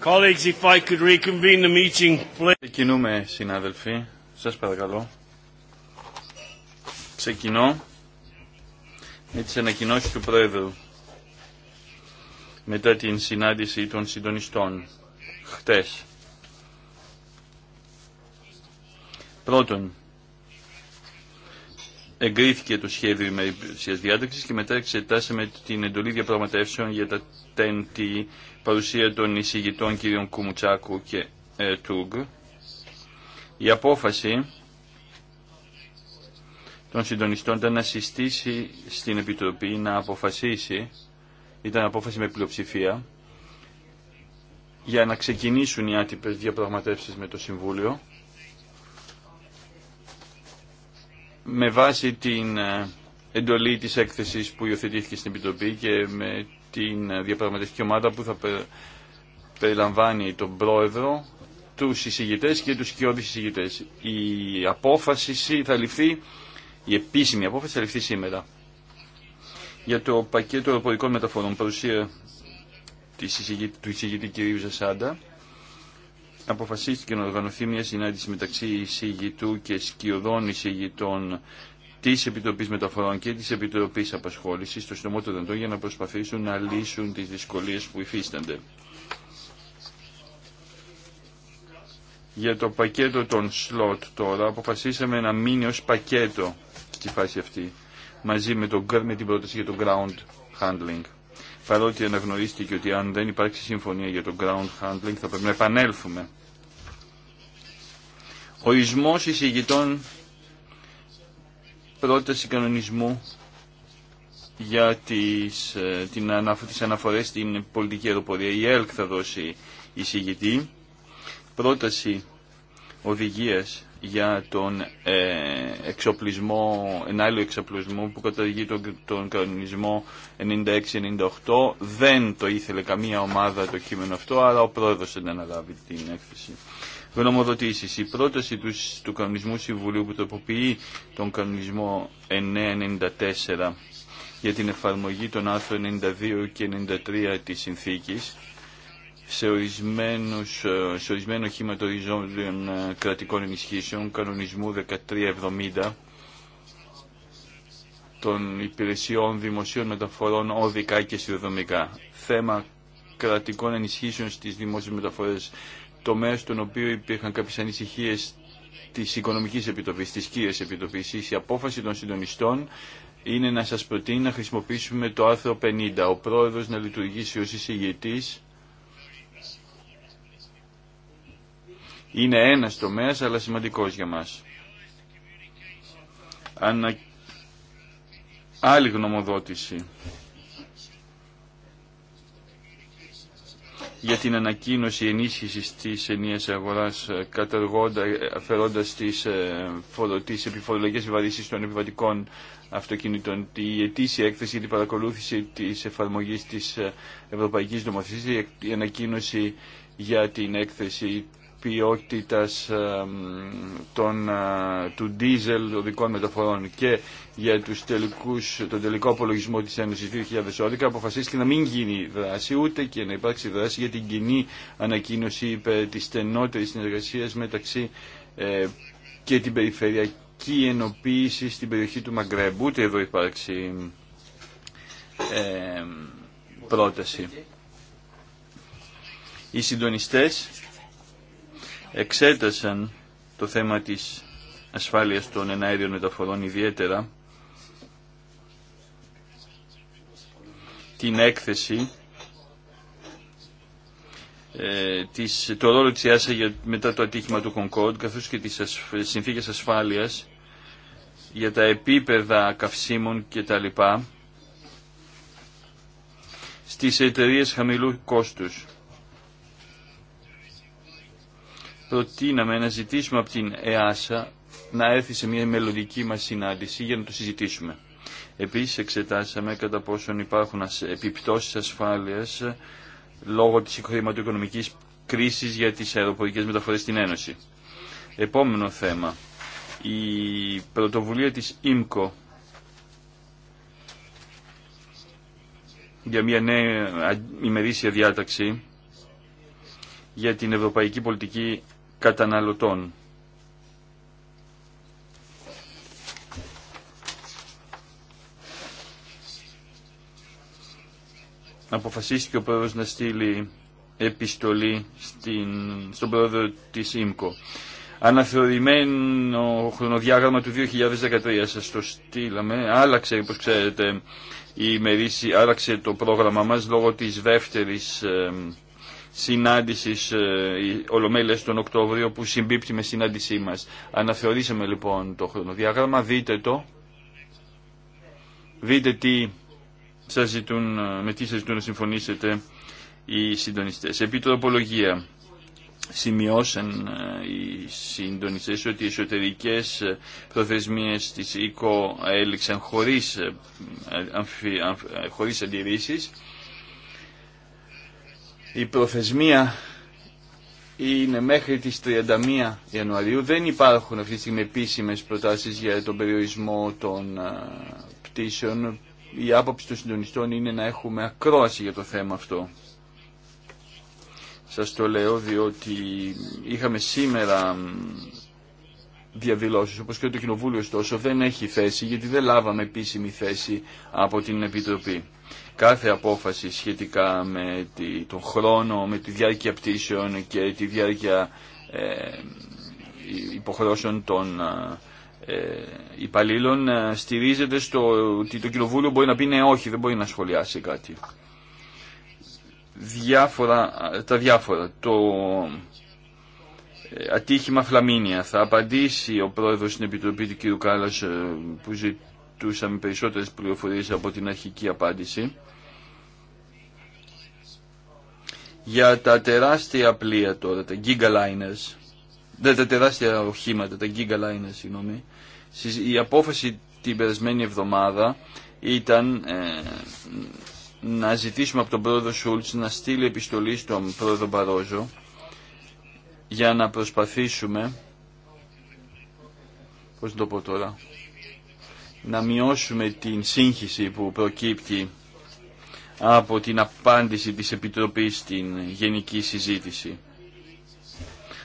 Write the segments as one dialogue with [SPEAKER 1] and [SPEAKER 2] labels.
[SPEAKER 1] Colleagues, if I could reconvene the meeting, Ξεκινούμε, συνάδελφοι. Σας παρακαλώ. Ξεκινώ με τις ανακοινώσεις του Πρόεδρου μετά την συνάντηση των συντονιστών χτες. Πρώτον, εγκρίθηκε το σχέδιο υπηρεσία διάταξης και μετά εξετάσαμε την εντολή διαπραγματεύσεων για τα τέντη παρουσία των εισηγητών κ. Κουμουτσάκου και ε, Τούγκ. Η απόφαση των συντονιστών ήταν να συστήσει στην Επιτροπή να αποφασίσει, ήταν απόφαση με πλειοψηφία, για να ξεκινήσουν οι άτυπες διαπραγματεύσεις με το Συμβούλιο με βάση την ε, εντολή της έκθεσης που υιοθετήθηκε στην Επιτροπή και με την ε, διαπραγματευτική ομάδα που θα περιλαμβάνει τον πρόεδρο, τους εισηγητές και τους κοιόδης εισηγητές. Η απόφαση θα ληφθεί, η επίσημη απόφαση θα ληφθεί σήμερα. Για το πακέτο αεροπορικών μεταφορών παρουσία του εισηγητή κ. Ζασάντα αποφασίστηκε να οργανωθεί μια συνάντηση μεταξύ εισηγητού και σκιωδών εισηγητών τη Επιτροπή Μεταφορών και τη Επιτροπή Απασχόληση στο Συνωμό των Δεντών για να προσπαθήσουν να λύσουν τι δυσκολίε που υφίστανται. Για το πακέτο των σλότ τώρα αποφασίσαμε να μείνει ω πακέτο στη φάση αυτή μαζί με, το με την πρόταση για το ground handling παρότι αναγνωρίστηκε ότι αν δεν υπάρξει συμφωνία για το ground handling θα πρέπει να επανέλθουμε. ισμός εισηγητών πρόταση κανονισμού για τις, ε, την, τις αναφορές στην πολιτική αεροπορία. Η ΕΛΚ θα δώσει εισηγητή. Πρόταση οδηγίας για τον ε, εξοπλισμό, ένα άλλο εξοπλισμό που καταργεί τον, κανονισμό 96-98. Δεν το ήθελε καμία ομάδα το κείμενο αυτό, αλλά ο πρόεδρος δεν αναλάβει την έκθεση. Γνωμοδοτήσεις. Η πρόταση του, του κανονισμού Συμβουλίου που τροποποιεί τον κανονισμό 994 για την εφαρμογή των άρθρων 92 και 93 της συνθήκης σε, ορισμένο ε, σε ορισμένο των ε, κρατικών ενισχύσεων κανονισμού 1370 των υπηρεσιών δημοσίων μεταφορών οδικά και συνοδομικά. Θέμα κρατικών ενισχύσεων στις δημόσιες μεταφορές, τομέας των οποίων υπήρχαν κάποιες ανησυχίες της Οικονομικής Επιτροπής, της κύριας Επιτροπής. Η απόφαση των συντονιστών είναι να σας προτείνει να χρησιμοποιήσουμε το άρθρο 50. Ο πρόεδρος να λειτουργήσει ως εισηγητής είναι ένας τομέας αλλά σημαντικός για μας. Ανα... Άλλη γνωμοδότηση για την ανακοίνωση ενίσχυσης της ενίας αγοράς ε, καταργώντα, ε, αφαιρώντας τις, ε, φορο, τις επιφορολογικές των επιβατικών αυτοκινήτων. Η ετήσια έκθεση για την παρακολούθηση της εφαρμογής της Ευρωπαϊκής Νομοθεσίας, η ανακοίνωση για την έκθεση ποιότητας των, ε, του ντίζελ οδικών μεταφορών και για τους τελικούς, τον τελικό απολογισμό της Ένωσης 2011 αποφασίστηκε να μην γίνει δράση ούτε και να υπάρξει δράση για την κοινή ανακοίνωση υπέρ της στενότερης συνεργασίας μεταξύ ε, και την περιφερειακή ενοποίηση στην περιοχή του Μαγκρέμπ. Ούτε εδώ υπάρξει ε, πρόταση. Οι συντονιστές εξέτασαν το θέμα της ασφάλειας των εναέριων μεταφορών ιδιαίτερα την έκθεση ε, της, το ρόλο της ΙΑΣΑ μετά το ατύχημα του Κονκόρντ καθώς και τις ασφ, συνθήκες ασφάλειας για τα επίπεδα καυσίμων και τα λοιπά στις εταιρείες χαμηλού κόστους. προτείναμε να ζητήσουμε από την ΕΑΣΑ να έρθει σε μια μελλοντική μας συνάντηση για να το συζητήσουμε. Επίσης εξετάσαμε κατά πόσον υπάρχουν επιπτώσεις ασφάλειας ε, λόγω της χρηματοοικονομικής κρίσης για τις αεροπορικές μεταφορές στην Ένωση. Επόμενο θέμα. Η πρωτοβουλία της ΙΜΚΟ για μια νέα ε, ημερήσια διάταξη για την ευρωπαϊκή πολιτική καταναλωτών. Αποφασίστηκε ο πρόεδρος να στείλει επιστολή στην, στον πρόεδρο της ΙΜΚΟ. Αναθεωρημένο χρονοδιάγραμμα του 2013 σας το στείλαμε. Άλλαξε, όπως ξέρετε, η ημερήση, άλλαξε το πρόγραμμα μας λόγω της δεύτερης συνάντησης ε, ολομέλεια τον Οκτώβριο που συμπίπτει με συνάντησή μας. Αναθεωρήσαμε λοιπόν το χρονοδιάγραμμα, δείτε το, δείτε τι σας ζητούν, ε, με τι σα ζητούν να συμφωνήσετε οι συντονιστέ. Επί τροπολογία σημειώσαν ε, οι συντονιστέ ότι οι εσωτερικέ προθεσμίες της ΙΚΟ έληξαν χωρίς, χωρίς η προθεσμία είναι μέχρι τις 31 Ιανουαρίου. Δεν υπάρχουν αυτή τη στιγμή επίσημες προτάσεις για τον περιορισμό των ε, πτήσεων. Η άποψη των συντονιστών είναι να έχουμε ακρόαση για το θέμα αυτό. Σας το λέω διότι είχαμε σήμερα διαδηλώσεις, όπως και το Κοινοβούλιο ωστόσο δεν έχει θέση γιατί δεν λάβαμε επίσημη θέση από την Επιτροπή. Κάθε απόφαση σχετικά με τον χρόνο, με τη διάρκεια πτήσεων και τη διάρκεια ε, υποχρώσεων των ε, ε υπαλλήλων ε, στηρίζεται στο ότι το Κοινοβούλιο μπορεί να πει ναι όχι, δεν μπορεί να σχολιάσει κάτι. Διάφορα, ε, τα διάφορα. Το, ατύχημα Φλαμίνια. Θα απαντήσει ο πρόεδρος στην Επιτροπή του κ. Κάλλας ε, που ζητούσαμε περισσότερες πληροφορίες από την αρχική απάντηση. Για τα τεράστια πλοία τώρα, τα gigaliners, δεν τα τεράστια οχήματα, τα gigaliners συγγνώμη, η απόφαση την περασμένη εβδομάδα ήταν ε, να ζητήσουμε από τον πρόεδρο Σούλτς να στείλει επιστολή στον πρόεδρο Μπαρόζο για να προσπαθήσουμε πώς το πω τώρα να μειώσουμε την σύγχυση που προκύπτει από την απάντηση της Επιτροπής στην γενική συζήτηση.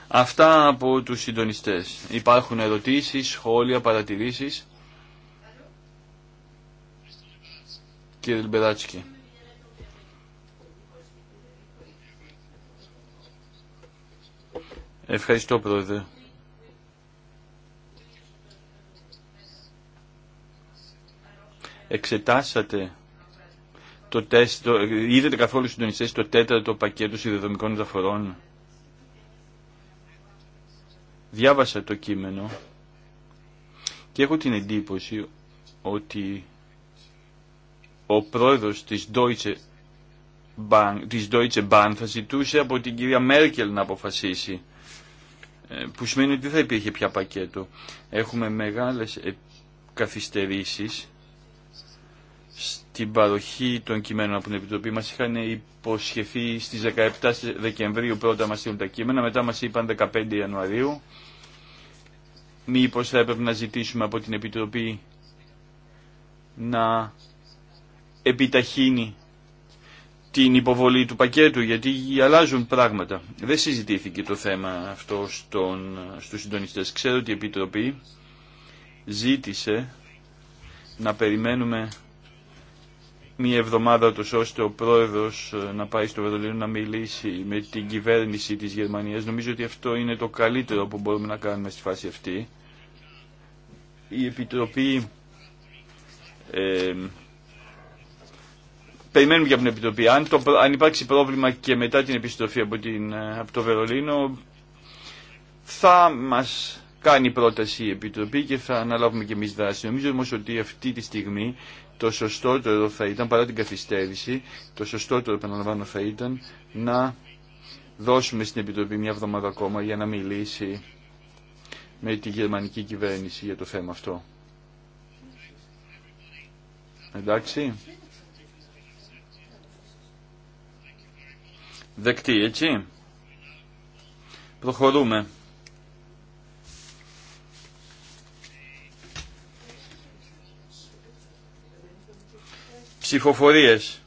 [SPEAKER 1] Αυτά από τους συντονιστές. Υπάρχουν ερωτήσεις, σχόλια, παρατηρήσεις. Κύριε Λιμπεράτσικη. Ευχαριστώ πρόεδρε. Εξετάσατε το τεστ, το, είδατε καθόλου συντονιστές το τέταρτο πακέτο συνδεδομικών μεταφορών. Διάβασα το κείμενο και έχω την εντύπωση ότι ο πρόεδρος της Deutsche Bank, της Deutsche Bahn θα ζητούσε από την κυρία Μέρκελ να αποφασίσει ε, που σημαίνει ότι δεν θα υπήρχε πια πακέτο. Έχουμε μεγάλες ε, καθυστερήσεις στην παροχή των κειμένων από την Επιτροπή. Μας είχαν υποσχεθεί στις 17 Δεκεμβρίου πρώτα μας στείλουν τα κείμενα, μετά μας είπαν 15 Ιανουαρίου. Μήπως θα έπρεπε να ζητήσουμε από την Επιτροπή να επιταχύνει την υποβολή του πακέτου γιατί αλλάζουν πράγματα. Δεν συζητήθηκε το θέμα αυτό στον, στους συντονιστές. Ξέρω ότι η Επιτροπή ζήτησε να περιμένουμε μία εβδομάδα τους ώστε ο πρόεδρος ε, να πάει στο Βερολίνο να μιλήσει με την κυβέρνηση της Γερμανίας. Νομίζω ότι αυτό είναι το καλύτερο που μπορούμε να κάνουμε στη φάση αυτή. Η Επιτροπή ε, περιμένουμε για την Επιτροπή. Αν, το, υπάρξει πρόβλημα και μετά την επιστροφή από, την, ε, από το Βερολίνο, θα μας κάνει πρόταση η Επιτροπή και θα αναλάβουμε και εμείς δράση. Νομίζω όμως ότι αυτή τη στιγμή το σωστότερο θα ήταν, παρά την καθυστέρηση, το σωστότερο επαναλαμβάνω θα ήταν να δώσουμε στην Επιτροπή μια εβδομάδα ακόμα για να μιλήσει με τη γερμανική κυβέρνηση για το θέμα αυτό. Εντάξει. Δεκτή, έτσι. Προχωρούμε. Ψηφοφορίες.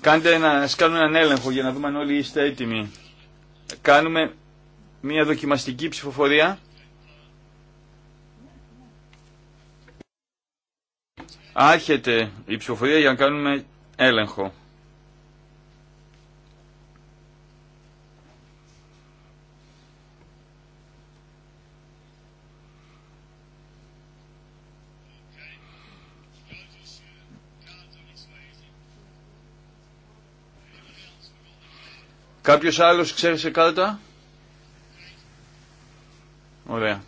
[SPEAKER 1] Κάντε ένα, κάνουμε έναν έλεγχο για να δούμε αν όλοι είστε έτοιμοι. Κάνουμε μια δοκιμαστική ψηφοφορία. Άρχεται η ψηφοφορία για να κάνουμε έλεγχο. Κάποιος άλλος ξέρει σε κάρτα. Ωραία.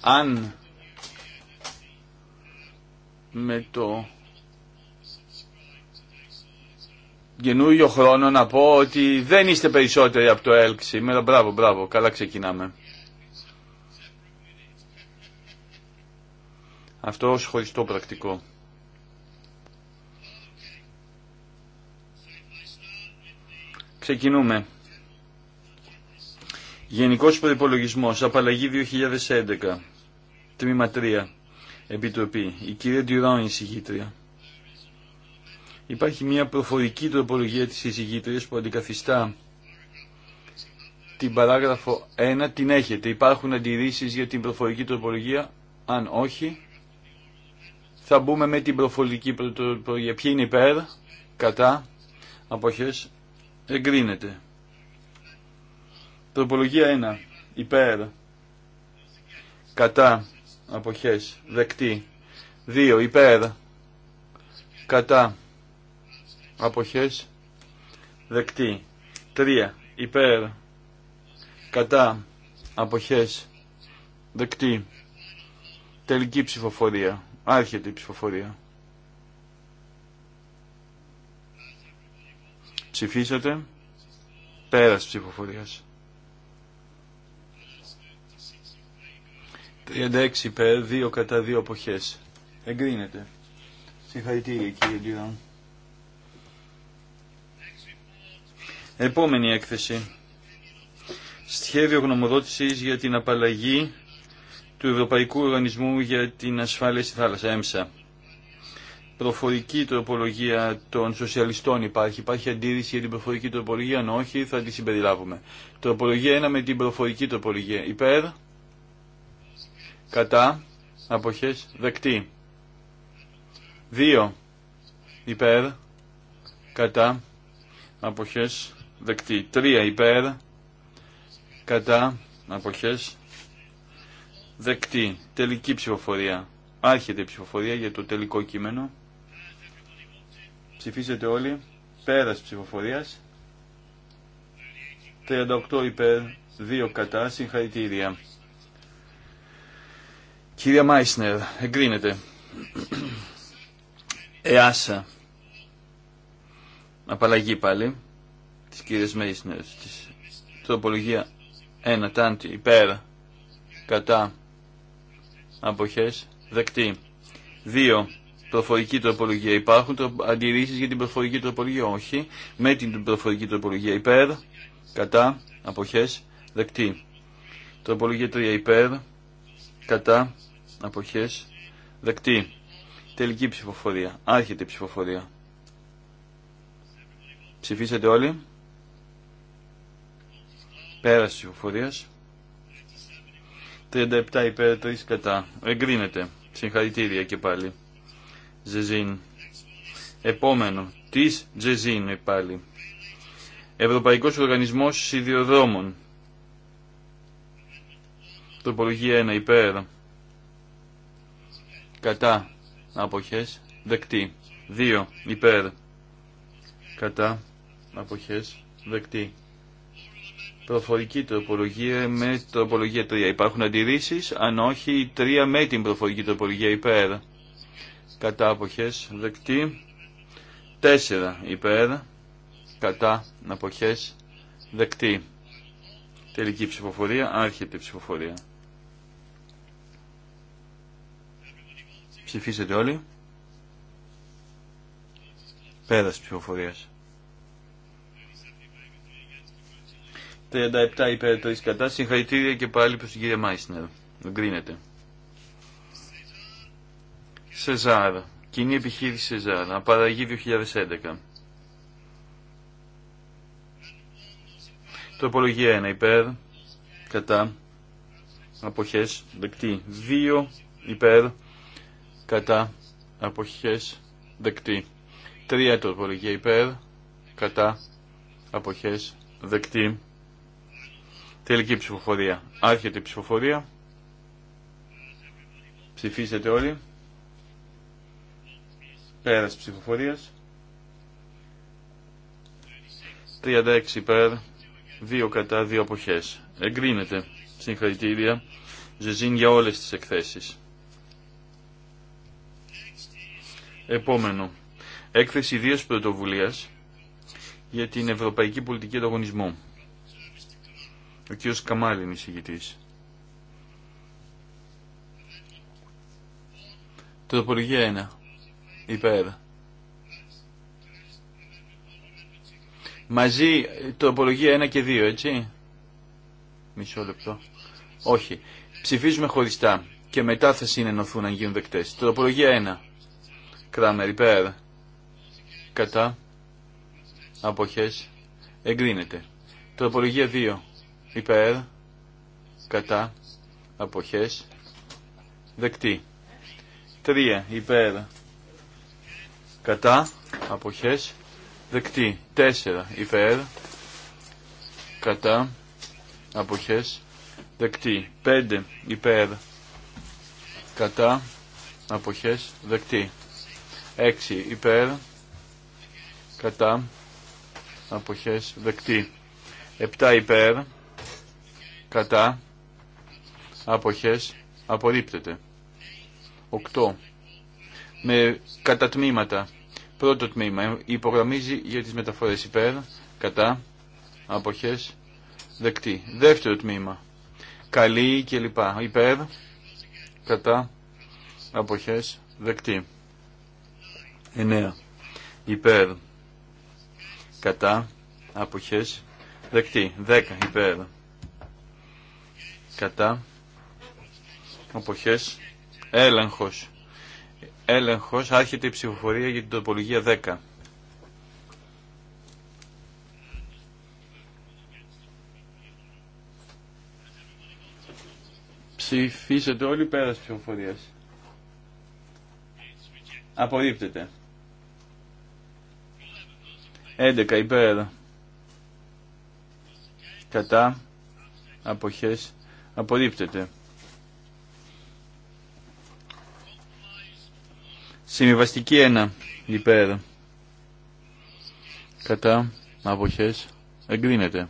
[SPEAKER 1] Αν με το καινούριο χρόνο να πω ότι δεν είστε περισσότεροι από το ΕΛΚ σήμερα. Μπράβο, μπράβο. Καλά ξεκινάμε. Αυτό ως χωριστό πρακτικό. Ξεκινούμε. Γενικός προϋπολογισμός, απαλλαγή 2011, τμήμα 3. Επιτροπή. Η κυρία Ντιρόν, η Υπάρχει μια προφορική τροπολογία της εισηγήτριας που αντικαθιστά την παράγραφο 1, την έχετε. Υπάρχουν αντιρρήσεις για την προφορική τροπολογία, αν όχι, θα μπούμε με την προφορική τροπολογία. Ποιοι είναι υπέρ, κατά, αποχές, εγκρίνεται. Τροπολογία 1, υπέρ, κατά, αποχές δεκτή Δύο. υπέρ κατά αποχές δεκτή Τρία. υπέρ κατά αποχές δεκτή τελική ψηφοφορία άρχεται η ψηφοφορία ψηφίσατε πέρας ψηφοφορίας 36 υπέρ, 2 κατά 2 αποχές. Εγκρίνεται. Συγχαρητήρια κύριε Επόμενη έκθεση. Σχέδιο γνωμοδότησης για την απαλλαγή του Ευρωπαϊκού Οργανισμού για την Ασφάλεια στη Θάλασσα, ΕΜΣΑ. Προφορική τροπολογία των σοσιαλιστών υπάρχει. Υπάρχει αντίρρηση για την προφορική τροπολογία. Αν όχι, θα τη συμπεριλάβουμε. Τροπολογία 1 με την προφορική τροπολογία. Υπέρ κατά αποχές δεκτή. Δύο υπέρ κατά αποχές δεκτή. Τρία υπέρ κατά αποχές δεκτή. Τελική ψηφοφορία. Άρχεται η ψηφοφορία για το τελικό κείμενο. Ψηφίσετε όλοι. Πέρας ψηφοφορίας. 38 υπέρ, 2 κατά, συγχαρητήρια. Κυρία Μάισνερ, εγκρίνεται. Εάσα. Απαλλαγή πάλι. τις κυρίες Μέισνερ. Της τροπολογία 1. Τάντι. Υπέρ. Κατά. Αποχές. Δεκτή. 2. Προφορική τροπολογία. Υπάρχουν αντιρρήσεις για την προφορική τροπολογία. Όχι. Με την προφορική τροπολογία. Υπέρ. Κατά. Αποχές. Δεκτή. Τροπολογία 3. Υπέρ. Κατά αποχές δεκτή. Τελική ψηφοφορία. Άρχεται η ψηφοφορία. Ψηφίσατε όλοι. Πέραση ψηφοφορία. 37 υπέρ 3 κατά. Εγκρίνεται. Συγχαρητήρια και πάλι. Ζεζίν. Επόμενο. Της Ζεζίν πάλι. Ευρωπαϊκός Οργανισμός Σιδηροδρόμων. Τροπολογία 1 υπέρ κατά αποχές δεκτή 2 υπέρ κατά αποχές δεκτή προφορική τροπολογία με τροπολογία 3 υπάρχουν αντιρρήσεις αν όχι 3 με την προφορική τροπολογία υπέρ κατά αποχές δεκτή 4 υπέρ κατά αποχές δεκτή τελική ψηφοφορία άρχεται η ψηφοφορία ψηφίσετε όλοι. Πέρας ψηφοφορίας. 37 υπέρ 3 κατά. Συγχαρητήρια και πάλι προς την κυρία Μάισνερ. Γκρίνεται. Σεζάρ. Κοινή επιχείρηση Σεζάρ. Απαραγή 2011. Τροπολογία 1 υπέρ. Κατά. Αποχές. Δεκτή. 2 υπέρ κατά αποχές δεκτή. Τρία τροπολογία υπέρ κατά αποχές δεκτή. Τελική ψηφοφορία. Άρχεται η ψηφοφορία. Ψηφίσετε όλοι. Πέρας ψηφοφορίας. 36 υπέρ, 2 κατά, 2 αποχές. Εγκρίνεται. Συγχαρητήρια. Ζεζίν για όλες τις εκθέσεις. Επόμενο. Έκθεση δύο πρωτοβουλία για την Ευρωπαϊκή Πολιτική Ανταγωνισμού. Ο κ. Καμάλιν είναι εισηγητής. Τροπολογία 1. Υπέρ. Μαζί τροπολογία 1 και 2, έτσι. Μισό λεπτό. Όχι. Ψηφίζουμε χωριστά και μετά θα συνενωθούν αν γίνουν δεκτές. Τροπολογία 1. Κράμερ υπέρ. Κατά. Αποχές. Εγκρίνεται. Τροπολογία 2. Υπέρ. Κατά. Αποχές. Δεκτή. 3. Υπέρ. Κατά. Αποχές. Δεκτή. 4. Υπέρ. Κατά. Αποχές. Δεκτή. 5. Υπέρ. Κατά. Αποχές. Δεκτή. 6 υπέρ κατά αποχές δεκτή 7 υπέρ κατά αποχές απορρίπτεται 8 με κατά τμήματα πρώτο τμήμα υπογραμμίζει για τις μεταφορές υπέρ κατά αποχές δεκτή δεύτερο τμήμα καλή κλπ υπέρ κατά αποχές δεκτή 9 υπέρ κατά αποχές δεκτή 10 υπέρ κατά αποχές έλεγχος έλεγχος άρχεται η ψηφοφορία για την τοπολογία 10 ψηφίσετε όλοι πέρα ψηφοφορία. απορρίπτεται 11 υπέρ κατά αποχές απορρίπτεται. Συμβιβαστική 1 υπέρ κατά αποχές εγκρίνεται.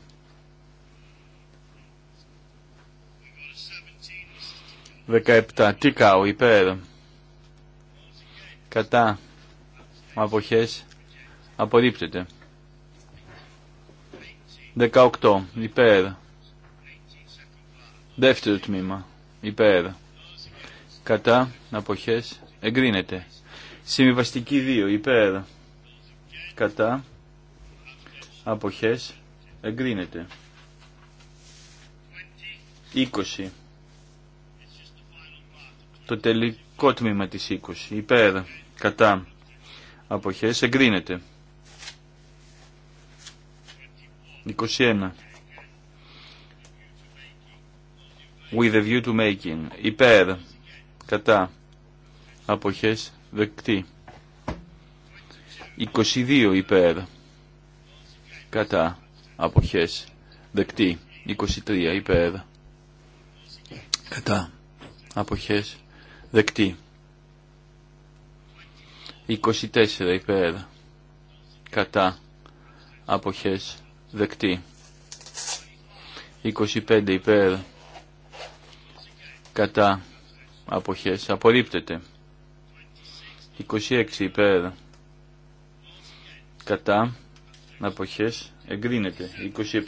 [SPEAKER 1] 17. Τίκαο υπέρ κατά αποχές απορρίπτεται. 18 υπέρ. Δεύτερο τμήμα υπέρ. Κατά αποχές εγκρίνεται. Συμβιβαστική 2 υπέρ. Κατά αποχές εγκρίνεται. 20. Το τελικό τμήμα της 20. Υπέρ, κατά, αποχές, εγκρίνεται. 21. With a view to making. Υπέρ. Κατά. Αποχές. Δεκτή. 22 υπέρ. Κατά. Αποχές. Δεκτή. 23 υπέρ. Κατά. Αποχές. Δεκτή. 24 υπέρ. Κατά. Αποχές δεκτή. 25 υπέρ κατά αποχές απορρίπτεται. 26 υπέρ κατά αποχές εγκρίνεται.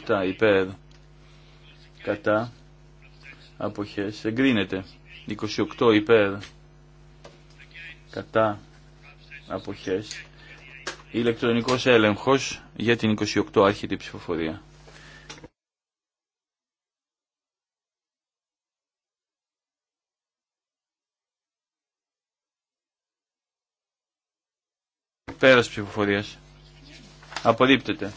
[SPEAKER 1] 27 υπέρ κατά αποχές εγκρίνεται. 28 υπέρ κατά αποχές ηλεκτρονικός έλεγχος για την 28 άρχητη ψηφοφορία. Πέρας ψηφοφορίας. Απορρίπτεται.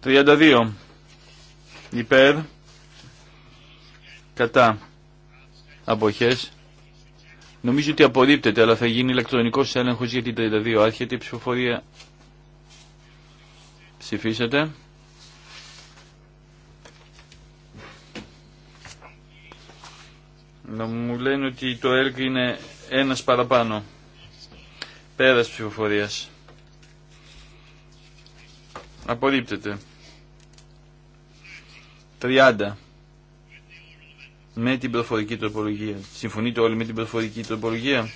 [SPEAKER 1] Τριάντα δύο. Υπέρ. Κατά. Αποχές Νομίζω ότι απορρίπτεται, αλλά θα γίνει ηλεκτρονικός έλεγχος για την 32. Άρχεται η ψηφοφορία. Ψηφίσατε. Να μου λένε ότι το ΕΛΚ είναι ένας παραπάνω. Πέρας ψηφοφορίας. Απορρίπτεται. 30 με την προφορική τροπολογία. Συμφωνείτε όλοι με την προφορική τροπολογία.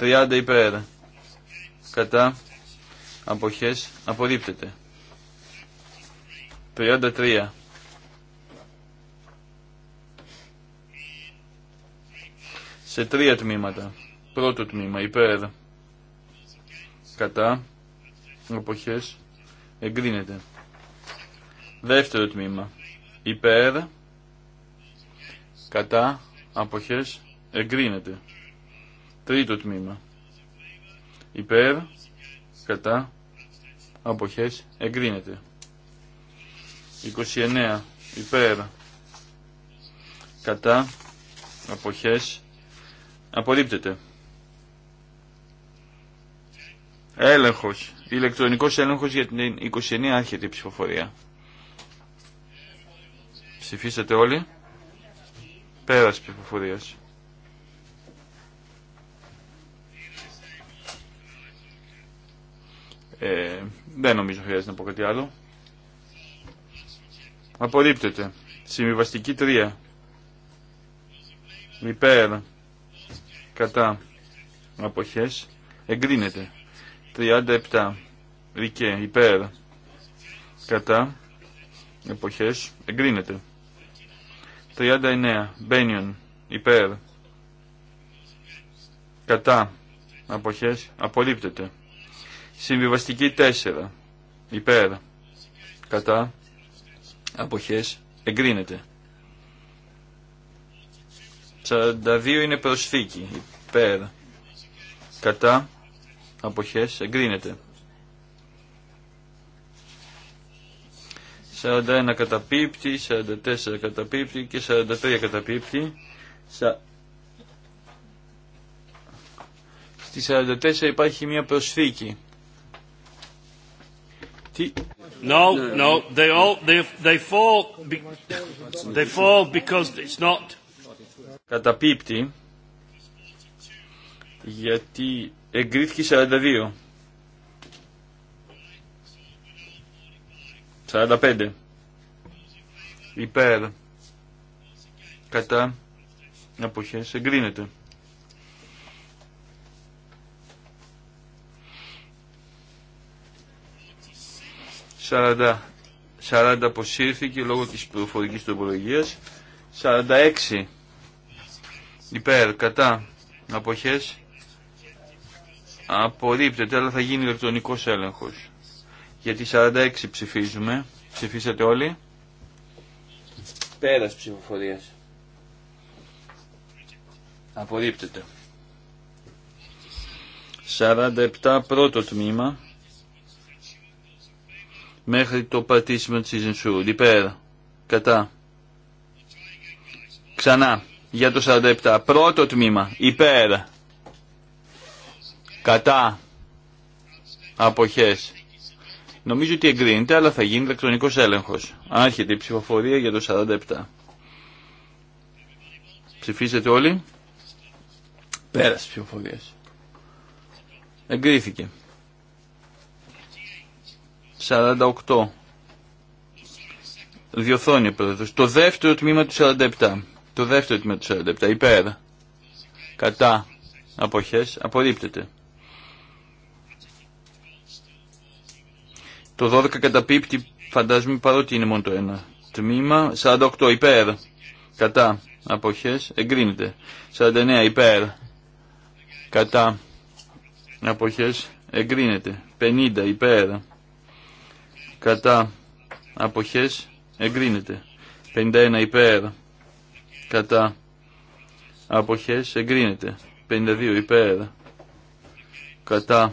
[SPEAKER 1] 30 υπέρ. Κατά. Αποχές. Απορρίπτεται. 33. Σε τρία τμήματα. Πρώτο τμήμα υπέρ. Κατά. Αποχές. Εγκρίνεται. Δεύτερο τμήμα. Υπέρ κατά αποχές εγκρίνεται. Τρίτο τμήμα. Υπέρ κατά αποχές εγκρίνεται. 29. Υπέρ κατά αποχές απορρίπτεται. Έλεγχος. Ηλεκτρονικός έλεγχος για την 29 άρχεται η ψηφοφορία. Ψηφίσατε όλοι. Πέρας ψηφοφορίας. Ε, δεν νομίζω χρειάζεται να πω κάτι άλλο. Απορρίπτεται. Συμβιβαστική 3. Υπέρ. Κατά. Αποχές. Εγκρίνεται. 37. Ρικέ. Υπέρ. Κατά. Εποχές. Εγκρίνεται. 39. Μπένιον. Υπέρ. Κατά. Αποχές. απολύπτεται. Συμβιβαστική 4. Υπέρ. Κατά. Αποχές. Εγκρίνεται. 42 είναι προσθήκη. Υπέρ. Κατά. Αποχές. Εγκρίνεται. 41 καταπίπτει, 44 καταπίπτει και 43 καταπίπτει. Στη 44 υπάρχει μια προσθήκη. Τι... No, no, they all, they, they fall, they fall because it's not. Καταπίπτει γιατί εγκρίθηκε 42. 45 υπέρ κατά αποχές εγκρίνεται. Σαράντα 40 αποσύρθηκε λόγω της προφορικής σαράντα 46 υπέρ κατά αποχές απορρίπτεται αλλά θα γίνει ηλεκτρονικός έλεγχος. Γιατί 46 ψηφίζουμε. Ψηφίσατε όλοι. Πέρας ψηφοφορίας. Απορρίπτεται. 47 πρώτο τμήμα μέχρι το πατήσιμο της Ιζενσού. Υπέρ. Κατά. Ξανά. Για το 47. Πρώτο τμήμα. Υπέρ. Κατά. Αποχές. Νομίζω ότι εγκρίνεται, αλλά θα γίνει ηλεκτρονικό έλεγχο. Άρχεται η ψηφοφορία για το 47. Ψηφίσετε όλοι. Πέρασε ψηφοφορία. Εγκρίθηκε. 48. Διοθώνει ο πρόεδρος. Το δεύτερο τμήμα του 47. Το δεύτερο τμήμα του 47. Υπέρ. Κατά. Αποχές. Απορρίπτεται. Το 12 καταπίπτει φαντάζομαι παρότι είναι μόνο το ένα. Τμήμα 48 υπέρ. Κατά. απόχέ Εγκρίνεται. 49 υπέρ. Κατά. Αποχές. Εγκρίνεται. 50 υπέρ. Κατά. Αποχές. Εγκρίνεται. 51 υπέρ. Κατά. Αποχές. Εγκρίνεται. 52 υπέρ. Κατά.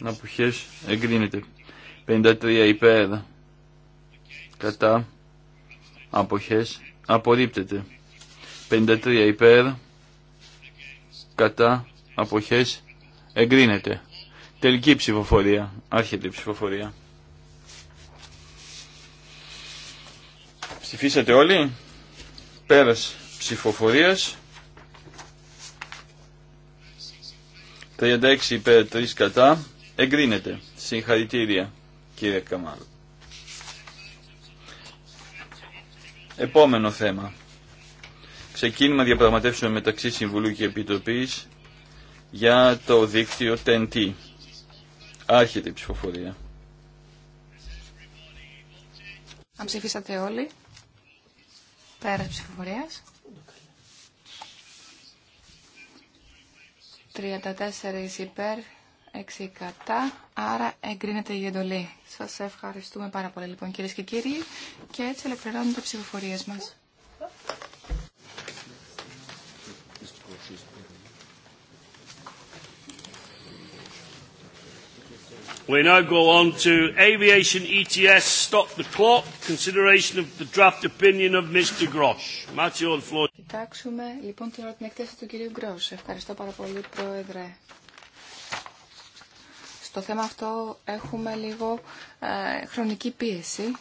[SPEAKER 1] Αποχές. Εγκρίνεται. 53 υπέρ κατά αποχές απορρίπτεται 53 υπέρ κατά αποχές εγκρίνεται τελική ψηφοφορία άρχεται η ψηφοφορία ψηφίσατε όλοι πέρας ψηφοφορίας 36 υπέρ 3 κατά εγκρίνεται συγχαρητήρια κύριε Καμάλ. Επόμενο θέμα. Ξεκίνημα διαπραγματεύσεων μεταξύ Συμβουλίου και Επιτροπής για το δίκτυο TNT. Άρχεται η ψηφοφορία.
[SPEAKER 2] Αν ψηφίσατε όλοι, πέρα ψηφοφορίας. 34 υπέρ, 6 άρα εγκρίνεται η εντολή. Σας ευχαριστούμε πάρα πολύ λοιπόν κυρίες και κύριοι και έτσι ελευθερώνουμε τις ψηφοφορίες μας.
[SPEAKER 1] We now go on to Aviation ETS Stop the Clock, consideration of the draft opinion of Mr. Grosh. Matthew on floor.
[SPEAKER 2] Κοιτάξουμε λοιπόν τώρα την εκτέλεση του κυρίου Grosh. Ευχαριστώ πάρα πολύ, Πρόεδρε. Στο θέμα αυτό έχουμε λίγο ε, χρονική πίεση.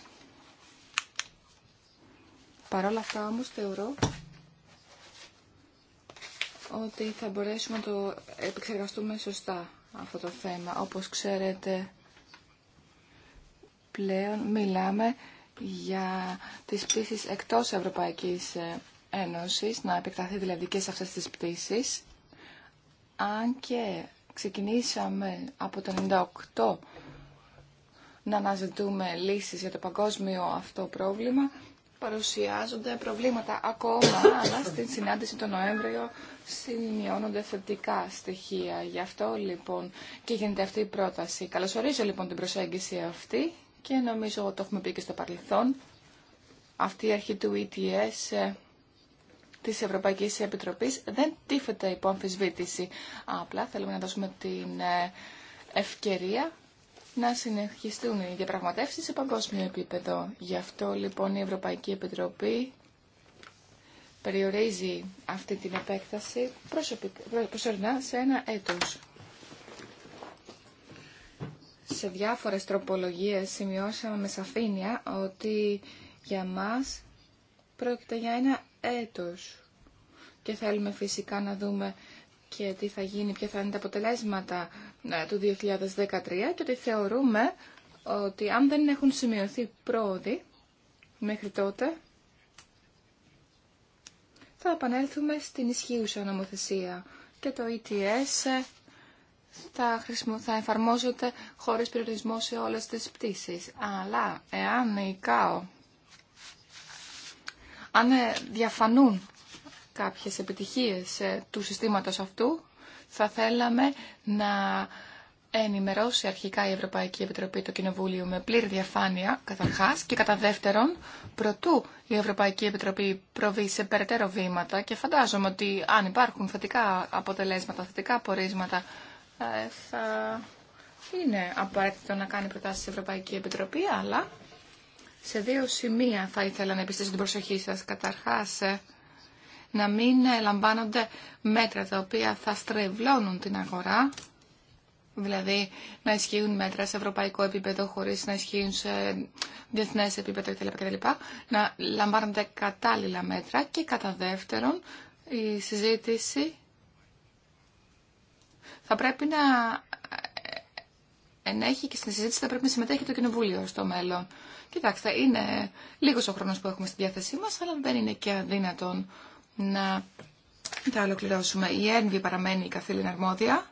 [SPEAKER 2] Παρόλα όλα αυτά όμως θεωρώ ότι θα μπορέσουμε να το επεξεργαστούμε σωστά αυτό το θέμα. Όπως ξέρετε πλέον μιλάμε για τις πτήσεις εκτός Ευρωπαϊκής ε, Ένωσης, να επεκταθεί δηλαδή και σε αυτές τις πτήσεις, αν και ξεκινήσαμε από το 98 να αναζητούμε λύσεις για το παγκόσμιο αυτό πρόβλημα, παρουσιάζονται προβλήματα ακόμα, αλλά στην συνάντηση το Νοέμβριο σημειώνονται θετικά στοιχεία. Γι' αυτό λοιπόν και γίνεται αυτή η πρόταση. Καλωσορίζω λοιπόν την προσέγγιση αυτή και νομίζω το έχουμε πει και στο παρελθόν. Αυτή η αρχή του ETS ε, της Ευρωπαϊκής Επιτροπής δεν τίθεται υπό αμφισβήτηση. Απλά θέλουμε να δώσουμε την ε, ευκαιρία να συνεχιστούν οι διαπραγματεύσεις σε παγκόσμιο επίπεδο. Γι' αυτό λοιπόν η Ευρωπαϊκή Επιτροπή περιορίζει αυτή την επέκταση προσωρινά σε ένα έτος. Σε διάφορες τροπολογίες σημειώσαμε με σαφήνεια ότι για μας πρόκειται για ένα έτος. Και θέλουμε φυσικά να δούμε και τι θα γίνει, ποια θα είναι τα αποτελέσματα ε, του 2013 και ότι θεωρούμε ότι αν δεν έχουν σημειωθεί πρόοδοι μέχρι τότε, θα επανέλθουμε στην ισχύουσα νομοθεσία και το ETS ε, θα, χρησιμο... θα εφαρμόζεται χωρίς περιορισμό σε όλες τις πτήσεις. Αλλά εάν η ΚΑΟ αν ε, διαφανούν κάποιες επιτυχίες ε, του συστήματος αυτού, θα θέλαμε να ενημερώσει αρχικά η Ευρωπαϊκή Επιτροπή το Κοινοβούλιο με πλήρη διαφάνεια, καταρχάς, και κατά δεύτερον, προτού η Ευρωπαϊκή Επιτροπή προβεί σε περαιτέρω βήματα και φαντάζομαι ότι αν υπάρχουν θετικά αποτελέσματα, θετικά πορίσματα, ε, θα είναι απαραίτητο να κάνει προτάσεις η Ευρωπαϊκή Επιτροπή, αλλά σε δύο σημεία θα ήθελα να επιστήσω την προσοχή σας. Καταρχάς, ε, να μην λαμβάνονται μέτρα τα οποία θα στρεβλώνουν την αγορά, δηλαδή να ισχύουν μέτρα σε ευρωπαϊκό επίπεδο χωρίς να ισχύουν σε διεθνές επίπεδο κτλ. Να λαμβάνονται κατάλληλα μέτρα και κατά δεύτερον η συζήτηση θα πρέπει να ε, ε, ενέχει και στην συζήτηση θα πρέπει να συμμετέχει το Κοινοβούλιο στο μέλλον. Κοιτάξτε, είναι λίγο ο χρόνος που έχουμε στη διάθεσή μα, αλλά δεν είναι και αδύνατον να τα ολοκληρώσουμε. Η ΕΝΒΗ παραμένει η καθήλυνα αρμόδια.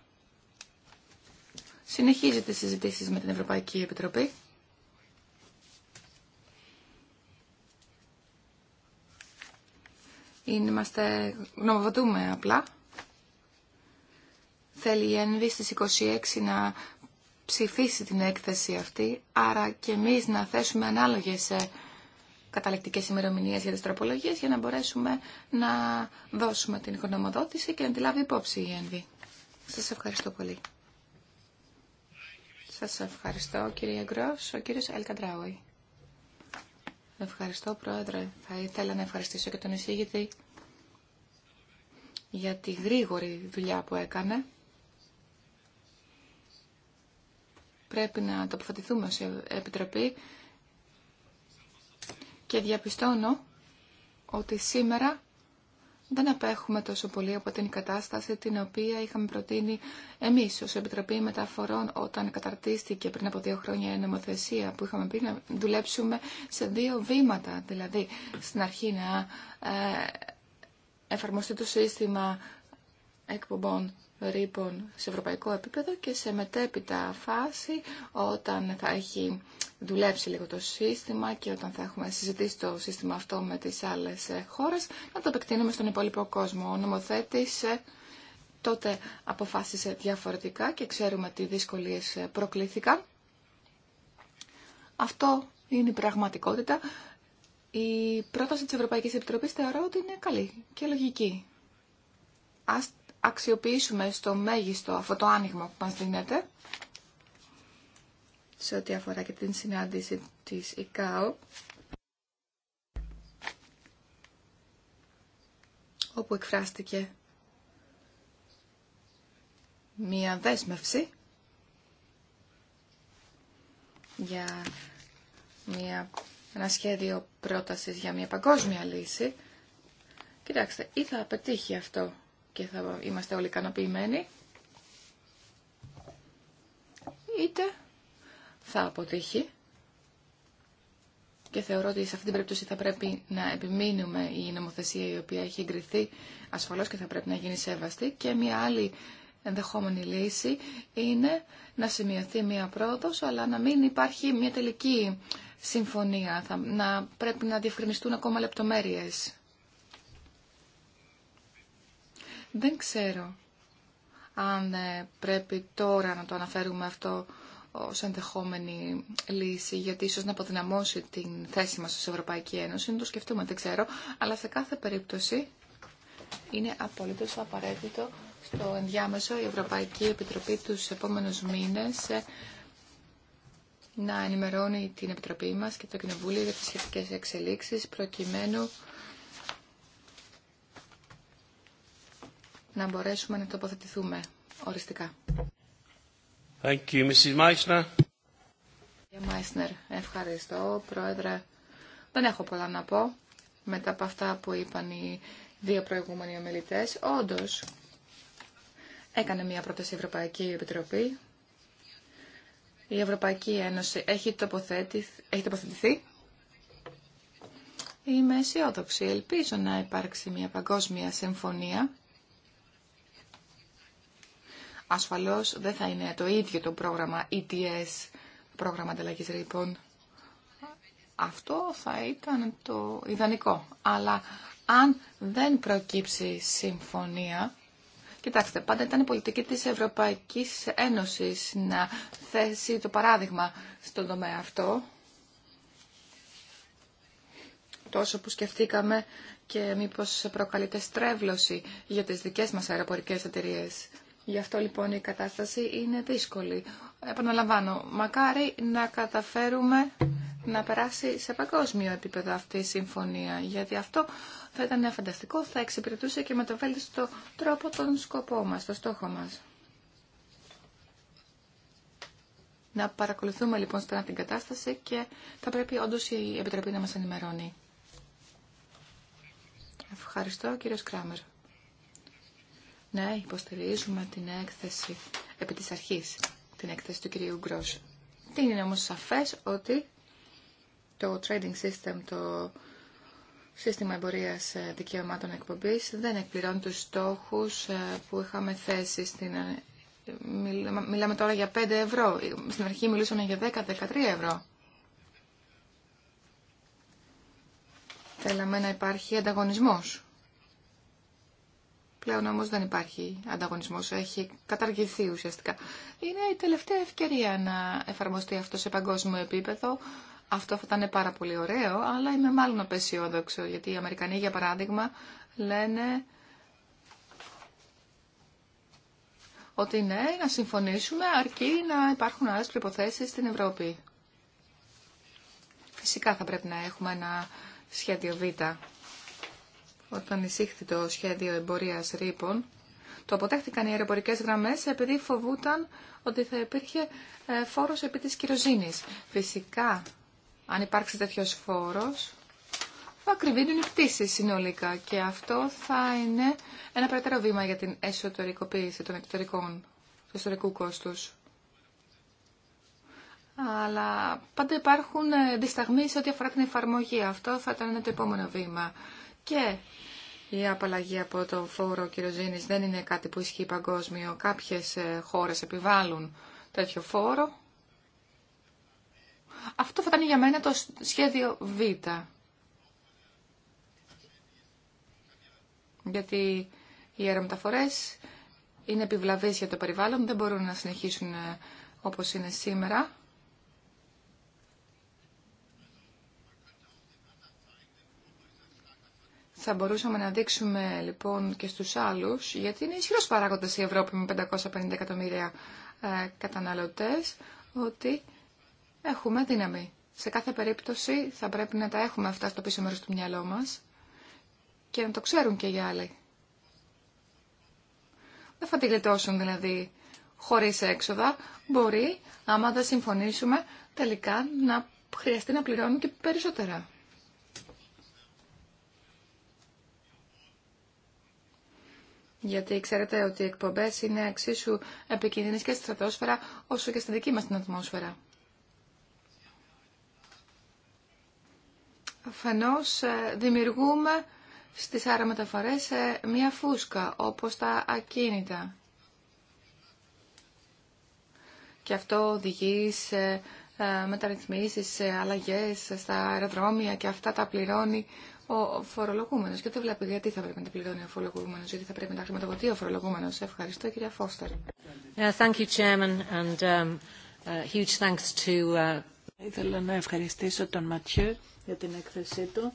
[SPEAKER 2] Συνεχίζει συζητήσεις με την Ευρωπαϊκή Επιτροπή. Είμαστε, γνωμοδοτούμε απλά. Θέλει η ΕΝΒΗ στις 26 να ψηφίσει την έκθεση αυτή, άρα και εμείς να θέσουμε ανάλογες ε, καταληκτικές ημερομηνίες για τις τροπολογίες για να μπορέσουμε να δώσουμε την οικονομοδότηση και να τη λάβει υπόψη η ΕΝΒΗ. Σας ευχαριστώ πολύ. Σας ευχαριστώ κύριε Γκρός, ο κύριος Ελκαντράουι. Ευχαριστώ πρόεδρε. Θα ήθελα να ευχαριστήσω και τον εισήγητη για τη γρήγορη δουλειά που έκανε πρέπει να τοποθετηθούμε ως επιτροπή και διαπιστώνω ότι σήμερα δεν απέχουμε τόσο πολύ από την κατάσταση την οποία είχαμε προτείνει εμείς ως Επιτροπή Μεταφορών όταν καταρτίστηκε πριν από δύο χρόνια η νομοθεσία που είχαμε πει να δουλέψουμε σε δύο βήματα. Δηλαδή στην αρχή να ε, εφαρμοστεί το σύστημα εκπομπών ρήπων σε ευρωπαϊκό επίπεδο και σε μετέπειτα φάση όταν θα έχει δουλέψει λίγο το σύστημα και όταν θα έχουμε συζητήσει το σύστημα αυτό με τις άλλες ε, χώρες να το επεκτείνουμε στον υπόλοιπο κόσμο. Ο νομοθέτης ε, τότε αποφάσισε διαφορετικά και ξέρουμε τι δυσκολίες ε, προκλήθηκαν. Αυτό είναι η πραγματικότητα. Η πρόταση της Ευρωπαϊκής Επιτροπής θεωρώ ότι είναι καλή και λογική. Ας αξιοποιήσουμε στο μέγιστο αυτό το άνοιγμα που μας δίνεται σε ό,τι αφορά και την συνάντηση της ΙΚΑΟ όπου εκφράστηκε μία δέσμευση για μια, ένα σχέδιο πρότασης για μια παγκόσμια λύση. Κοιτάξτε, ή θα πετύχει αυτό και θα είμαστε όλοι ικανοποιημένοι. Είτε θα αποτύχει και θεωρώ ότι σε αυτή την περίπτωση θα πρέπει να επιμείνουμε η νομοθεσία η οποία έχει εγκριθεί ασφαλώς και θα πρέπει να γίνει σέβαστη και μια άλλη ενδεχόμενη λύση είναι να σημειωθεί μια πρόοδος αλλά να μην υπάρχει μια τελική συμφωνία, να πρέπει να διευκρινιστούν ακόμα λεπτομέρειες. Δεν ξέρω αν ε, πρέπει τώρα να το αναφέρουμε αυτό ως ενδεχόμενη λύση, γιατί ίσως να αποδυναμώσει την θέση μας ως Ευρωπαϊκή Ένωση, να το σκεφτούμε, δεν ξέρω, αλλά σε κάθε περίπτωση είναι απολύτως απαραίτητο στο ενδιάμεσο η Ευρωπαϊκή Επιτροπή τους επόμενους μήνες ε, να ενημερώνει την Επιτροπή μας και το Κοινοβούλιο για τις σχετικές εξελίξεις προκειμένου να μπορέσουμε να τοποθετηθούμε οριστικά.
[SPEAKER 1] Thank you, Mrs. Meissner.
[SPEAKER 2] ευχαριστώ, Πρόεδρε. Δεν έχω πολλά να πω μετά από αυτά που είπαν οι δύο προηγούμενοι ομιλητέ. Όντω, έκανε μια πρόταση η Ευρωπαϊκή Επιτροπή. Η Ευρωπαϊκή Ένωση έχει έχει τοποθετηθεί. Είμαι αισιόδοξη. Ελπίζω να υπάρξει μια παγκόσμια συμφωνία Ασφαλώς δεν θα είναι το ίδιο το πρόγραμμα ETS, πρόγραμμα ανταλλαγής ρήπων. Αυτό θα ήταν το ιδανικό. Αλλά αν δεν προκύψει συμφωνία, Κοιτάξτε, πάντα ήταν η πολιτική της Ευρωπαϊκής Ένωσης να θέσει το παράδειγμα στον τομέα αυτό. Τόσο που σκεφτήκαμε και μήπως προκαλείται στρέβλωση για τις δικές μας αεροπορικές εταιρείες. Γι' αυτό λοιπόν η κατάσταση είναι δύσκολη. Επαναλαμβάνω, μακάρι να καταφέρουμε να περάσει σε παγκόσμιο επίπεδο αυτή η συμφωνία, γιατί αυτό θα ήταν φανταστικό, θα εξυπηρετούσε και με το βέλτιστο τρόπο τον σκοπό μας, το στόχο μας. Να παρακολουθούμε λοιπόν στενά την κατάσταση και θα πρέπει όντω η Επιτροπή να μας ενημερώνει. Ευχαριστώ κύριο Κράμερ. Ναι, υποστηρίζουμε την έκθεση επί της αρχής, την έκθεση του κυρίου Γκρός. Τι είναι όμως σαφές ότι το trading system, το σύστημα εμπορίας ε, δικαιωμάτων εκπομπής δεν εκπληρώνει τους στόχους ε, που είχαμε θέσει στην... Ε, μιλάμε τώρα για 5 ευρώ. Στην αρχή μιλούσαμε για 10-13 ευρώ. Θέλαμε να υπάρχει ανταγωνισμός. Πλέον όμως δεν υπάρχει ανταγωνισμός, έχει καταργηθεί ουσιαστικά. Είναι η τελευταία ευκαιρία να εφαρμοστεί αυτό σε παγκόσμιο επίπεδο. Αυτό θα ήταν πάρα πολύ ωραίο, αλλά είμαι μάλλον απεσιόδοξο, γιατί οι Αμερικανοί, για παράδειγμα, λένε ότι ναι, να συμφωνήσουμε αρκεί να υπάρχουν άλλες προϋποθέσεις στην Ευρώπη. Φυσικά θα πρέπει να έχουμε ένα σχέδιο Β όταν εισήχθη το σχέδιο εμπορίας ρήπων, το αποτέχθηκαν οι αεροπορικές γραμμές επειδή φοβούταν ότι θα υπήρχε ε, φόρος επί της κυροζήνης. Φυσικά, αν υπάρξει τέτοιο φόρος, θα κρυβίνουν οι πτήσεις συνολικά και αυτό θα είναι ένα περαιτέρω βήμα για την εσωτερικοποίηση των εξωτερικών, του κόστους. Αλλά πάντα υπάρχουν ε, δισταγμοί σε ό,τι αφορά την εφαρμογή. Αυτό θα ήταν το επόμενο βήμα και η απαλλαγή από το φόρο κυροζήνης δεν είναι κάτι που ισχύει παγκόσμιο. Κάποιες ε, χώρες επιβάλλουν τέτοιο φόρο. Αυτό θα ήταν για μένα το σχέδιο Β. Γιατί οι αερομεταφορές είναι επιβλαβείς για το περιβάλλον, δεν μπορούν να συνεχίσουν ε, όπως είναι σήμερα. Θα μπορούσαμε να δείξουμε λοιπόν και στους άλλους, γιατί είναι ισχυρό παράγοντας η Ευρώπη με 550 εκατομμύρια ε, καταναλωτές, ότι έχουμε δύναμη. Σε κάθε περίπτωση θα πρέπει να τα έχουμε αυτά στο πίσω μέρος του μυαλό μας και να το ξέρουν και οι άλλοι. Δεν θα τη γλιτώσουν δηλαδή χωρίς έξοδα. Μπορεί, άμα δεν συμφωνήσουμε, τελικά να χρειαστεί να πληρώνουν και περισσότερα. Γιατί ξέρετε ότι οι εκπομπές είναι εξίσου επικίνδυνες και στη στρατόσφαιρα όσο και στη δική μας την ατμόσφαιρα. Φανώς ε, δημιουργούμε στις αερομεταφορές ε, μία φούσκα, όπως τα ακίνητα. Και αυτό οδηγεί σε ε, μεταρρυθμίσεις, σε αλλαγές στα αεροδρόμια και αυτά τα πληρώνει ο φορολογούμενος και δεν βλέπω γιατί θα πρέπει να την πληρώνει ο φορολογούμενος, γιατί θα πρέπει να χρηματοδοτεί ο φορολογούμενος. Ευχαριστώ κυρία Φώστερ. thank you, Chairman,
[SPEAKER 3] and um, uh, huge thanks to... Uh, ήθελα να ευχαριστήσω τον Ματιού για την έκθεσή του.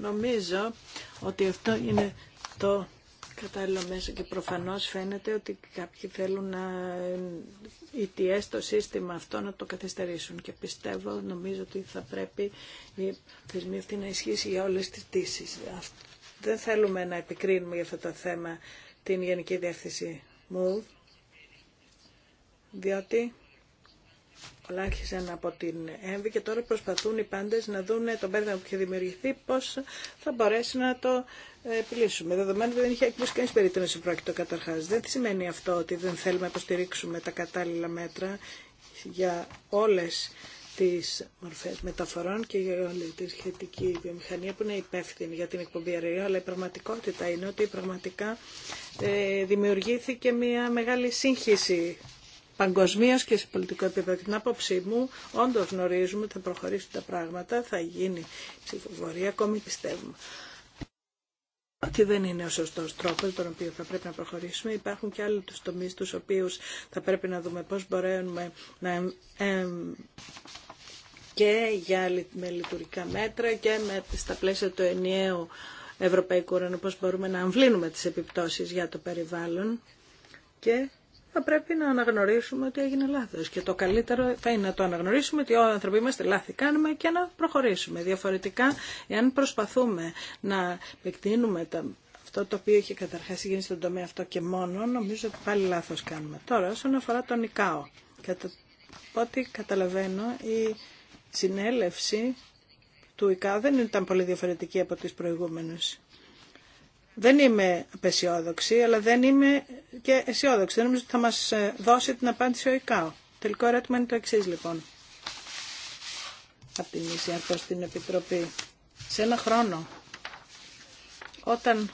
[SPEAKER 3] Νομίζω ότι αυτό είναι το κατάλληλο μέσο και προφανώς φαίνεται ότι κάποιοι θέλουν να ιτιές το σύστημα αυτό να το καθυστερήσουν και πιστεύω, νομίζω ότι θα πρέπει η θεσμή αυτή να ισχύσει για όλες τις τήσεις. Δεν θέλουμε να επικρίνουμε για αυτό το θέμα την Γενική Διεύθυνση μου, διότι Λάχισαν από την ΕΜΒΗ και τώρα προσπαθούν οι πάντες να δουν τον μπέρδεμα που είχε δημιουργηθεί πώς θα μπορέσει να το ε, επιλύσουμε. Δεδομένου ότι δεν είχε εκπλήσει κανείς περίπτωση πρόκειτο καταρχάς. Δεν σημαίνει αυτό ότι δεν θέλουμε να υποστηρίξουμε τα κατάλληλα μέτρα για όλες τις μορφές μεταφορών και για όλη τη σχετική βιομηχανία που είναι υπεύθυνη για την εκπομπή αερίου. αλλά η πραγματικότητα είναι ότι πραγματικά ε, δημιουργήθηκε μια μεγάλη σύγχυση παγκοσμίω και σε πολιτικό επίπεδο. Την άποψή μου, όντω γνωρίζουμε ότι θα προχωρήσουν τα πράγματα, θα γίνει ψηφοφορία, ακόμη πιστεύουμε ότι δεν είναι ο σωστό τρόπο τον οποίο θα πρέπει να προχωρήσουμε. Υπάρχουν και άλλοι του τομεί του οποίου θα πρέπει να δούμε πώ μπορέσουμε να. Ε, ε, και για, με λειτουργικά μέτρα και με, στα πλαίσια του ενιαίου ευρωπαϊκού ουρανού, πώς μπορούμε να αμβλύνουμε τις επιπτώσεις για το περιβάλλον και θα πρέπει να αναγνωρίσουμε ότι έγινε λάθος. Και το καλύτερο θα είναι να το αναγνωρίσουμε ότι όλοι οι άνθρωποι είμαστε λάθη κάνουμε και να προχωρήσουμε. Διαφορετικά, εάν προσπαθούμε να επεκτείνουμε τα αυτό το οποίο είχε καταρχάς γίνει στον τομέα αυτό και μόνο, νομίζω ότι πάλι λάθος κάνουμε. Τώρα, όσον αφορά τον ΙΚΑΟ, κατά ό,τι καταλαβαίνω, η συνέλευση του ΙΚΑΟ δεν ήταν πολύ διαφορετική από τις προηγούμενες. Δεν είμαι απεσιόδοξη, αλλά δεν είμαι και αισιόδοξη. Δεν νομίζω ότι θα μας ε, δώσει την απάντηση ο ΙΚΑΟ. Τελικό ερώτημα είναι το εξή λοιπόν. Από την ΙΣΙΑ προς την Επιτροπή. Σε ένα χρόνο, όταν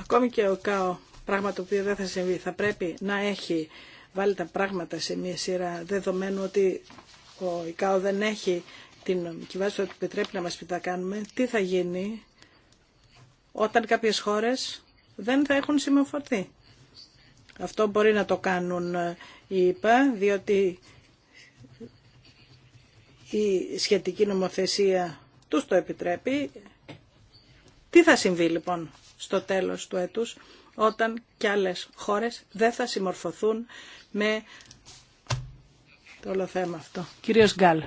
[SPEAKER 3] ακόμη και ο ΙΚΑΟ, πράγμα το οποίο δεν θα συμβεί, θα πρέπει να έχει βάλει τα πράγματα σε μία σειρά, δεδομένου ότι ο ΙΚΑΟ δεν έχει την κυβέρνηση που επιτρέπει να μας πει τα κάνουμε, τι θα γίνει όταν κάποιες χώρες δεν θα έχουν συμμορφωθεί. Αυτό μπορεί να το κάνουν ε, οι ΙΠΑ, διότι η σχετική νομοθεσία τους το επιτρέπει. Τι θα συμβεί λοιπόν στο τέλος του έτους, όταν κι άλλες χώρες δεν θα συμμορφωθούν με το όλο θέμα αυτό. Κύριος Γκάλ.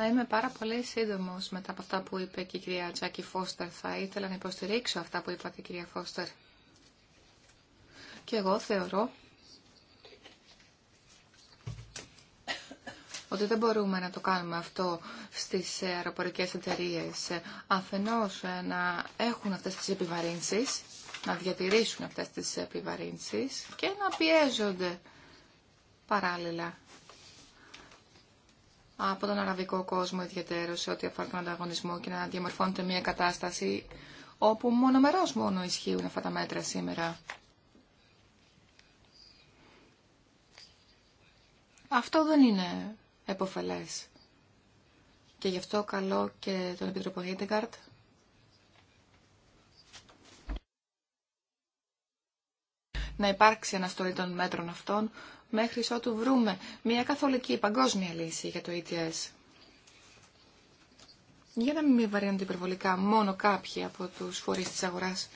[SPEAKER 2] Θα είμαι πάρα πολύ σύντομο μετά από αυτά που είπε και η κυρία Τζάκη Φώστερ. Θα ήθελα να υποστηρίξω αυτά που είπατε, κυρία Φώστερ. Και εγώ θεωρώ ότι δεν μπορούμε να το κάνουμε αυτό στις αεροπορικές εταιρείε. Αφενός ε, να έχουν αυτές τις επιβαρύνσεις, να διατηρήσουν αυτές τις επιβαρύνσεις και να πιέζονται παράλληλα από τον αραβικό κόσμο ιδιαίτερο σε ό,τι αφορά τον ανταγωνισμό και να διαμορφώνεται μια κατάσταση όπου μονομερός μόνο ισχύουν αυτά τα μέτρα σήμερα. Αυτό δεν είναι επωφελές. Και γι' αυτό καλό και τον Επίτροπο Χίντεγκαρτ να υπάρξει αναστολή των μέτρων αυτών μέχρι ότου βρούμε μια καθολική παγκόσμια λύση για το ETS. Για να μην βαρύνονται υπερβολικά μόνο κάποιοι από τους φορείς της αγοράς.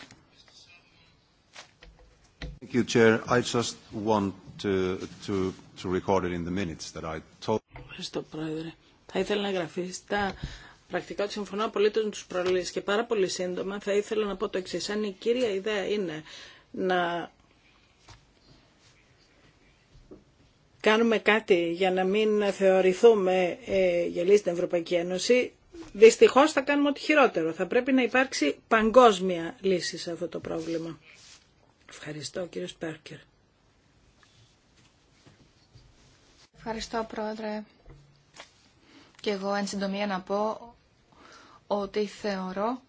[SPEAKER 3] Ευχαριστώ, Πρόεδρε. Θα ήθελα να γραφεί στα πρακτικά ότι συμφωνώ απολύτω με του και πάρα πολύ σύντομα θα ήθελα να πω το εξή. Αν η κύρια ιδέα είναι να κάνουμε κάτι για να μην θεωρηθούμε ε, γελοί στην Ευρωπαϊκή Ένωση, δυστυχώς θα κάνουμε ότι χειρότερο. Θα πρέπει να υπάρξει παγκόσμια λύση σε αυτό το πρόβλημα. Ευχαριστώ κύριε Σπέρκερ.
[SPEAKER 2] Ευχαριστώ πρόεδρε. Και εγώ εν συντομία να πω ότι θεωρώ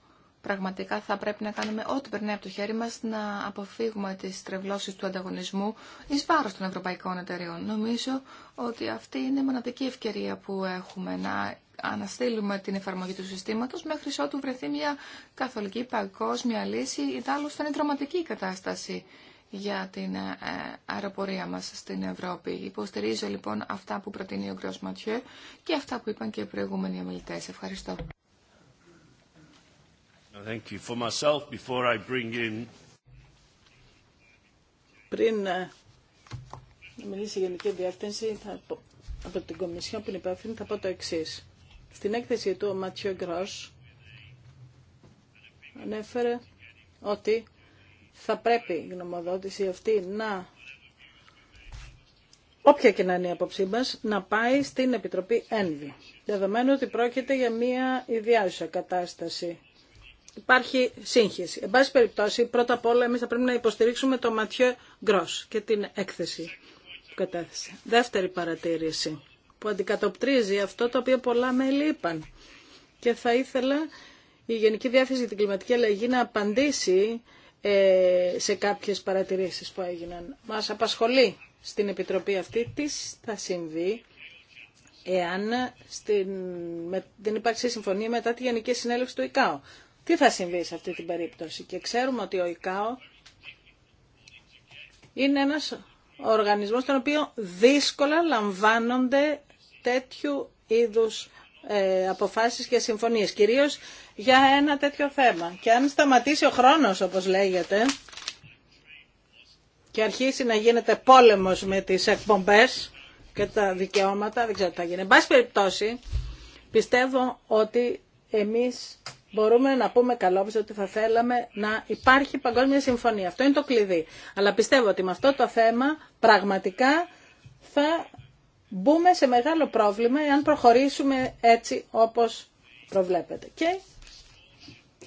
[SPEAKER 2] Πραγματικά θα πρέπει να κάνουμε ό,τι περνάει από το χέρι μας να αποφύγουμε τις τρευλώσεις του ανταγωνισμού εις βάρος των ευρωπαϊκών εταιριών. Νομίζω ότι αυτή είναι η μοναδική ευκαιρία που έχουμε να αναστείλουμε την εφαρμογή του συστήματος μέχρι ότου βρεθεί μια καθολική παγκόσμια λύση. Ιδάλλως θα είναι δραματική η κατάσταση για την ε, αεροπορία μας στην Ευρώπη. Υποστηρίζω λοιπόν αυτά που προτείνει ο κ. Ματιέ και αυτά που είπαν και οι προηγούμενοι ομιλητέ. Ευχαριστώ.
[SPEAKER 1] Thank you. For myself, before I bring in...
[SPEAKER 2] Πριν ε, να
[SPEAKER 3] μιλήσει η Γενική Διεύθυνση από την Κομισιόν που είναι υπεύθυνη θα πω το εξή. Στην έκθεση του ο Ματιό Γκρός ανέφερε ότι θα πρέπει η γνωμοδότηση αυτή να όποια και να είναι η απόψή μα, να πάει στην Επιτροπή Ένβη. Δεδομένου ότι πρόκειται για μια ιδιάζουσα κατάσταση υπάρχει σύγχυση. Εν πάση περιπτώσει, πρώτα απ' όλα εμείς θα πρέπει να υποστηρίξουμε το ματιό Γκρός και την έκθεση που κατέθεσε. Δεύτερη παρατήρηση που αντικατοπτρίζει αυτό το οποίο πολλά μέλη είπαν. Και θα ήθελα η Γενική Διάθεση για την Κλιματική Αλλαγή να απαντήσει ε, σε κάποιες παρατηρήσεις που έγιναν. Μας απασχολεί στην Επιτροπή αυτή τι θα συμβεί εάν στην, με, δεν υπάρξει συμφωνία μετά τη Γενική Συνέλευση του ΙΚΑΟ. Τι θα συμβεί σε αυτή την περίπτωση. Και ξέρουμε ότι ο ΙΚΑΟ είναι ένας οργανισμός στον οποίο δύσκολα λαμβάνονται τέτοιου είδους ε, αποφάσεις και συμφωνίες, κυρίως για ένα τέτοιο θέμα. Και αν σταματήσει ο χρόνος, όπως λέγεται, και αρχίσει να γίνεται πόλεμος με τις εκπομπές και τα δικαιώματα, δεν ξέρω τι θα γίνει. περιπτώσει, πιστεύω ότι εμείς μπορούμε να πούμε καλόψε ότι θα θέλαμε να υπάρχει παγκόσμια συμφωνία. Αυτό είναι το κλειδί. Αλλά πιστεύω ότι με αυτό το θέμα πραγματικά θα μπούμε σε μεγάλο πρόβλημα εάν προχωρήσουμε έτσι όπως προβλέπετε. Και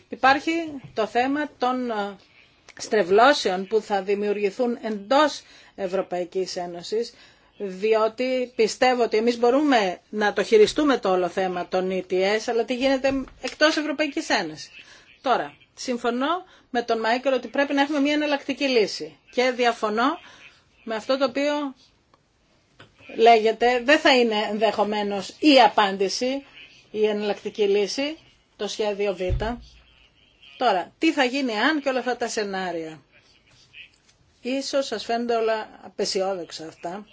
[SPEAKER 3] υπάρχει το θέμα των ε, στρεβλώσεων που θα δημιουργηθούν εντός Ευρωπαϊκής Ένωσης διότι πιστεύω ότι εμείς μπορούμε να το χειριστούμε το όλο θέμα των ETS, αλλά τι γίνεται εκτός Ευρωπαϊκής Ένωσης. Τώρα, συμφωνώ με τον Μάικρο ότι πρέπει να έχουμε μια εναλλακτική λύση και διαφωνώ με αυτό το οποίο λέγεται δεν θα είναι ενδεχομένω η απάντηση, η εναλλακτική λύση, το σχέδιο Β. Τώρα, τι θα γίνει αν και όλα αυτά τα σενάρια. Ίσως σας φαίνονται όλα απεσιόδοξα αυτά,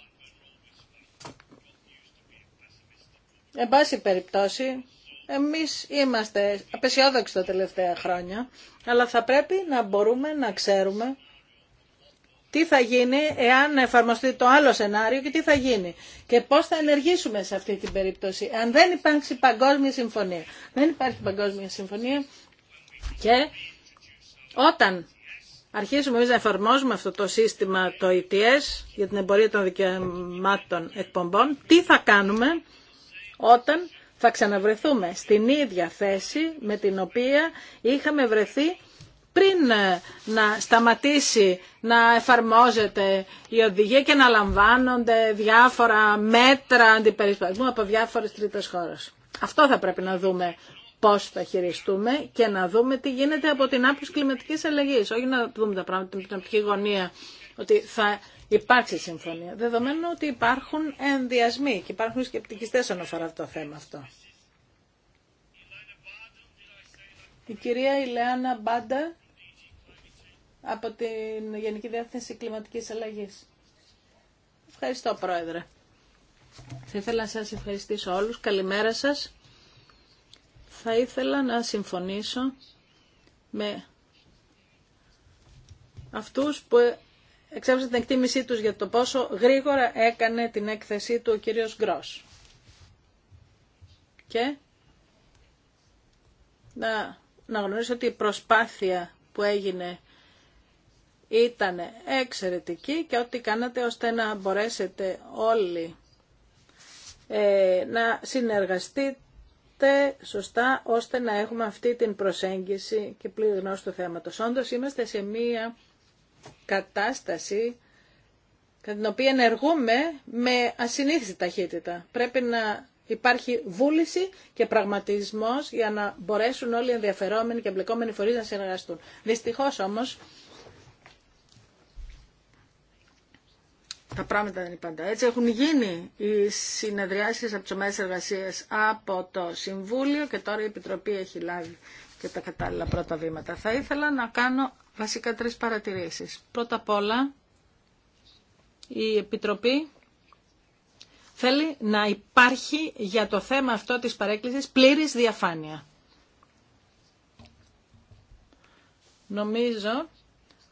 [SPEAKER 3] Εν πάση περιπτώσει, εμείς είμαστε απεσιόδοξοι τα τελευταία χρόνια, αλλά θα πρέπει να μπορούμε να ξέρουμε τι θα γίνει εάν εφαρμοστεί το άλλο σενάριο και τι θα γίνει. Και πώς θα ενεργήσουμε σε αυτή την περίπτωση. Αν δεν υπάρξει παγκόσμια συμφωνία. Δεν υπάρχει παγκόσμια συμφωνία και όταν αρχίσουμε εμείς να εφαρμόζουμε αυτό το σύστημα το ETS για την εμπορία των δικαιωμάτων εκπομπών, τι θα κάνουμε όταν θα ξαναβρεθούμε στην ίδια θέση με την οποία είχαμε βρεθεί πριν ε, να σταματήσει να εφαρμόζεται η οδηγία και να λαμβάνονται διάφορα μέτρα αντιπερισπασμού από διάφορες τρίτες χώρες. Αυτό θα πρέπει να δούμε πώς θα χειριστούμε και να δούμε τι γίνεται από την άποψη κλιματικής αλλαγής. Όχι να δούμε τα πράγματα με την οπτική γωνία ότι θα υπάρξει συμφωνία. Δεδομένου ότι υπάρχουν ενδιασμοί και υπάρχουν σκεπτικιστέ όσον αφορά το θέμα αυτό. Η κυρία Ηλεάνα Μπάντα από την Γενική Διεύθυνση Κλιματικής Αλλαγής. Ευχαριστώ, Πρόεδρε. Θα ήθελα να σας ευχαριστήσω όλους. Καλημέρα σας. Θα ήθελα να συμφωνήσω με αυτούς που εξέφρασε την εκτίμησή τους για το πόσο γρήγορα έκανε την έκθεσή του ο κύριος Γκρός. Και να, να γνωρίσω ότι η προσπάθεια που έγινε ήταν εξαιρετική και ό,τι κάνατε ώστε να μπορέσετε όλοι ε, να συνεργαστείτε σωστά ώστε να έχουμε αυτή την προσέγγιση και πλήρη γνώση του θέματος. Όντως είμαστε σε μία κατάσταση κατά την οποία ενεργούμε με ασυνήθιστη ταχύτητα. Πρέπει να υπάρχει βούληση και πραγματισμός για να μπορέσουν όλοι οι ενδιαφερόμενοι και εμπλεκόμενοι φορείς να συνεργαστούν. Δυστυχώς όμως τα πράγματα δεν είναι πάντα έτσι. Έχουν γίνει οι συνεδριάσεις από τις ομάδες εργασίας από το Συμβούλιο και τώρα η Επιτροπή έχει λάβει και τα κατάλληλα πρώτα βήματα. Θα ήθελα να κάνω βασικά τρεις παρατηρήσεις. Πρώτα απ' όλα, η Επιτροπή θέλει να υπάρχει για το θέμα αυτό της παρέκκλησης πλήρης διαφάνεια. Νομίζω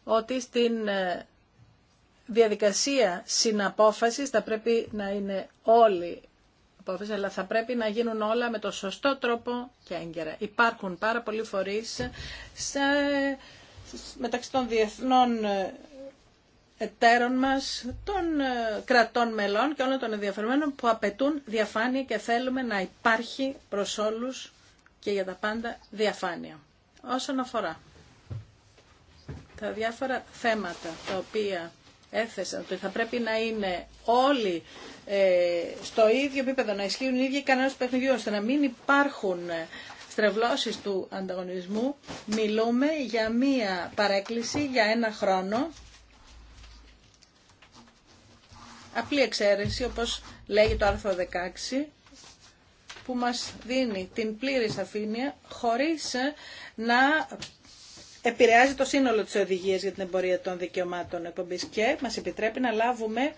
[SPEAKER 3] ότι στην ε, διαδικασία συναπόφασης θα πρέπει να είναι όλοι απόφαση, αλλά θα πρέπει να γίνουν όλα με το σωστό τρόπο και έγκαιρα. Υπάρχουν πάρα πολλοί φορεί μεταξύ των διεθνών ε, εταίρων μας, των ε, κρατών μελών και όλων των ενδιαφερμένων που απαιτούν διαφάνεια και θέλουμε να υπάρχει προς όλους και για τα πάντα διαφάνεια. Όσον αφορά τα διάφορα θέματα τα οποία έθεσαν, ότι θα πρέπει να είναι όλοι ε, στο ίδιο επίπεδο, να ισχύουν οι ίδιοι κανόνες του παιχνιδιού, ώστε να μην υπάρχουν ε, στρεβλώσεις του ανταγωνισμού, μιλούμε για μία παρέκκληση για ένα χρόνο, απλή εξαίρεση, όπως λέγει το άρθρο 16, που μας δίνει την πλήρη σαφήνεια χωρίς ε, να επηρεάζει το σύνολο της οδηγίας για την εμπορία των δικαιωμάτων εκπομπής και μας επιτρέπει να λάβουμε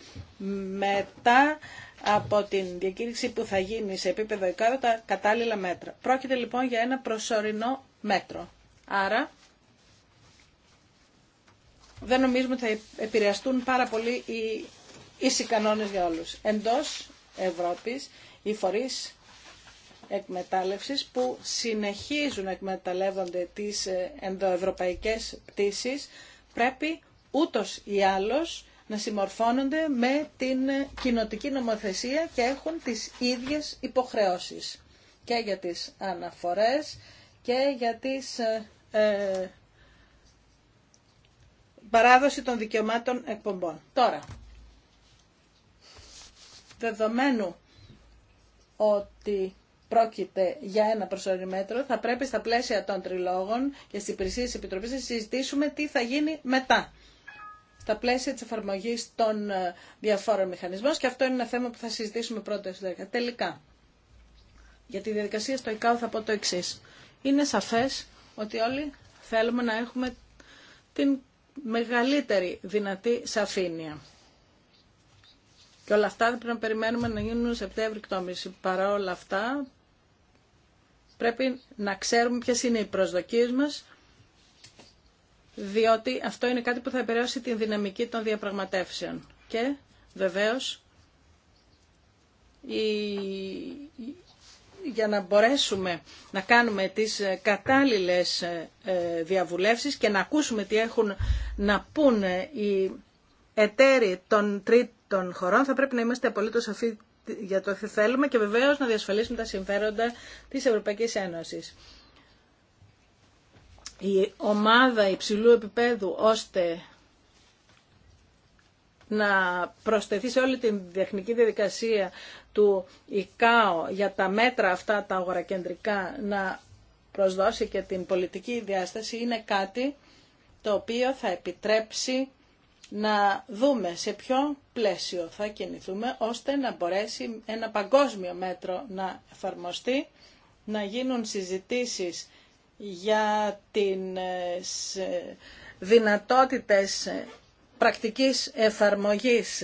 [SPEAKER 3] μετά από την διακήρυξη που θα γίνει σε επίπεδο ΕΚΑΔΟ τα κατάλληλα μέτρα. Πρόκειται λοιπόν για ένα προσωρινό μέτρο. Άρα δεν νομίζουμε ότι θα επηρεαστούν πάρα πολύ οι ίσοι κανόνες για όλους. Εντός Ευρώπης οι φορείς εκμετάλλευσης που συνεχίζουν να εκμεταλλεύονται τις ε, ενδοευρωπαϊκές πτήσεις πρέπει ούτως ή άλλως να συμμορφώνονται με την ε, κοινοτική νομοθεσία και έχουν τις ίδιες υποχρεώσεις και για τις αναφορές και για τις ε, ε παράδοση των δικαιωμάτων εκπομπών. Τώρα, δεδομένου ότι πρόκειται για ένα προσωρινό μέτρο, θα πρέπει στα πλαίσια των τριλόγων και στι υπηρεσίες της Επιτροπής να συζητήσουμε τι θα γίνει μετά στα πλαίσια τη εφαρμογή των ε, διαφόρων μηχανισμών και αυτό είναι ένα θέμα που θα συζητήσουμε πρώτα εσωτερικά. Τελικά, για τη διαδικασία στο ΙΚΑΟ θα πω το εξή. Είναι σαφέ ότι όλοι θέλουμε να έχουμε την μεγαλύτερη δυνατή σαφήνεια. Και όλα αυτά θα πρέπει να περιμένουμε να γίνουν Σεπτέμβρη-Κτώμηση. Παρά όλα αυτά πρέπει να ξέρουμε ποιες είναι οι προσδοκίες μας, διότι αυτό είναι κάτι που θα επηρεάσει την δυναμική των διαπραγματεύσεων. Και βεβαίως η... για να μπορέσουμε να κάνουμε τις κατάλληλες ε, διαβουλεύσεις και να ακούσουμε τι έχουν να πούν οι εταίροι των τρίτων χωρών, θα πρέπει να είμαστε απολύτως σαφείς για το τι θέλουμε και βεβαίως να διασφαλίσουμε τα συμφέροντα της Ευρωπαϊκής Ένωσης. Η ομάδα υψηλού επίπεδου ώστε να προσθεθεί σε όλη την διεθνική διαδικασία του ΙΚΑΟ για τα μέτρα αυτά τα αγορακεντρικά να προσδώσει και την πολιτική διάσταση είναι κάτι το οποίο θα επιτρέψει να δούμε σε ποιο πλαίσιο θα κινηθούμε ώστε να μπορέσει ένα παγκόσμιο μέτρο να εφαρμοστεί, να γίνουν συζητήσεις για τις ε, δυνατότητες πρακτικής εφαρμογής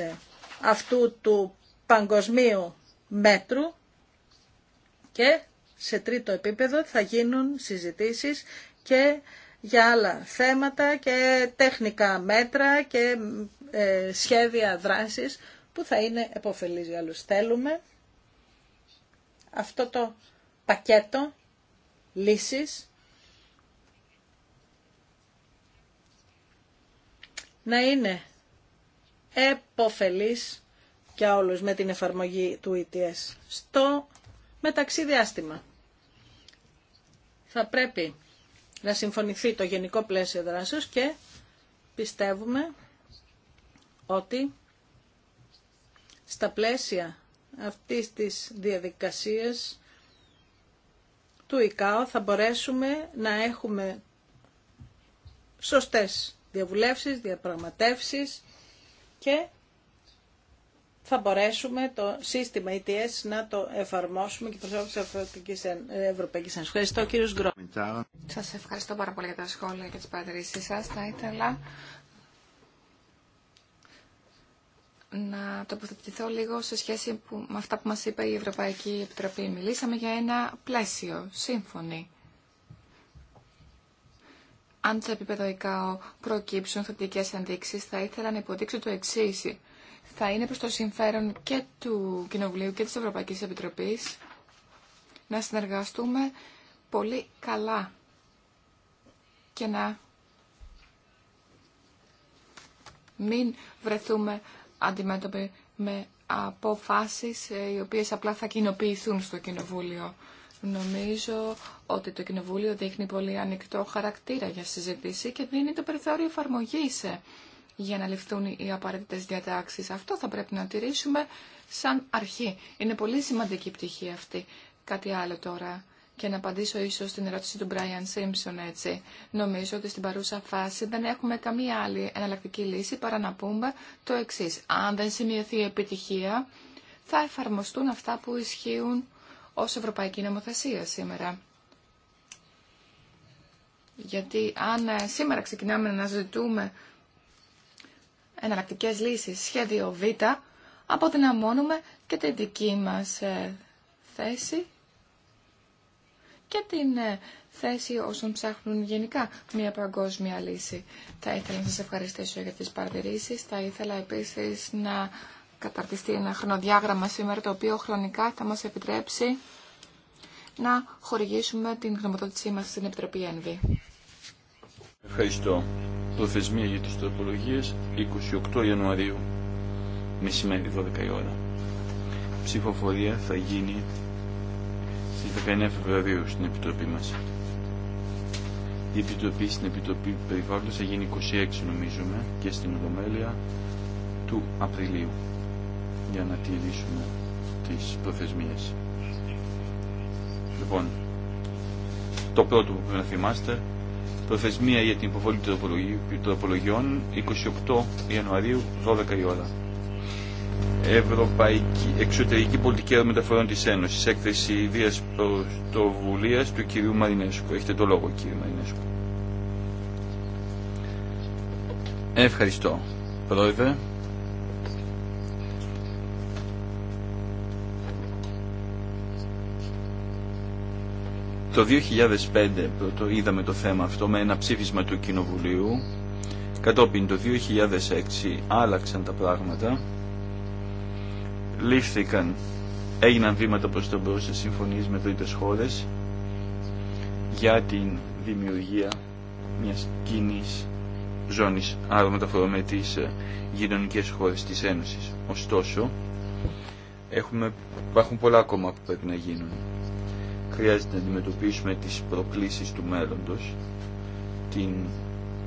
[SPEAKER 3] αυτού του παγκοσμίου μέτρου και σε τρίτο επίπεδο θα γίνουν συζητήσεις και για άλλα θέματα και τεχνικά μέτρα και ε, σχέδια δράσης που θα είναι επωφελής για άλλους. Θέλουμε αυτό το πακέτο λύσεις να είναι επωφελής για όλους με την εφαρμογή του ETS στο μεταξύ διάστημα. Θα πρέπει να συμφωνηθεί το γενικό πλαίσιο δράσεως και πιστεύουμε ότι στα πλαίσια αυτής της διαδικασίας του ΙΚΑΟ θα μπορέσουμε να έχουμε σωστές διαβουλεύσεις, διαπραγματεύσεις και θα μπορέσουμε το σύστημα ETS να το εφαρμόσουμε και προς όλους της Ευρωπαϊκής
[SPEAKER 2] Ένωσης. Ευχαριστώ κύριος Γκρό. Σας ευχαριστώ πάρα πολύ για τα σχόλια και τις παρατηρήσεις σας. Θα ήθελα να τοποθετηθώ λίγο σε σχέση που, με αυτά που μας είπε η Ευρωπαϊκή Επιτροπή. Μιλήσαμε για ένα πλαίσιο, σύμφωνη. Αν σε επίπεδο ΙΚΑΟ προκύψουν θετικές ενδείξεις, θα ήθελα να υποδείξω το εξή θα είναι προς το συμφέρον και του Κοινοβουλίου και της Ευρωπαϊκής Επιτροπής να συνεργαστούμε πολύ καλά και να μην βρεθούμε αντιμέτωποι με αποφάσεις ε, οι οποίες απλά θα κοινοποιηθούν στο Κοινοβούλιο. Νομίζω ότι το Κοινοβούλιο δείχνει πολύ ανοιχτό χαρακτήρα για συζήτηση και δίνει το περιθώριο εφαρμογή ε, για να ληφθούν οι απαραίτητε διατάξει, Αυτό θα πρέπει να τηρήσουμε σαν αρχή. Είναι πολύ σημαντική πτυχή αυτή. Κάτι άλλο τώρα. Και να απαντήσω ίσω στην ερώτηση του Brian Simpson έτσι. Νομίζω ότι στην παρούσα φάση δεν έχουμε καμία άλλη εναλλακτική λύση παρά να πούμε το εξή. Αν δεν σημειωθεί η επιτυχία θα εφαρμοστούν αυτά που ισχύουν ω ευρωπαϊκή νομοθεσία σήμερα. Γιατί αν ε, σήμερα ξεκινάμε να ζητούμε εναλλακτικές λύσεις, σχέδιο Β, αποδυναμώνουμε και την δική μας ε, θέση και την ε, θέση όσων ψάχνουν γενικά μια παγκόσμια λύση. Θα ήθελα να σας ευχαριστήσω για τις παρατηρήσεις. Θα ήθελα επίσης να καταρτιστεί ένα χρονοδιάγραμμα σήμερα το οποίο χρονικά θα μας επιτρέψει να χορηγήσουμε την γνωμοδότησή μας στην Επιτροπή ΕΝΒΗ.
[SPEAKER 1] Ευχαριστώ. Προθεσμία για τις τροπολογίες 28 Ιανουαρίου, μεσημέρι 12 η ώρα. Ψηφοφορία θα γίνει στις 19 Φεβρουαρίου στην Επιτροπή μας. Η Επιτροπή στην Επιτροπή Περιβάλλοντος θα γίνει 26 νομίζουμε και στην Ολομέλεια του Απριλίου για να τηρήσουμε τις προθεσμίες. Λοιπόν, το πρώτο που πρέπει να θυμάστε Προθεσμία για την υποβολή των απολογιών 28 Ιανουαρίου 12 η ώρα. Ευρωπαϊκή Εξωτερική Πολιτική μεταφορών της Ένωσης. Έκθεση ιδίας πρωτοβουλίας του κυρίου Μαρινέσκου. Έχετε το λόγο κύριε Μαρινέσκου. Ευχαριστώ. Πρόεδρε. Το 2005 πρώτο είδαμε το θέμα αυτό με ένα ψήφισμα του Κοινοβουλίου. Κατόπιν το 2006 άλλαξαν τα πράγματα. Λήφθηκαν, έγιναν βήματα προς τον μπρος σε συμφωνίες με τρίτες χώρες για την δημιουργία μιας κοινή ζώνης άρματα με τις ε, γειτονικές χώρες της Ένωσης. Ωστόσο, έχουμε, υπάρχουν πολλά ακόμα που πρέπει να γίνουν χρειάζεται να αντιμετωπίσουμε τις προκλήσεις του μέλλοντος, την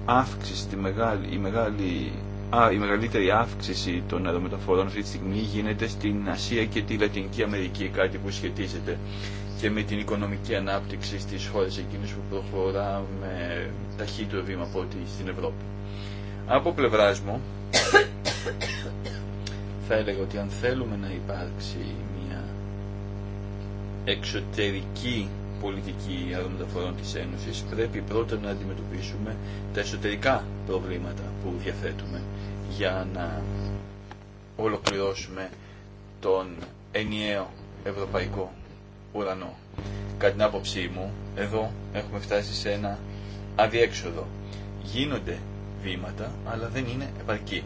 [SPEAKER 1] αύξηση, τη μεγάλη, η, μεγάλη, α, η μεγαλύτερη αύξηση των αερομεταφορών αυτή τη στιγμή γίνεται στην Ασία και τη Λατινική Αμερική, κάτι που σχετίζεται και με την οικονομική ανάπτυξη στις χώρες εκείνες που προχωρά με ταχύτερο βήμα από ό,τι στην Ευρώπη. Από πλευράς μου, θα έλεγα ότι αν θέλουμε να υπάρξει εξωτερική πολιτική αερομεταφορών της Ένωσης πρέπει πρώτα να αντιμετωπίσουμε τα εσωτερικά προβλήματα που διαθέτουμε για να ολοκληρώσουμε τον ενιαίο ευρωπαϊκό ουρανό. Κατά την άποψή μου, εδώ έχουμε φτάσει σε ένα αδιέξοδο. Γίνονται βήματα, αλλά δεν είναι επαρκή.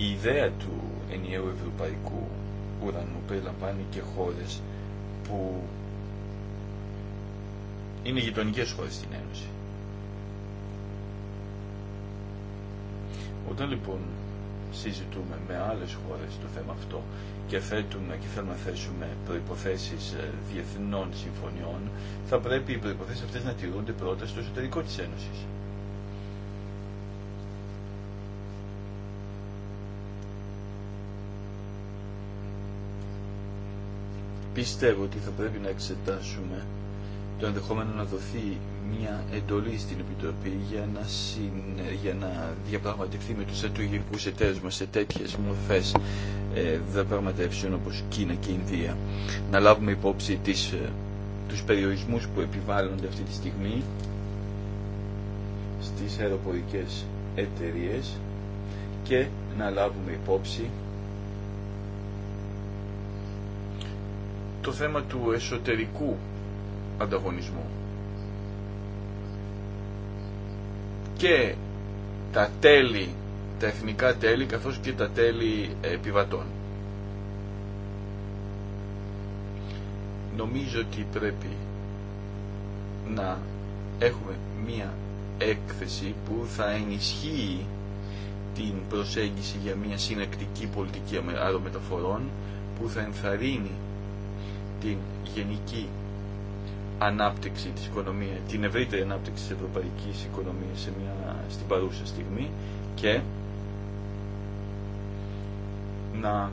[SPEAKER 1] Η ιδέα του ενιαίου ευρωπαϊκού ουρανού περιλαμβάνει και χώρες που είναι γειτονικέ χώρες στην Ένωση. Όταν λοιπόν συζητούμε με άλλες χώρες το θέμα αυτό και, θέτουμε, και θέλουμε να θέσουμε προϋποθέσεις ε, διεθνών συμφωνιών, θα πρέπει οι προϋποθέσεις αυτές να τηρούνται πρώτα στο εσωτερικό της Ένωσης. πιστεύω ότι θα πρέπει να εξετάσουμε το ενδεχόμενο να δοθεί μια εντολή στην Επιτροπή για να, συν, για να διαπραγματευτεί με τους ατουγικούς εταίρους μας σε τέτοιες μορφές ε, διαπραγματεύσεων όπως Κίνα και Ινδία. Να λάβουμε υπόψη τις, ε, τους περιορισμούς που επιβάλλονται αυτή τη στιγμή στις αεροπορικές εταιρείες και να λάβουμε υπόψη το θέμα του εσωτερικού ανταγωνισμού. Και τα τέλη, τα εθνικά τέλη καθώς και τα τέλη επιβατών. Νομίζω ότι πρέπει να έχουμε μία έκθεση που θα ενισχύει την προσέγγιση για μία συνεκτική πολιτική αερομεταφορών που θα ενθαρρύνει την γενική ανάπτυξη της οικονομίας, την ευρύτερη ανάπτυξη της ευρωπαϊκής οικονομίας σε μια, στην παρούσα στιγμή και να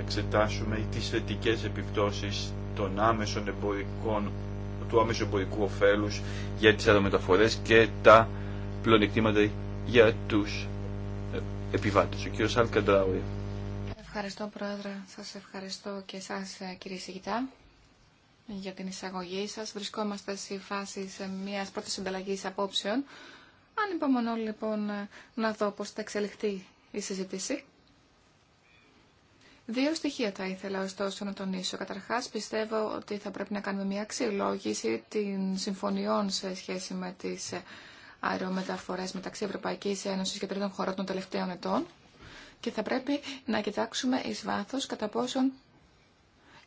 [SPEAKER 1] εξετάσουμε τις θετικέ επιπτώσεις των άμεσων εμπορικών, του άμεσου εμπορικού ωφέλους για τις αερομεταφορές και τα πλονεκτήματα για τους επιβάτες. Ο κ. Αλκαντράουρη.
[SPEAKER 2] Ευχαριστώ Πρόεδρε, σας ευχαριστώ και εσάς ε, κύριε Σιγητά για την εισαγωγή σας. Βρισκόμαστε στη φάση σε μιας πρώτης συνταλλαγής απόψεων. Ανυπομονώ λοιπόν να δω πώς θα εξελιχθεί η συζήτηση. Δύο στοιχεία θα ήθελα ωστόσο να τονίσω. Καταρχάς πιστεύω ότι θα πρέπει να κάνουμε μια αξιολόγηση των συμφωνιών σε σχέση με τις ε, αερομεταφορές μεταξύ Ευρωπαϊκής Ένωσης και τρίτων χωρών των τελευταίων ετών και θα πρέπει να κοιτάξουμε εις βάθος κατά πόσον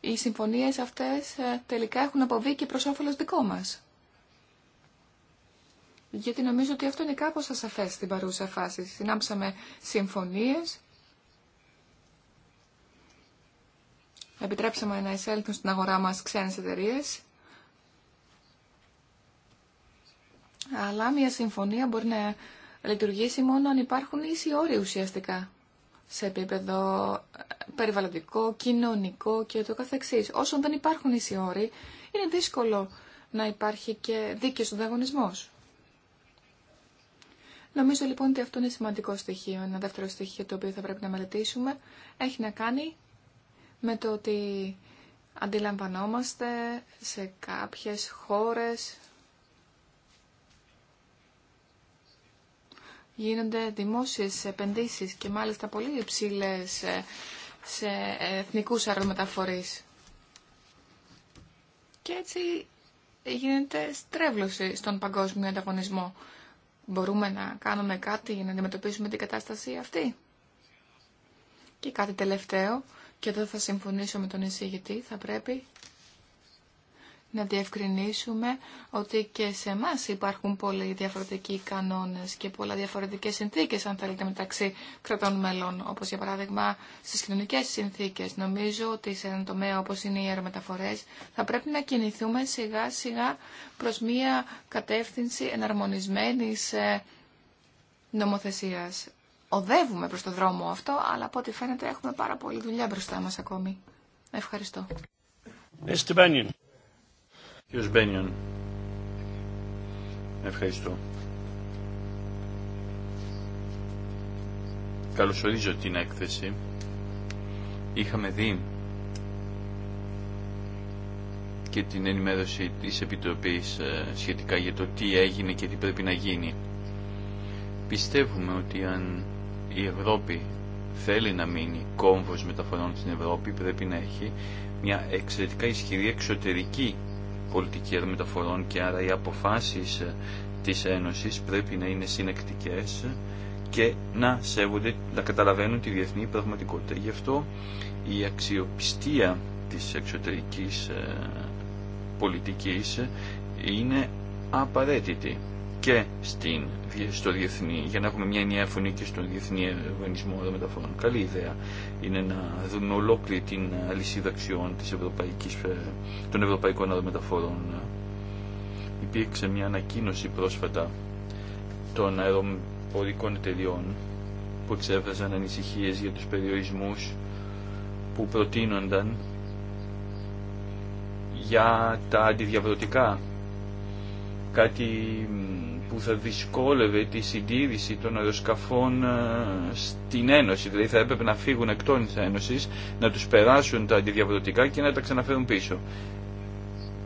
[SPEAKER 2] οι συμφωνίες αυτές ε, τελικά έχουν αποβεί και προς όφελος δικό μας. Γιατί νομίζω ότι αυτό είναι κάπως ασαφές στην παρούσα φάση. Συνάψαμε συμφωνίες, επιτρέψαμε να εισέλθουν στην αγορά μας ξένες εταιρείε. αλλά μια συμφωνία μπορεί να λειτουργήσει μόνο αν υπάρχουν ίσοι όροι ουσιαστικά σε επίπεδο ε, περιβαλλοντικό, κοινωνικό και το καθεξής. Όσον δεν υπάρχουν ίσοι όροι, είναι δύσκολο να υπάρχει και δίκαιος ανταγωνισμό. Νομίζω λοιπόν ότι αυτό είναι σημαντικό στοιχείο. Ένα δεύτερο στοιχείο το οποίο θα πρέπει να μελετήσουμε έχει να κάνει με το ότι αντιλαμβανόμαστε σε κάποιες χώρες γίνονται δημόσιες επενδύσεις και μάλιστα πολύ υψηλές ε, σε εθνικούς αερομεταφορείς. Και έτσι γίνεται στρέβλωση στον παγκόσμιο ανταγωνισμό. Μπορούμε να κάνουμε κάτι για να αντιμετωπίσουμε την κατάσταση αυτή. Και κάτι τελευταίο, και εδώ θα συμφωνήσω με τον εισηγητή, θα πρέπει να διευκρινίσουμε ότι και σε εμά υπάρχουν πολλοί διαφορετικοί κανόνε και πολλά διαφορετικέ συνθήκε αν θέλετε, μεταξύ κρατών μελών, όπω για παράδειγμα στι κοινωνικέ συνθήκε. Νομίζω ότι σε έναν τομέα όπω είναι οι αερομεταφορέ, θα πρέπει να κινηθούμε σιγά-σιγά προ μία κατεύθυνση εναρμονισμένης ε, νομοθεσία. Οδεύουμε προ το δρόμο αυτό, αλλά από ό,τι φαίνεται έχουμε πάρα πολλή δουλειά μπροστά μα ακόμη. Ευχαριστώ.
[SPEAKER 1] Mr. Κύριος Μπένιον. Ευχαριστώ. Καλωσορίζω την έκθεση. Είχαμε δει και την ενημέρωση της Επιτροπής ε, σχετικά για το τι έγινε και τι πρέπει να γίνει. Πιστεύουμε ότι αν η Ευρώπη θέλει να μείνει κόμβος μεταφορών στην Ευρώπη πρέπει να έχει μια εξαιρετικά ισχυρή εξωτερική πολιτική αερομεταφορών και άρα οι αποφάσεις ε, της Ένωσης πρέπει να είναι συνεκτικές και να σέβονται, να καταλαβαίνουν τη διεθνή πραγματικότητα. Γι' αυτό η αξιοπιστία της εξωτερικής ε, πολιτικής είναι απαραίτητη και στην, στο διεθνή, για να έχουμε μια ενιαία φωνή και στον διεθνή οργανισμό αερομεταφορών. Καλή ιδέα είναι να δουν ολόκληρη την αλυσίδα ε, αξιών της ευρωπαϊκής, ε, των ευρωπαϊκών αερομεταφορών. Υπήρξε μια ανακοίνωση πρόσφατα των αεροπορικών εταιριών που εξέφραζαν ανησυχίες για τους περιορισμούς που προτείνονταν για τα αντιδιαβρωτικά. Κάτι που θα δυσκόλευε τη συντήρηση των αεροσκαφών ε, στην Ένωση. Δηλαδή θα έπρεπε να φύγουν εκτό της Ένωσης, να τους περάσουν τα αντιδιαβρωτικά και να τα ξαναφέρουν πίσω.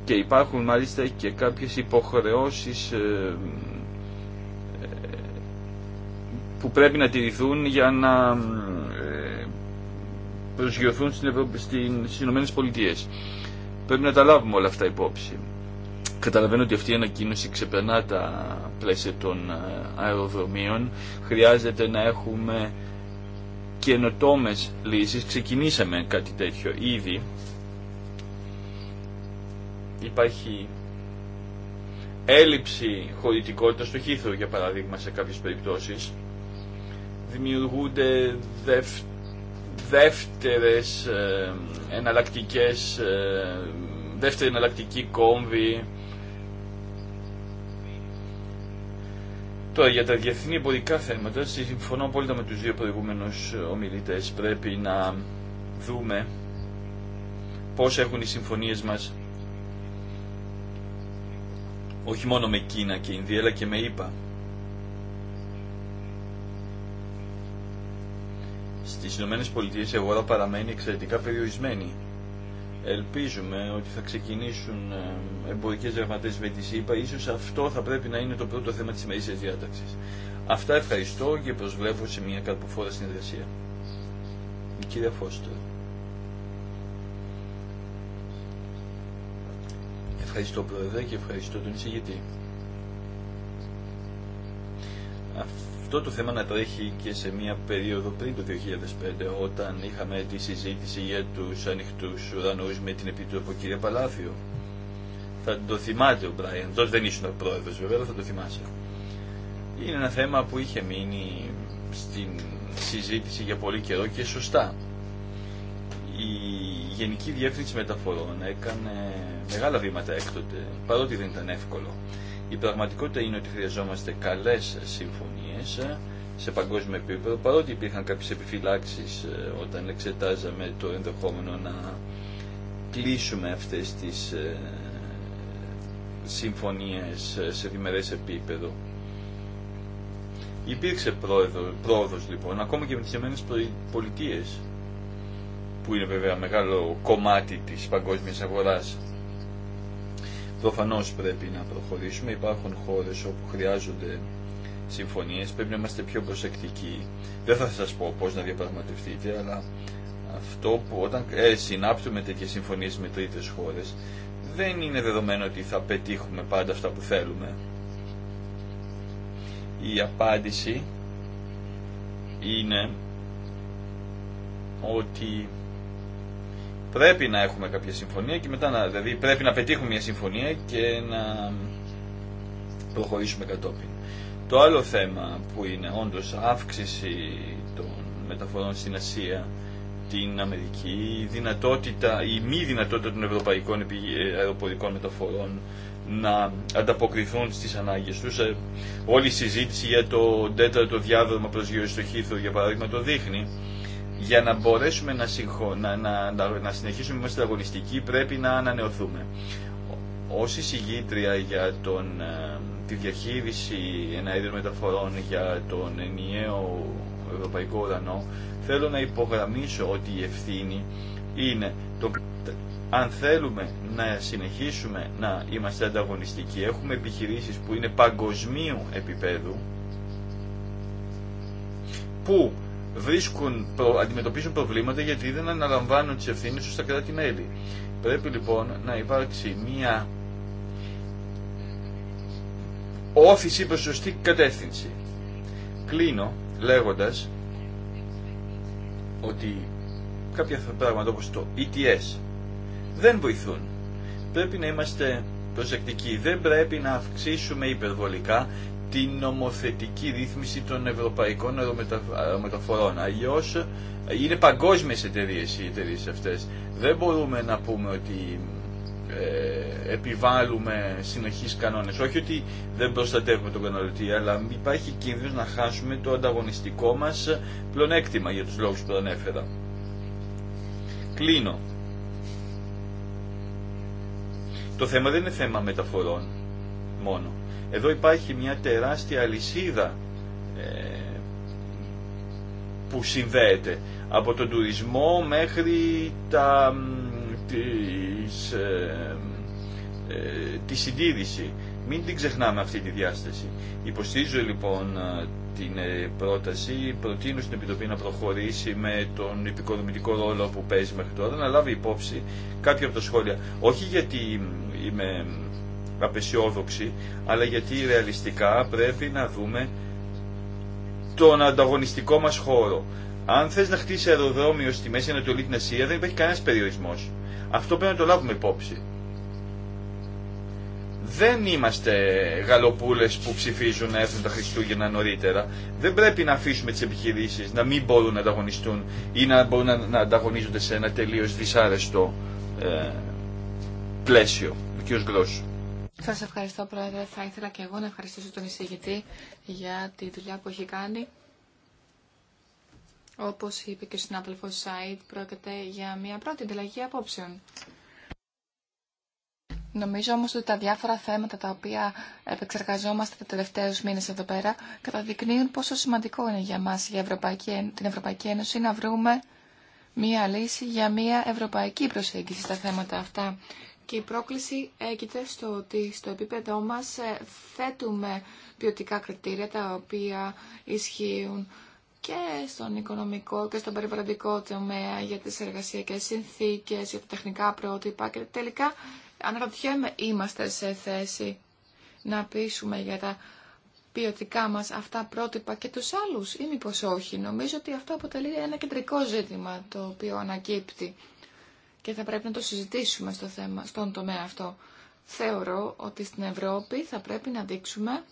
[SPEAKER 1] Και υπάρχουν μάλιστα και κάποιες υποχρεώσεις ε, ε, που πρέπει να τηρηθούν για να προσγειωθούν στις Ηνωμένες Πολιτείες. Πρέπει να τα λάβουμε όλα αυτά υπόψη. Καταλαβαίνω ότι αυτή η ανακοίνωση ξεπερνά τα πλαίσια των ε, αεροδρομίων. Χρειάζεται να έχουμε καινοτόμε λύσει. Ξεκινήσαμε κάτι τέτοιο ήδη. Υπάρχει έλλειψη χωρητικότητα στο χήθρο, για παράδειγμα, σε κάποιε περιπτώσει, Δημιουργούνται δεύτερε δεύτερες ε, εναλλακτικές ε, δεύτερη εναλλακτική κόμβη Τώρα για τα διεθνή εμπορικά θέματα, συμφωνώ απόλυτα με τους δύο προηγούμενους ομιλητές, πρέπει να δούμε πώς έχουν οι συμφωνίες μας όχι μόνο με Κίνα και Ινδία αλλά και με Ήπα. Στις ΗΠΑ η αγορά παραμένει εξαιρετικά περιορισμένη Ελπίζουμε ότι θα ξεκινήσουν ε, εμπορικέ διαπραγματεύσει με τη ΣΥΠΑ. Ίσως αυτό θα πρέπει να είναι το πρώτο θέμα τη ημερήσια διάταξη. Αυτά ευχαριστώ και προσβλέπω σε μια καρποφόρα συνεργασία. Η κυρία Φώστερ. Ευχαριστώ Πρόεδρε και ευχαριστώ τον εισηγητή αυτό το θέμα να τρέχει και σε μια περίοδο πριν το 2005 όταν είχαμε τη συζήτηση για τους ανοιχτούς ουρανούς με την Επίτροπο κυρία Παλάθιο. Θα το θυμάται ο Μπράιαν, δεν ήσουν ο πρόεδρος βέβαια, θα το θυμάσαι. Είναι ένα θέμα που είχε μείνει στην συζήτηση για πολύ καιρό και σωστά. Η Γενική Διεύθυνση Μεταφορών έκανε μεγάλα βήματα έκτοτε, παρότι δεν ήταν εύκολο. Η πραγματικότητα είναι ότι χρειαζόμαστε καλές συμφωνίες ε, σε παγκόσμιο επίπεδο, παρότι υπήρχαν κάποιε επιφυλάξεις ε, όταν εξετάζαμε το ενδεχόμενο να κλείσουμε αυτές τι ε, συμφωνίες σε διμερέ επίπεδο. Υπήρξε πρόοδο λοιπόν, ακόμα και με τις Ηνωμένες που είναι βέβαια μεγάλο κομμάτι της παγκόσμιας αγοράς. Προφανώ πρέπει να προχωρήσουμε. Υπάρχουν χώρε όπου χρειάζονται συμφωνίε. Πρέπει να είμαστε πιο προσεκτικοί. Δεν θα σας πω πώς να διαπραγματευτείτε, αλλά αυτό που όταν ε, συνάπτουμε τέτοιε συμφωνίες με τρίτε χώρες, δεν είναι δεδομένο ότι θα πετύχουμε πάντα αυτά που θέλουμε. Η απάντηση είναι ότι πρέπει να έχουμε κάποια συμφωνία και μετά να, δηλαδή πρέπει να πετύχουμε μια συμφωνία και να προχωρήσουμε κατόπιν. Το άλλο θέμα που είναι όντως αύξηση των μεταφορών στην Ασία, την Αμερική, η, δυνατότητα, η μη δυνατότητα των ευρωπαϊκών ε, αεροπορικών μεταφορών να ανταποκριθούν στις ανάγκες τους. Ε, όλη η συζήτηση για το τέταρτο διάδρομα προς γύρω στο για παράδειγμα, το δείχνει για να μπορέσουμε να, συγχω... να, να, να συνεχίσουμε είμαστε αγωνιστικοί πρέπει να ανανεωθούμε. Ω εισηγήτρια για τον, ε, τη διαχείριση εναέριων μεταφορών για τον ενιαίο ευρωπαϊκό ουρανό θέλω να υπογραμμίσω ότι η ευθύνη είναι το... αν θέλουμε να συνεχίσουμε να είμαστε ανταγωνιστικοί έχουμε επιχειρήσεις που είναι παγκοσμίου επίπεδου που βρίσκουν, αντιμετωπίζουν προβλήματα γιατί δεν αναλαμβάνουν τις ευθύνε τους στα κράτη-μέλη. Πρέπει λοιπόν να υπάρξει μία όφηση προς σωστή κατεύθυνση. Κλείνω λέγοντας ότι κάποια πράγματα όπως το ETS δεν βοηθούν. Πρέπει να είμαστε προσεκτικοί. Δεν πρέπει να αυξήσουμε υπερβολικά την νομοθετική ρύθμιση των ευρωπαϊκών αερομεταφορών. Αλλιώ είναι παγκόσμιε εταιρείε οι εταιρείε αυτές. Δεν μπορούμε να πούμε ότι ε, επιβάλλουμε συνεχεί κανόνες. Όχι ότι δεν προστατεύουμε τον καταναλωτή, αλλά υπάρχει κίνδυνος να χάσουμε το ανταγωνιστικό μας πλονέκτημα για τους λόγου που ανέφερα. Κλείνω. Το θέμα δεν είναι θέμα μεταφορών μόνο. Εδώ υπάρχει μια τεράστια αλυσίδα ε, που συνδέεται από τον τουρισμό μέχρι τα, τις, ε, ε, τη συντήρηση. Μην την ξεχνάμε αυτή τη διάσταση. Υποστήριζω λοιπόν ε, την πρόταση, προτείνω στην Επιτροπή να προχωρήσει με τον επικοδομητικό ρόλο που παίζει μέχρι τώρα, να λάβει υπόψη κάποια από τα σχόλια. Όχι γιατί είμαι απεσιόδοξη, αλλά γιατί ρεαλιστικά πρέπει να δούμε τον ανταγωνιστικό μας χώρο. Αν θες να χτίσει αεροδρόμιο στη Μέση Ανατολή την Ασία δεν υπάρχει κανένας περιορισμός. Αυτό πρέπει να το λάβουμε υπόψη. Δεν είμαστε γαλοπούλες που ψηφίζουν να έρθουν τα Χριστούγεννα νωρίτερα. Δεν πρέπει να αφήσουμε τις επιχειρήσεις να μην μπορούν να ανταγωνιστούν ή να μπορούν να ανταγωνίζονται σε ένα τελείως δυσάρεστο ε, πλαίσιο. Ο κ.
[SPEAKER 2] Σας ευχαριστώ Πρόεδρε. Θα ήθελα και εγώ να ευχαριστήσω τον εισηγητή για τη δουλειά που έχει κάνει. Όπως είπε και ο συνάδελφος Σάιτ, πρόκειται για μια πρώτη ανταλλαγή απόψεων. Νομίζω όμως ότι τα διάφορα θέματα τα οποία επεξεργαζόμαστε τα τελευταίους μήνες εδώ πέρα καταδεικνύουν πόσο σημαντικό είναι για μας για Ευρωπαϊκή, την Ευρωπαϊκή Ένωση να βρούμε μία λύση για μία ευρωπαϊκή προσέγγιση στα θέματα αυτά. Και η πρόκληση έγινε στο ότι στο επίπεδό μας ε, θέτουμε ποιοτικά κριτήρια τα οποία ισχύουν και στον οικονομικό και στον περιβαλλοντικό τομέα για τις εργασιακές συνθήκες, για τα τεχνικά πρότυπα και τελικά αναρωτιέμαι είμαστε σε θέση να πείσουμε για τα ποιοτικά μας αυτά πρότυπα και τους άλλους ή μήπως όχι. Νομίζω ότι αυτό αποτελεί ένα κεντρικό ζήτημα το οποίο ανακύπτει και θα πρέπει να το συζητήσουμε στο θέμα, στον τομέα αυτό. Θεωρώ ότι στην Ευρώπη θα πρέπει να δείξουμε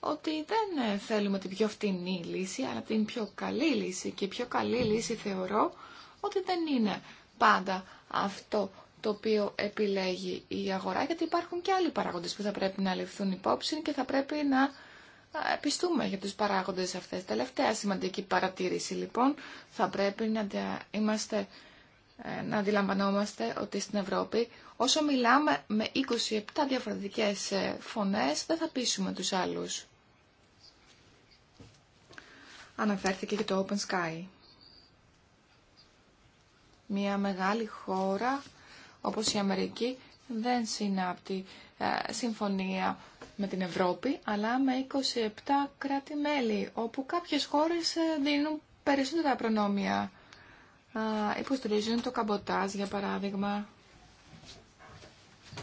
[SPEAKER 2] ότι δεν θέλουμε την πιο φτηνή λύση, αλλά την πιο καλή λύση. Και η πιο καλή λύση θεωρώ ότι δεν είναι πάντα αυτό το οποίο επιλέγει η αγορά, γιατί υπάρχουν και άλλοι παράγοντες που θα πρέπει να ληφθούν υπόψη και θα πρέπει να πιστούμε για τους παράγοντες αυτές. Τελευταία σημαντική παρατήρηση λοιπόν, θα πρέπει να είμαστε ε, να αντιλαμβανόμαστε ότι στην Ευρώπη όσο μιλάμε με 27 διαφορετικές ε, φωνές δεν θα πείσουμε τους άλλους. Αναφέρθηκε και το Open Sky. Μια μεγάλη χώρα όπως η Αμερική δεν συνάπτει ε, συμφωνία με την Ευρώπη αλλά με 27 κράτη-μέλη όπου κάποιες χώρες δίνουν περισσότερα προνόμια υποστηρίζουν το καμποτάζ, για παράδειγμα.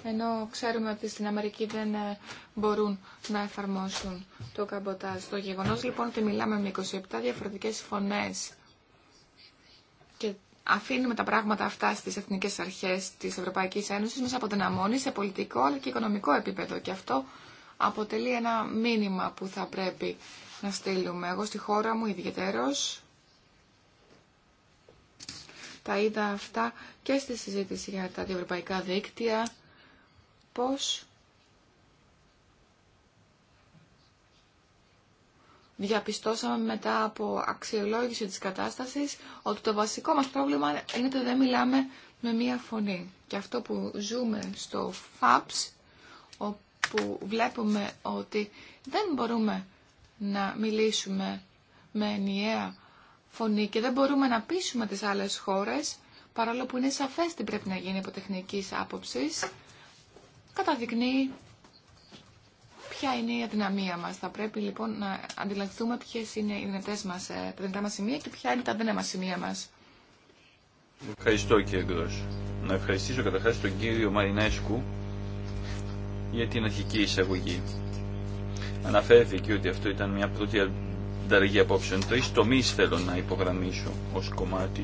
[SPEAKER 2] Ενώ ξέρουμε ότι στην Αμερική δεν ε, μπορούν να εφαρμόσουν το καμποτάζ. Το γεγονός λοιπόν ότι μιλάμε με 27 διαφορετικές φωνές και αφήνουμε τα πράγματα αυτά στις εθνικές αρχές της Ευρωπαϊκής Ένωσης μας αποδυναμώνει σε πολιτικό αλλά και οικονομικό επίπεδο. Και αυτό αποτελεί ένα μήνυμα που θα πρέπει να στείλουμε. Εγώ στη χώρα μου ιδιαίτερος τα είδα αυτά και στη συζήτηση για τα διευρωπαϊκά δίκτυα, πώς διαπιστώσαμε μετά από αξιολόγηση της κατάστασης ότι το βασικό μας πρόβλημα είναι ότι δεν μιλάμε με μία φωνή. Και αυτό που ζούμε στο FAPS, όπου βλέπουμε ότι δεν μπορούμε να μιλήσουμε με ενιαία φωνή και δεν μπορούμε να πείσουμε τις άλλες χώρες, παρόλο που είναι σαφές τι πρέπει να γίνει από τεχνικής άποψης, καταδεικνύει ποια είναι η αδυναμία μας. Θα πρέπει λοιπόν να αντιλαχθούμε ποιες είναι οι δυνατές μας, ε, τα δυνατά μας σημεία και ποια είναι τα μας σημεία μας.
[SPEAKER 1] Ευχαριστώ κύριε Γκρός. Να ευχαριστήσω καταρχάς τον κύριο Μαρινέσκου για την αρχική εισαγωγή. Αναφέρθηκε ότι αυτό ήταν μια πρώτη ανταλλαγή απόψεων. Τρει τομεί θέλω να υπογραμμίσω ω κομμάτι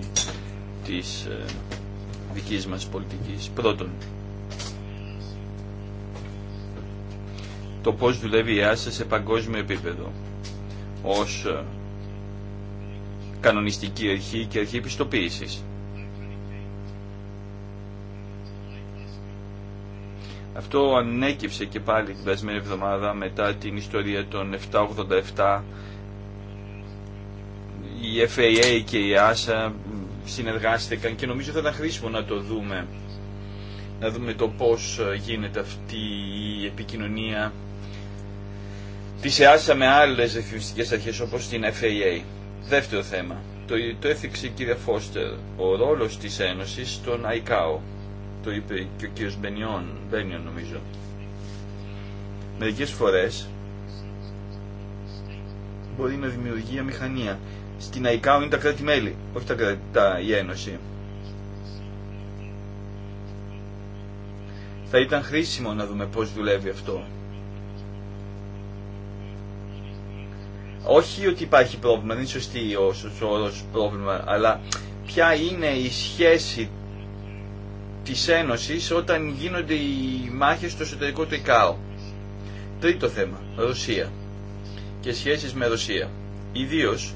[SPEAKER 1] της ε, δική μα πολιτική. Πρώτον, το πώ δουλεύει η ΆΣΕ σε παγκόσμιο επίπεδο ως ε, κανονιστική αρχή και αρχή επιστοποίηση. Αυτό ανέκυψε και πάλι την περασμένη εβδομάδα μετά την ιστορία των 787 η FAA και η ASA συνεργάστηκαν και νομίζω θα ήταν χρήσιμο να το δούμε. Να δούμε το πώς ε, γίνεται αυτή η επικοινωνία της EASA με άλλες ρυθμιστικές αρχές όπως την FAA. Δεύτερο θέμα. Το, το έθιξε η κυρία Φώστερ. Ο ρόλος της Ένωσης στον ΆΙΚΑΟ. Το είπε και ο κύριος Μπενιόν, νομίζω. Μερικές φορές μπορεί να δημιουργεί αμηχανία στην ΑΙΚΑΟ είναι τα κράτη-μέλη, όχι τα, τα, η Ένωση. Θα ήταν χρήσιμο να δούμε πώς δουλεύει αυτό. Όχι ότι υπάρχει πρόβλημα, δεν είναι σωστή ο όρος πρόβλημα, αλλά ποια είναι η σχέση της Ένωσης όταν γίνονται οι μάχες στο εσωτερικό του ΙΚΑΟ. Τρίτο θέμα, Ρωσία και σχέσεις με Ρωσία. Ιδίως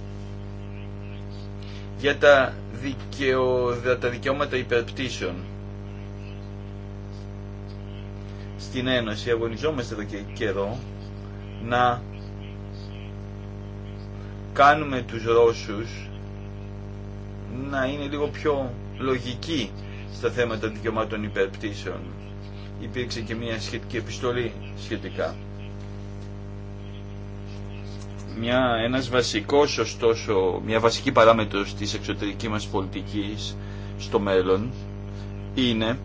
[SPEAKER 1] για τα, δικαιο, τα δικαιώματα υπερπτήσεων. Στην Ένωση αγωνιζόμαστε εδώ και καιρό να κάνουμε τους Ρώσους να είναι λίγο πιο λογικοί στα θέματα δικαιωμάτων υπερπτήσεων. Υπήρξε και μια σχετική επιστολή σχετικά μια, ένας βασικός ωστόσο, μια βασική παράμετρος της εξωτερικής μας πολιτικής στο μέλλον είναι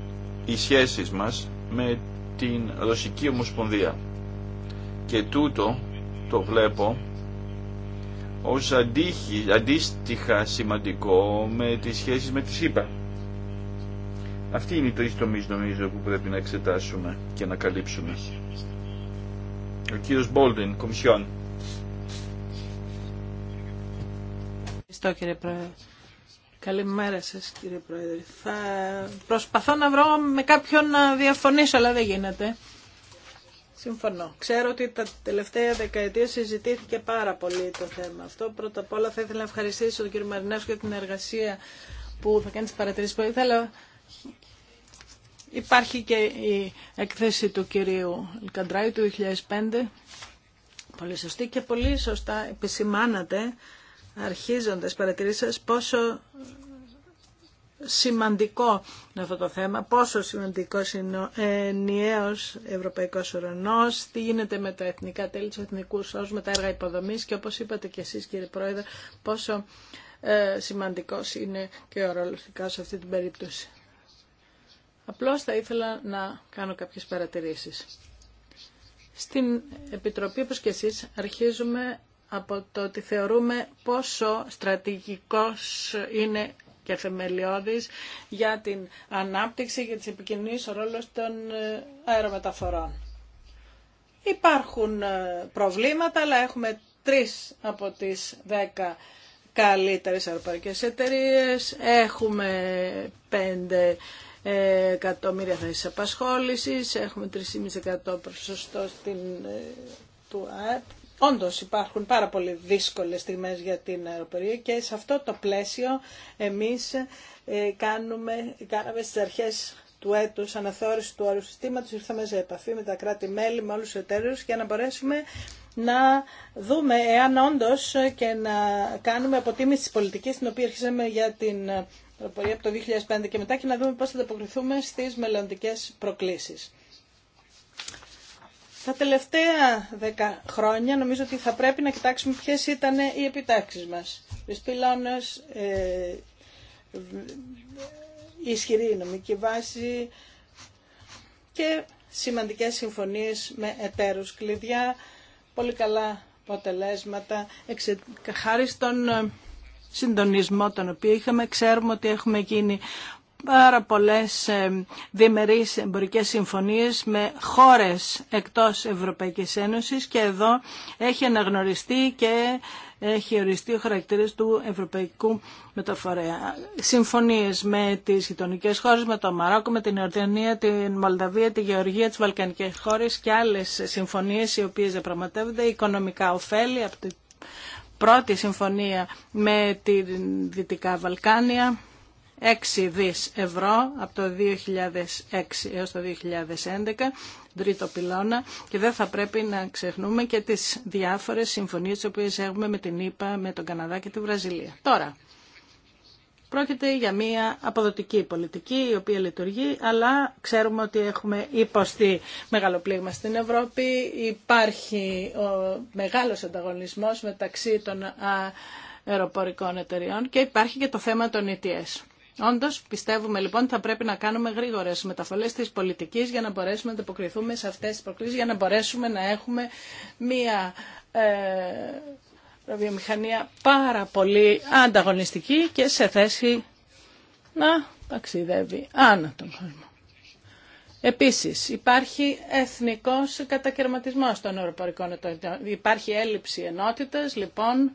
[SPEAKER 1] οι σχέσεις μας με την Ρωσική Ομοσπονδία. Και τούτο το βλέπω ως αντίστοιχα σημαντικό με τις σχέσεις με τη ΣΥΠΑ. Αυτή είναι η τρεις τομείς νομίζω που πρέπει να εξετάσουμε και να καλύψουμε. Ο κύριος Μπόλτιν, Κομισιόν.
[SPEAKER 3] Ευχαριστώ κύριε Πρόεδρε. Καλημέρα σα, κύριε Πρόεδρε. Θα προσπαθώ να βρω με κάποιον να διαφωνήσω, αλλά δεν γίνεται. Συμφωνώ. Ξέρω ότι τα τελευταία δεκαετία συζητήθηκε πάρα πολύ το θέμα αυτό. Πρώτα απ' όλα θα ήθελα να ευχαριστήσω τον κύριο Μαρινέσκο για την εργασία που θα κάνει τι παρατηρήσει που ήθελα. Υπάρχει και η εκθέση του κυρίου Λικαντράη του 2005. Πολύ σωστή και πολύ σωστά επισημάνατε αρχίζοντας παρατηρήσεις πόσο σημαντικό είναι αυτό το θέμα, πόσο σημαντικό είναι ο ενιαίος ευρωπαϊκός ουρανός, τι γίνεται με τα εθνικά τέλη, του εθνικού όρου, με τα έργα υποδομής και όπως είπατε και εσείς κύριε Πρόεδρε, πόσο ε, σημαντικός είναι και ο ρόλος σε αυτή την περίπτωση. Απλώς θα ήθελα να κάνω κάποιες παρατηρήσεις. Στην Επιτροπή, όπως και εσείς, αρχίζουμε από το ότι θεωρούμε πόσο στρατηγικός είναι και θεμελιώδης για την ανάπτυξη και τις επικοινωνίες ο ρόλος των ε, αερομεταφορών. Υπάρχουν ε, προβλήματα, αλλά έχουμε τρεις από τις δέκα καλύτερες αεροπορικές εταιρείες. Έχουμε πέντε ε, εκατομμύρια θέσεις απασχόλησης, έχουμε 3,5% ποσοστό στην, του ΑΕΠ Όντω υπάρχουν πάρα πολύ δύσκολε στιγμές για την αεροπορία και σε αυτό το πλαίσιο εμεί ε, κάνουμε, κάναμε στι αρχέ του έτου αναθεώρηση του όρου συστήματο, ήρθαμε σε επαφή με τα κράτη-μέλη, με όλου του εταίρου για να μπορέσουμε να δούμε εάν όντω και να κάνουμε αποτίμηση τη πολιτική την οποία αρχίσαμε για την αεροπορία από το 2005 και μετά και να δούμε πώ θα ανταποκριθούμε στι μελλοντικέ προκλήσει. Τα τελευταία δέκα χρόνια νομίζω ότι θα πρέπει να κοιτάξουμε ποιες ήταν οι επιτάξεις μας. Οι σπηλώνες, ε, ισχυρή νομική βάση και σημαντικές συμφωνίες με εταίρους κλειδιά, πολύ καλά αποτελέσματα, εξε... χάρη στον ε, συντονισμό τον οποίο είχαμε, ξέρουμε ότι έχουμε γίνει πάρα πολλές ε, διμερείς εμπορικές συμφωνίες με χώρες εκτός Ευρωπαϊκής Ένωσης και εδώ έχει αναγνωριστεί και έχει οριστεί ο χαρακτήρας του Ευρωπαϊκού Μεταφορέα. Συμφωνίες με τις γειτονικέ χώρες, με το Μαρόκο, με την Ιορδανία, την Μολδαβία, τη Γεωργία, τις Βαλκανικές χώρες και άλλες συμφωνίες οι οποίες διαπραγματεύονται οικονομικά ωφέλη από την πρώτη συμφωνία με τη Δυτικά Βαλκάνια 6 δις ευρώ από το 2006 έως το 2011, τρίτο πυλώνα, και δεν θα πρέπει να ξεχνούμε και τις διάφορες συμφωνίες τις οποίες έχουμε με την ΕΠΑ, με τον Καναδά και τη Βραζιλία. Τώρα, πρόκειται για μια αποδοτική πολιτική η οποία λειτουργεί, αλλά ξέρουμε ότι έχουμε υποστεί μεγάλο πλήγμα στην Ευρώπη, υπάρχει ο μεγάλος ανταγωνισμός μεταξύ των αεροπορικών εταιριών και υπάρχει και το θέμα των ETS. Όντω, πιστεύουμε λοιπόν ότι θα πρέπει να κάνουμε γρήγορε μεταφορέ τη πολιτική για να μπορέσουμε να ανταποκριθούμε σε αυτέ τι προκλήσει, για να μπορέσουμε να έχουμε μία ε, βιομηχανία πάρα πολύ ανταγωνιστική και σε θέση να ταξιδεύει άνω τον κόσμο. Επίσης, υπάρχει εθνικός κατακαιρματισμός των ευρωπαϊκών ετών. Υπάρχει έλλειψη ενότητας, λοιπόν,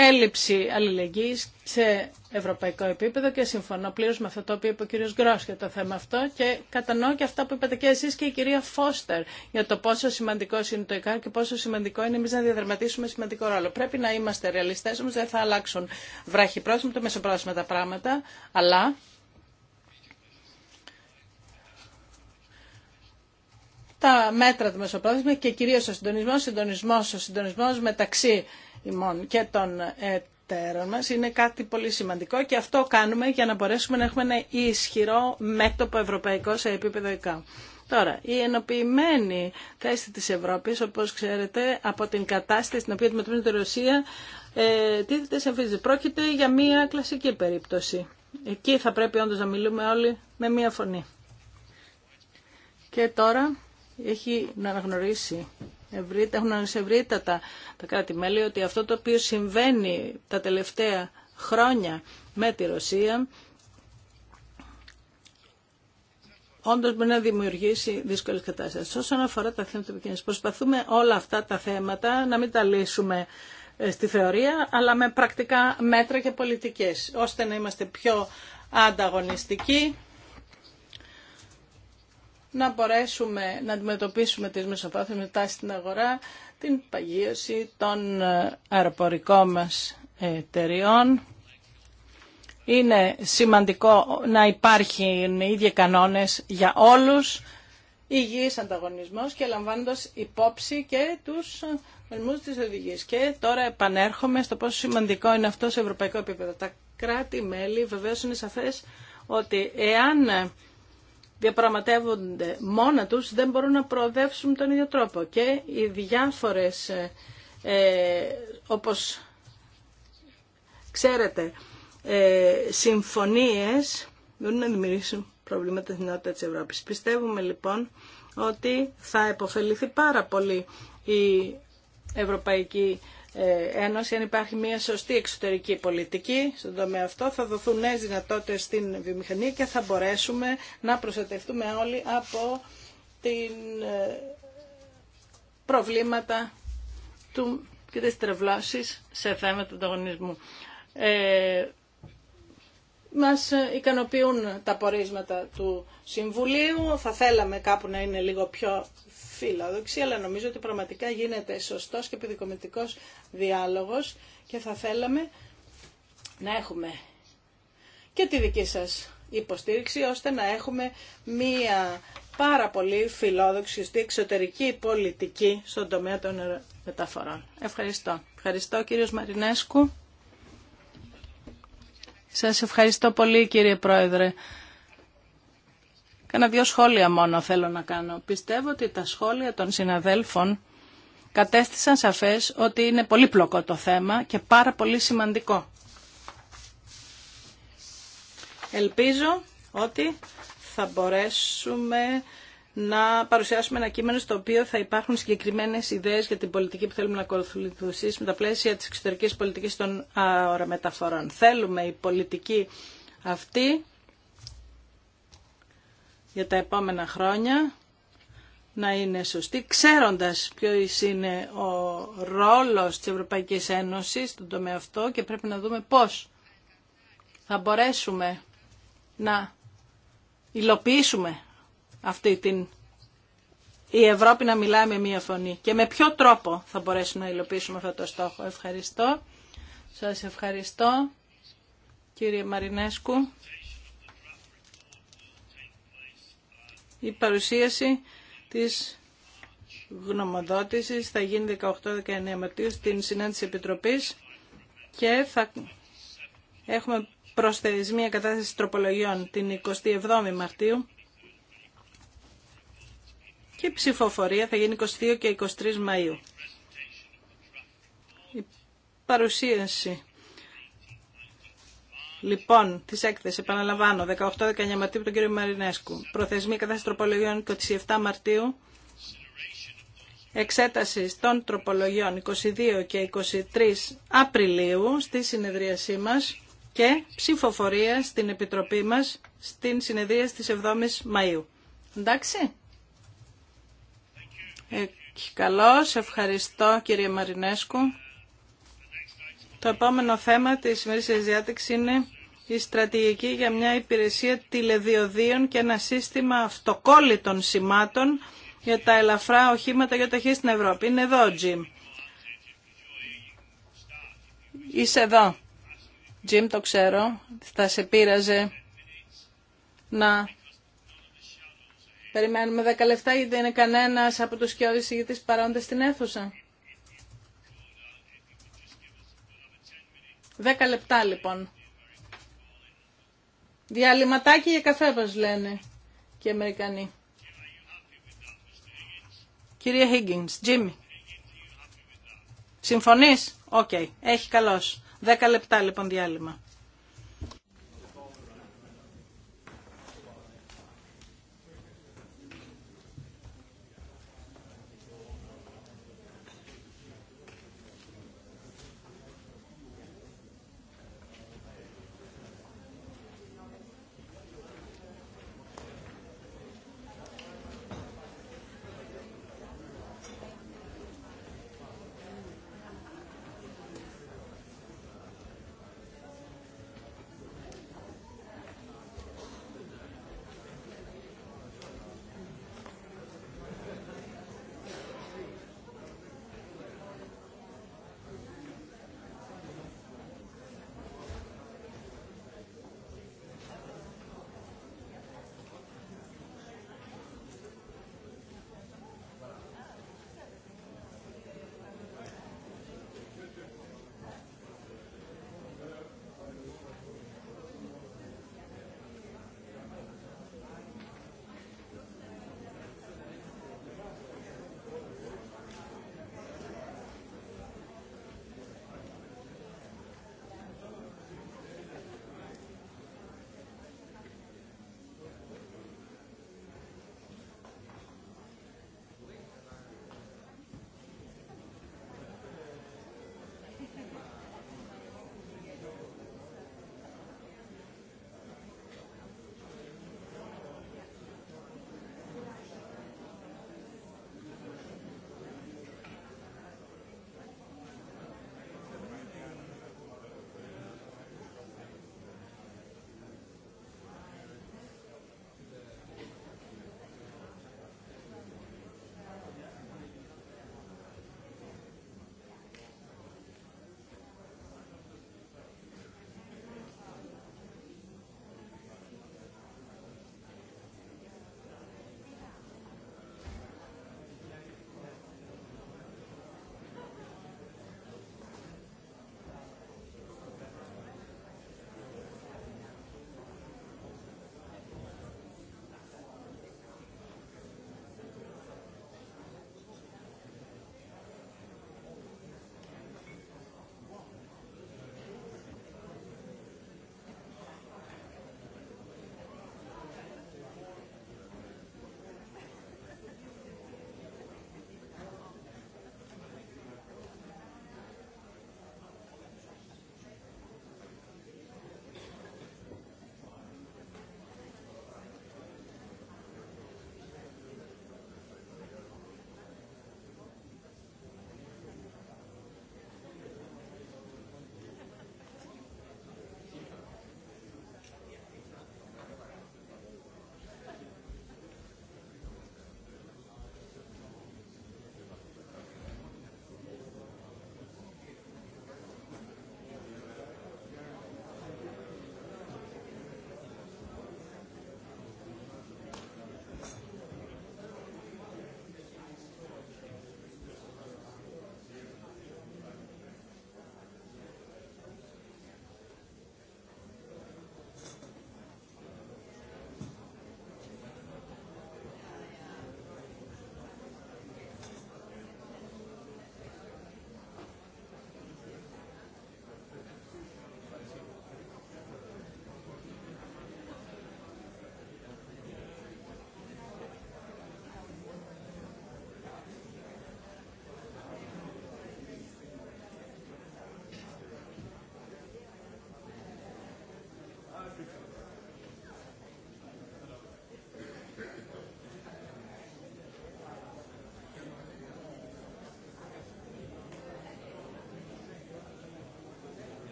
[SPEAKER 3] έλλειψη αλληλεγγύης σε ευρωπαϊκό επίπεδο και συμφωνώ πλήρω με αυτό το οποίο είπε ο κ. Γκρός για το θέμα αυτό και κατανοώ και αυτά που είπατε και εσείς και η κυρία Φώστερ για το πόσο σημαντικό είναι το ΕΚΑ και πόσο σημαντικό είναι εμείς να διαδραματίσουμε σημαντικό ρόλο. Πρέπει να είμαστε ρεαλιστές όμως δεν θα αλλάξουν βράχη πρόσφατα το μεσοπρόσφατα τα πράγματα αλλά τα μέτρα του μεσοπρόθεσμα και κυρίως ο συντονισμός, συντονισμός, ο συντονισμός μεταξύ ημών και των εταίρων μας είναι κάτι πολύ σημαντικό και αυτό κάνουμε για να μπορέσουμε να έχουμε ένα ισχυρό μέτωπο ευρωπαϊκό σε επίπεδο ΕΚΑ. Τώρα, η ενοποιημένη θέση της Ευρώπης, όπως ξέρετε, από την κατάσταση στην οποία αντιμετωπίζεται η Ρωσία, ε, τίθεται σε αμφίζηση. Πρόκειται για μια κλασική περίπτωση. Εκεί θα πρέπει όντως να μιλούμε όλοι με μια φωνή. Και τώρα έχει να αναγνωρίσει έχουν ευρύτατα τα κράτη-μέλη ότι αυτό το οποίο συμβαίνει τα τελευταία χρόνια με τη Ρωσία όντως μπορεί να δημιουργήσει δύσκολες κατάστασεις. Όσον αφορά τα θέματα επικοινωνίας, προσπαθούμε όλα αυτά τα θέματα να μην τα λύσουμε ε, στη θεωρία, αλλά με πρακτικά μέτρα και πολιτικές, ώστε να είμαστε πιο ανταγωνιστικοί να μπορέσουμε να αντιμετωπίσουμε τις μεσοπρόθεσμες μετά στην αγορά, την παγίωση των ε, αεροπορικών μας εταιριών. Είναι σημαντικό να υπάρχουν οι ίδιοι κανόνες για όλους, υγιής ανταγωνισμός και λαμβάνοντας υπόψη και τους μελμούς της οδηγίας. Και τώρα επανέρχομαι στο πόσο σημαντικό είναι αυτό σε ευρωπαϊκό επίπεδο. Τα κράτη-μέλη βεβαίως είναι σαφές ότι εάν διαπραγματεύονται μόνα τους δεν μπορούν να προοδεύσουν τον ίδιο τρόπο και οι διάφορες ε, ε όπως ξέρετε ε, συμφωνίες μπορούν να δημιουργήσουν προβλήματα στην νότητα της Ευρώπης. Πιστεύουμε λοιπόν ότι θα επωφεληθεί πάρα πολύ η Ευρωπαϊκή ε, Ένωση, αν υπάρχει μια σωστή εξωτερική πολιτική στον τομέα αυτό, θα δοθούν νέε δυνατότητε στην βιομηχανία και θα μπορέσουμε να προστατευτούμε όλοι από την ε, προβλήματα του και τις τρευλώσεις σε θέματα του ανταγωνισμού. Ε, μας ε, ικανοποιούν τα πορίσματα του Συμβουλίου. Θα θέλαμε κάπου να είναι λίγο πιο αλλά νομίζω ότι πραγματικά γίνεται σωστός και επιδικομητικός διάλογος και θα θέλαμε να έχουμε και τη δική σας υποστήριξη, ώστε να έχουμε μία πάρα πολύ φιλόδοξη στη εξωτερική πολιτική στον τομέα των μεταφορών. Ευχαριστώ. Ευχαριστώ κύριος Μαρινέσκου. Σας ευχαριστώ πολύ κύριε Πρόεδρε. Κάνα δύο σχόλια μόνο θέλω να κάνω. Πιστεύω ότι τα σχόλια των συναδέλφων κατέστησαν σαφές ότι είναι πολύ πλοκό το θέμα και πάρα πολύ σημαντικό. Ελπίζω ότι θα μπορέσουμε να παρουσιάσουμε ένα κείμενο στο οποίο θα υπάρχουν συγκεκριμένες ιδέες για την πολιτική που θέλουμε να ακολουθήσουμε τα πλαίσια τη εξωτερική πολιτική των αερομεταφορών. Θέλουμε η πολιτική αυτή για τα επόμενα χρόνια να είναι σωστή, ξέροντας ποιο είναι ο ρόλος της Ευρωπαϊκής Ένωσης στον τομέα αυτό και πρέπει να δούμε πώς θα μπορέσουμε να υλοποιήσουμε αυτή την η Ευρώπη να μιλάει με μία φωνή και με ποιο τρόπο θα μπορέσουμε να υλοποιήσουμε αυτό το στόχο. Ευχαριστώ. Σας ευχαριστώ κύριε Μαρινέσκου. Η παρουσίαση της γνωμοδότησης θα γίνει 18-19 Μαρτίου στην συνάντηση Επιτροπής και θα έχουμε προσθεσμία κατάθεση τροπολογιών την 27 Μαρτίου και ψηφοφορία θα γίνει 22 και 23 Μαΐου. Η παρουσίαση Λοιπόν, τη έκθεση, επαναλαμβάνω, 18-19 Μαρτίου τον κύριο Μαρινέσκου. Προθεσμή κατάσταση τροπολογιών 27 Μαρτίου. Εξέταση των τροπολογιών 22 και 23 Απριλίου στη συνεδρίασή μας και ψηφοφορία στην Επιτροπή μας στην συνεδρία της 7 Μαΐου. Εντάξει. Ε, καλώς, ευχαριστώ κύριε Μαρινέσκου. Το επόμενο θέμα της σημερινής διάταξη είναι η στρατηγική για μια υπηρεσία τηλεδιοδίων και ένα σύστημα αυτοκόλλητων σημάτων για τα ελαφρά οχήματα για ταχύ στην Ευρώπη. Είναι εδώ, Τζιμ. Είσαι εδώ. Τζιμ, το ξέρω. Θα σε πείραζε να περιμένουμε δέκα λεφτά γιατί δεν είναι κανένας από τους σκιώδεις ηγητής παρόντες στην αίθουσα. Δέκα λεπτά λοιπόν. Διαλυματάκι για καφέ, λένε και οι Αμερικανοί. Κυρία Higgins, Jimmy. Συμφωνείς? Οκ. Έχει καλώς. Δέκα λεπτά λοιπόν διάλειμμα.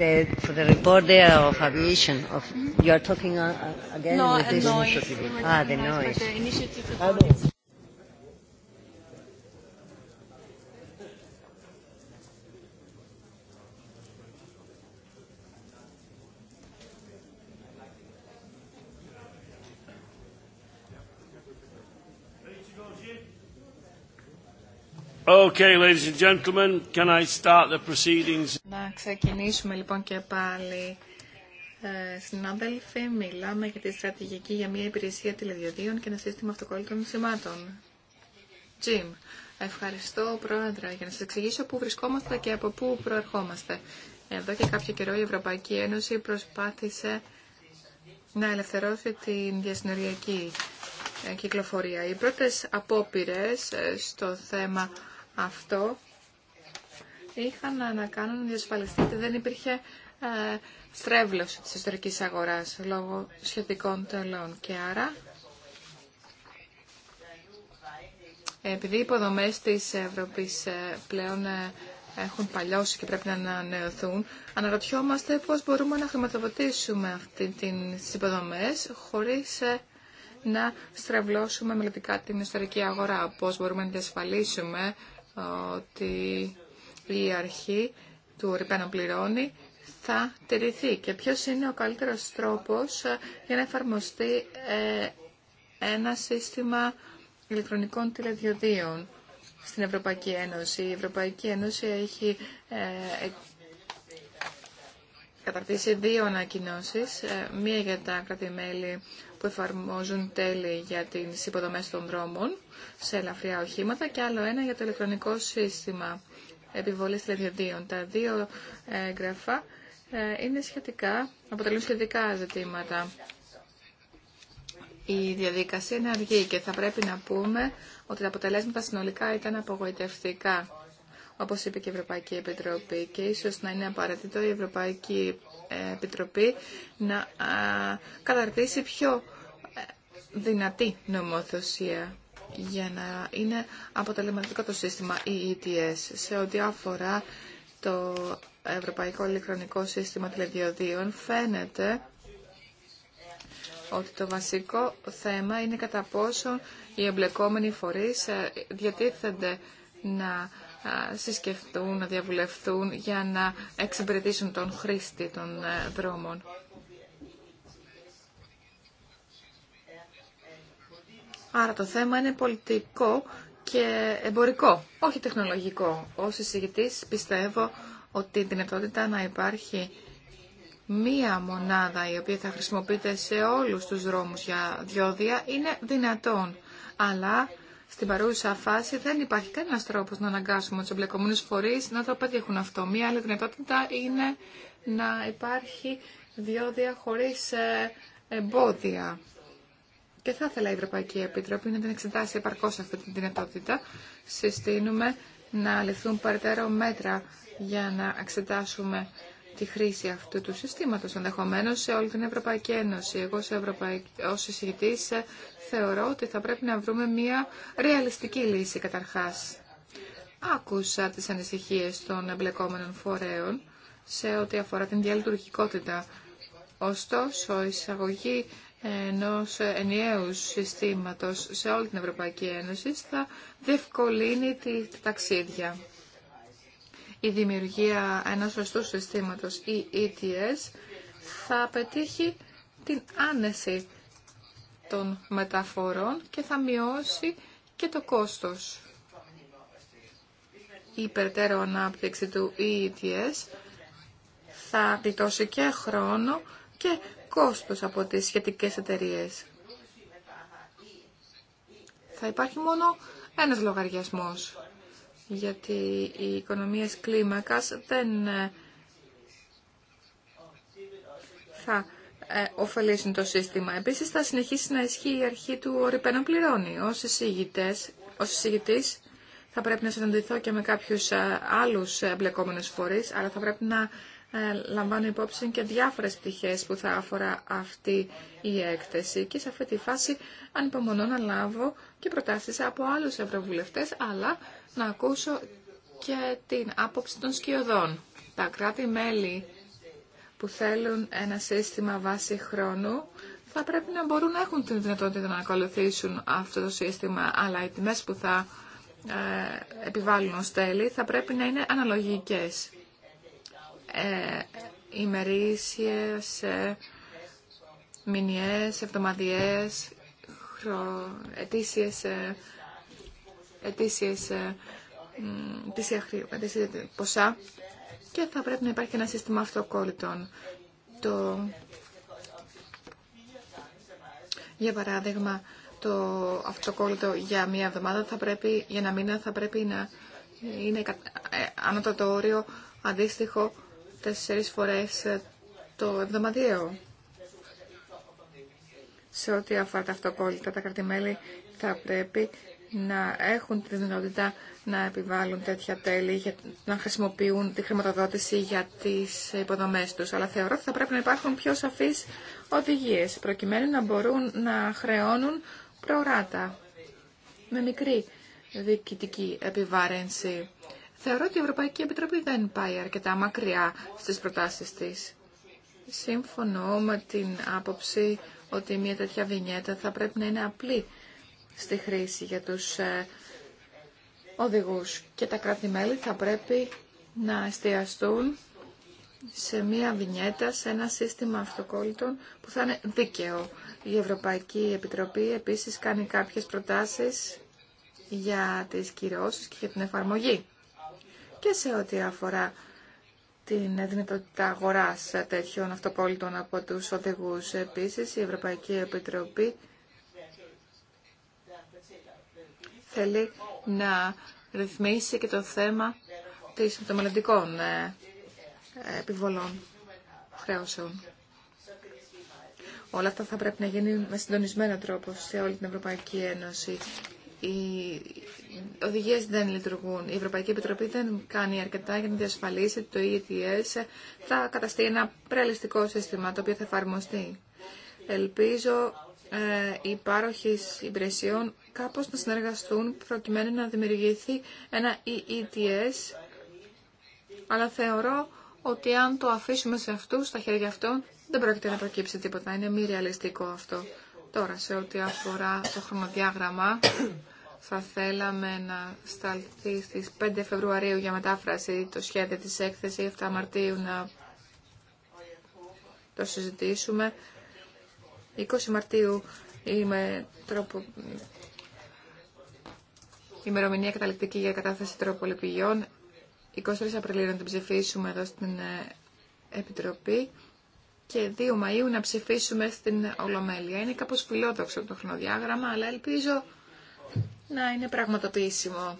[SPEAKER 3] the, for the report of aviation. Of, you are talking again with this noise. Ah, the noise.
[SPEAKER 1] Okay, ladies and gentlemen, can I start the proceedings?
[SPEAKER 2] ξεκινήσουμε λοιπόν και πάλι. Ε, συνάδελφοι, μιλάμε για τη στρατηγική για μια υπηρεσία τηλεδιοδίων και ένα σύστημα αυτοκόλλητων σημάτων. Τζιμ, ευχαριστώ πρόεδρα για να σας εξηγήσω πού βρισκόμαστε και από πού προερχόμαστε. Εδώ και κάποιο καιρό η Ευρωπαϊκή Ένωση προσπάθησε να ελευθερώσει την διασυνοριακή ε, κυκλοφορία. Οι πρώτες απόπειρες ε, στο θέμα αυτό είχαν να κάνουν να διασφαλιστεί ότι δεν υπήρχε ε, στρέβλωση της ιστορικής αγοράς λόγω σχετικών τελών. Και άρα, επειδή οι υποδομές της Ευρώπης ε, πλέον ε, έχουν παλιώσει και πρέπει να ανανεωθούν, αναρωτιόμαστε πώς μπορούμε να χρηματοδοτήσουμε την τις υποδομές χωρίς να στρεβλώσουμε μελλοντικά την ιστορική αγορά. Πώς μπορούμε να διασφαλίσουμε ότι η αρχή του ρηπαίνων πληρώνει θα τηρηθεί και ποιος είναι ο καλύτερος τρόπος ε, για να εφαρμοστεί ε, ένα σύστημα ηλεκτρονικών τηλεδιοδίων στην Ευρωπαϊκή Ένωση. Η Ευρωπαϊκή Ένωση έχει ε, καταρτήσει δύο ανακοινώσει, μία για τα κράτη-μέλη που εφαρμόζουν τέλη για τι υποδομές των δρόμων σε ελαφριά οχήματα και άλλο ένα για το ηλεκτρονικό σύστημα επιβολής τελεδιοδίων. Τα δύο ε, έγγραφα ε, είναι σχετικά, αποτελούν σχετικά ζητήματα. Η διαδικασία είναι αργή και θα πρέπει να πούμε ότι τα αποτελέσματα συνολικά ήταν απογοητευτικά, όπως είπε και η Ευρωπαϊκή Επιτροπή. Και ίσως να είναι απαραίτητο η Ευρωπαϊκή ε, Επιτροπή να καταρτήσει πιο δυνατή νομοθεσία για να είναι αποτελεσματικό το σύστημα η e e σε ό,τι αφορά το Ευρωπαϊκό Ηλεκτρονικό Σύστημα Τηλεδιοδίων φαίνεται ότι το βασικό θέμα είναι κατά πόσο οι εμπλεκόμενοι φορείς ε, διατίθενται να ε, συσκεφτούν, να διαβουλευτούν για να εξυπηρετήσουν τον χρήστη των ε, δρόμων. Άρα το θέμα είναι πολιτικό και εμπορικό, όχι τεχνολογικό. Ως εισηγητής πιστεύω ότι η δυνατότητα να υπάρχει μία μονάδα η οποία θα χρησιμοποιείται σε όλους τους δρόμους για διόδια είναι δυνατόν. Αλλά στην παρούσα φάση δεν υπάρχει κανένα τρόπο να αναγκάσουμε του εμπλεκομένου φορεί να το πετύχουν αυτό. Μία άλλη δυνατότητα είναι να υπάρχει διόδια χωρί ε, εμπόδια. Και θα ήθελα η Ευρωπαϊκή Επιτροπή να την εξετάσει επαρκώ αυτή τη δυνατότητα. Συστήνουμε να ληφθούν παρτερό μέτρα για να εξετάσουμε τη χρήση αυτού του συστήματο. ενδεχομένω σε όλη την Ευρωπαϊκή Ένωση. Εγώ σε Ευρωπαϊκή, ως ε, θεωρώ ότι θα πρέπει να βρούμε μια ρεαλιστική λύση καταρχάς. Άκουσα τις ανησυχίες των εμπλεκόμενων φορέων σε ό,τι αφορά την διαλειτουργικότητα. Ωστόσο, η εισαγωγή ενός ενιαίου συστήματος σε όλη την Ευρωπαϊκή Ένωση θα διευκολύνει τη ταξίδια. Η δημιουργία ενός σωστού συστήματος ή ETS θα πετύχει την άνεση των μεταφορών και θα μειώσει και το κόστος. Η υπερτέρω ανάπτυξη του ETS θα γλιτώσει και χρόνο και κόστος από τις σχετικές εταιρείες. Θα υπάρχει μόνο ένας λογαριασμός, γιατί οι οικονομίες κλίμακας δεν ε, θα ε, ωφελήσουν το σύστημα. Επίσης θα συνεχίσει να ισχύει η αρχή του ορυπένων πληρώνει. Ως θα πρέπει να συναντηθώ και με κάποιους ε, άλλους εμπλεκόμενους φορείς, αλλά θα πρέπει να ε, λαμβάνω υπόψη και διάφορες πτυχές που θα αφορά αυτή η έκθεση και σε αυτή τη φάση ανυπομονώ να λάβω και προτάσεις από άλλους ευρωβουλευτές αλλά να ακούσω και την άποψη των σκιωδών. Τα κράτη-μέλη που θέλουν ένα σύστημα βάση χρόνου θα πρέπει να μπορούν να έχουν την δυνατότητα να ακολουθήσουν αυτό το σύστημα, αλλά οι τιμές που θα ε, επιβάλλουν ως τέλη θα πρέπει να είναι αναλογικές ε, ημερήσιες, ε, μηνιές, εβδομαδιές, χρο, ετήσιες, ε, ετήσιες ε, ετήσια, ποσά και θα πρέπει να υπάρχει ένα σύστημα αυτοκόλλητων. Το, για παράδειγμα, το αυτοκόλλητο για μία εβδομάδα θα πρέπει, για ένα μήνα θα πρέπει να είναι ε, ανώτατο όριο αντίστοιχο τέσσερις φορές ε, το εβδομαδιαίο. Σε ό,τι αφορά τα αυτοκόλλητα, τα κρατημέλη θα πρέπει να έχουν τη δυνατότητα να επιβάλλουν τέτοια τέλη, να χρησιμοποιούν τη χρηματοδότηση για τις υποδομές τους. Αλλά θεωρώ ότι θα πρέπει να υπάρχουν πιο σαφείς οδηγίες, προκειμένου να μπορούν να χρεώνουν προοράτα, με μικρή διοικητική επιβάρυνση. Θεωρώ ότι η Ευρωπαϊκή Επιτροπή δεν πάει αρκετά μακριά στις προτάσεις της. Σύμφωνο με την άποψη ότι μια τέτοια βινιέτα θα πρέπει να είναι απλή στη χρήση για τους ε, οδηγούς και τα κράτη-μέλη θα πρέπει να εστιαστούν σε μία βινιέτα, σε ένα σύστημα αυτοκόλλητων που θα είναι δίκαιο. Η Ευρωπαϊκή Επιτροπή επίσης κάνει κάποιες προτάσεις για τις κυρώσεις και για την εφαρμογή και σε ό,τι αφορά την δυνατότητα αγορά τέτοιων αυτοπόλητων από τους οδηγού Επίσης, η Ευρωπαϊκή Επιτροπή θέλει να ρυθμίσει και το θέμα των μελλοντικών ε, επιβολών χρέωσεων. Όλα αυτά θα πρέπει να γίνουν με συντονισμένο τρόπο σε όλη την Ευρωπαϊκή Ένωση οι οδηγίε δεν λειτουργούν. Η Ευρωπαϊκή Επιτροπή δεν κάνει αρκετά για να διασφαλίσει ότι το ETS θα καταστεί ένα ρεαλιστικό σύστημα το οποίο θα εφαρμοστεί. Ελπίζω ε, οι πάροχοι υπηρεσιών κάπως να συνεργαστούν προκειμένου να δημιουργηθεί ένα EETS, αλλά θεωρώ ότι αν το αφήσουμε σε αυτούς, στα χέρια αυτών, δεν πρόκειται να προκύψει τίποτα. Είναι μη ρεαλιστικό αυτό. Τώρα, σε ό,τι αφορά το χρονοδιάγραμμα, θα θέλαμε να σταλθεί στις 5 Φεβρουαρίου για μετάφραση το σχέδιο της έκθεσης, 7 Μαρτίου να το συζητήσουμε. 20 Μαρτίου είμαι τρόπο... ημερομηνία καταληκτική για κατάθεση τροπολεπηγιών. 23 Απριλίου να την ψηφίσουμε εδώ στην ε, Επιτροπή και 2 Μαΐου να ψηφίσουμε στην Ολομέλεια. Είναι κάπως φιλόδοξο το χρονοδιάγραμμα, αλλά ελπίζω να είναι πραγματοποιήσιμο.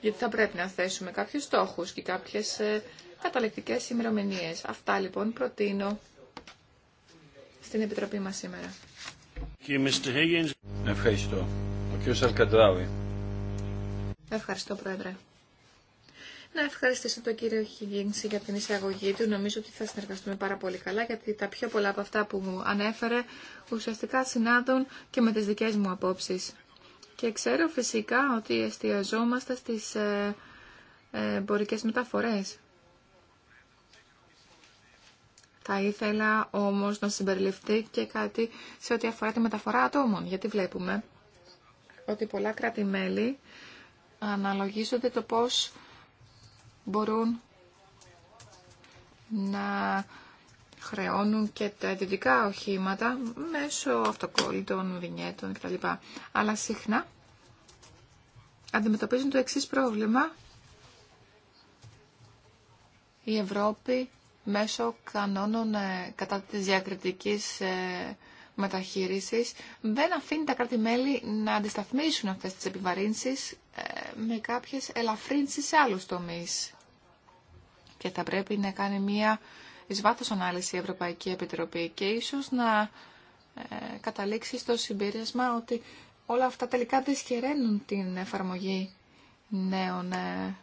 [SPEAKER 2] Γιατί θα πρέπει να θέσουμε κάποιους στόχους και κάποιες ε, καταληκτικές ημερομηνίε. Αυτά λοιπόν προτείνω στην Επιτροπή μας σήμερα.
[SPEAKER 1] Ευχαριστώ. Ο κ. Αλκαντράουι.
[SPEAKER 2] Ευχαριστώ, Πρόεδρε. Να ευχαριστήσω τον κύριο Χιγίνση για την εισαγωγή του. Νομίζω ότι θα συνεργαστούμε πάρα πολύ καλά, γιατί τα πιο πολλά από αυτά που μου ανέφερε ουσιαστικά συνάδουν και με τις δικές μου απόψεις. Και ξέρω φυσικά ότι εστιαζόμαστε στις ε, ε, εμπορικές μεταφορές. Θα ήθελα όμως να συμπεριληφθεί και κάτι σε ό,τι αφορά τη μεταφορά ατόμων, γιατί βλέπουμε ότι πολλά κράτη-μέλη αναλογίζονται το πώς μπορούν να χρεώνουν και τα ιδιωτικά οχήματα μέσω αυτοκόλλητων, βινιέτων κτλ. Αλλά συχνά αντιμετωπίζουν το εξής πρόβλημα. Η Ευρώπη μέσω κανόνων ε, κατά της διακριτικής ε, μεταχείρισης δεν αφήνει τα κράτη-μέλη να αντισταθμίσουν αυτές τις επιβαρύνσεις ε, με κάποιες ελαφρύνσεις σε άλλους τομείς. Και θα πρέπει να κάνει μία εις βάθος ανάλυση η Ευρωπαϊκή Επιτροπή και ίσως να ε, καταλήξει στο συμπέρασμα ότι όλα αυτά τελικά δυσχεραίνουν την εφαρμογή νέων ε,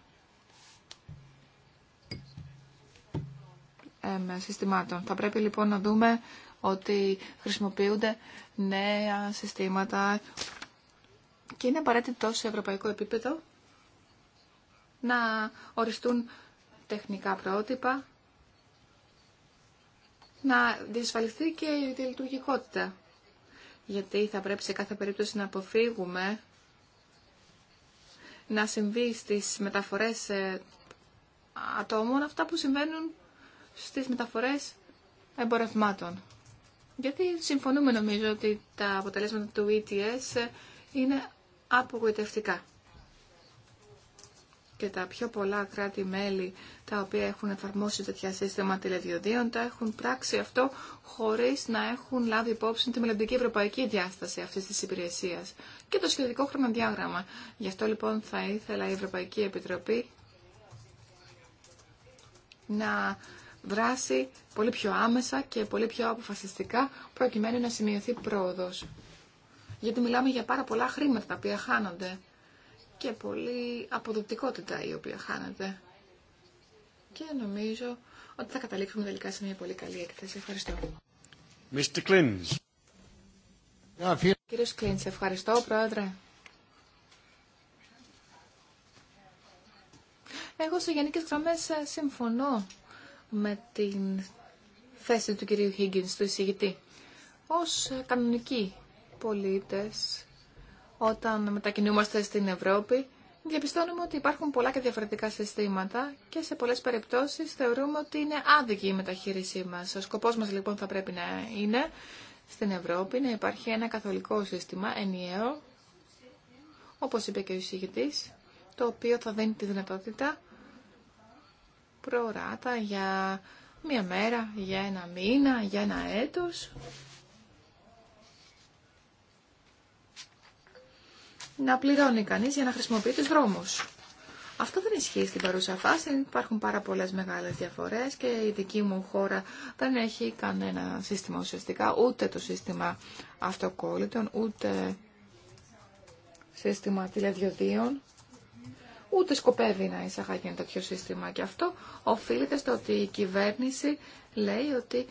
[SPEAKER 2] ε, συστημάτων. Θα πρέπει λοιπόν να δούμε ότι χρησιμοποιούνται νέα συστήματα και είναι απαραίτητο σε ευρωπαϊκό επίπεδο να οριστούν τεχνικά πρότυπα να διασφαλιστεί και η λειτουργικότητα, Γιατί θα πρέπει σε κάθε περίπτωση να αποφύγουμε να συμβεί στις μεταφορές ε, ατόμων αυτά που συμβαίνουν στις μεταφορές εμπορευμάτων. Γιατί συμφωνούμε νομίζω ότι τα αποτελέσματα του ETS ε, είναι απογοητευτικά και τα πιο πολλά κράτη-μέλη τα οποία έχουν εφαρμόσει τέτοια σύστημα τηλεδιοδίων τα έχουν πράξει αυτό χωρίς να έχουν λάβει υπόψη τη μελλοντική ευρωπαϊκή διάσταση αυτής της υπηρεσίας και το σχετικό χρονοδιάγραμμα. Γι' αυτό λοιπόν θα ήθελα η Ευρωπαϊκή Επιτροπή να δράσει πολύ πιο άμεσα και πολύ πιο αποφασιστικά προκειμένου να σημειωθεί πρόοδος. Γιατί μιλάμε για πάρα πολλά χρήματα τα οποία χάνονται και πολύ αποδοτικότητα η οποία χάνεται. Και νομίζω ότι θα καταλήξουμε τελικά σε μια πολύ καλή έκθεση. Ευχαριστώ.
[SPEAKER 1] Mr. Klins.
[SPEAKER 2] Κύριος Κλίντς, ευχαριστώ, Πρόεδρε. Εγώ σε γενικές γραμμές ε, συμφωνώ με την θέση του κυρίου Higgins, του εισηγητή. Ως ε, κανονικοί πολίτες όταν μετακινούμαστε στην Ευρώπη, διαπιστώνουμε ότι υπάρχουν πολλά και διαφορετικά συστήματα και σε πολλές περιπτώσεις θεωρούμε ότι είναι άδικη η μεταχείρισή μας. Ο σκοπός μας λοιπόν θα πρέπει να είναι στην Ευρώπη να υπάρχει ένα καθολικό σύστημα ενιαίο, όπως είπε και ο εισηγητής, το οποίο θα δίνει τη δυνατότητα προοράτα για μία μέρα, για ένα μήνα, για ένα έτος να πληρώνει κανεί για να χρησιμοποιεί του δρόμους. Αυτό δεν ισχύει στην παρούσα φάση. Υπάρχουν πάρα πολλέ μεγάλες διαφορές και η δική μου χώρα δεν έχει κανένα σύστημα ουσιαστικά, ούτε το σύστημα αυτοκόλλητων, ούτε σύστημα τηλεδιοδίων, ούτε σκοπεύει να εισαγάγει ένα τέτοιο σύστημα. Και αυτό οφείλεται στο ότι η κυβέρνηση λέει ότι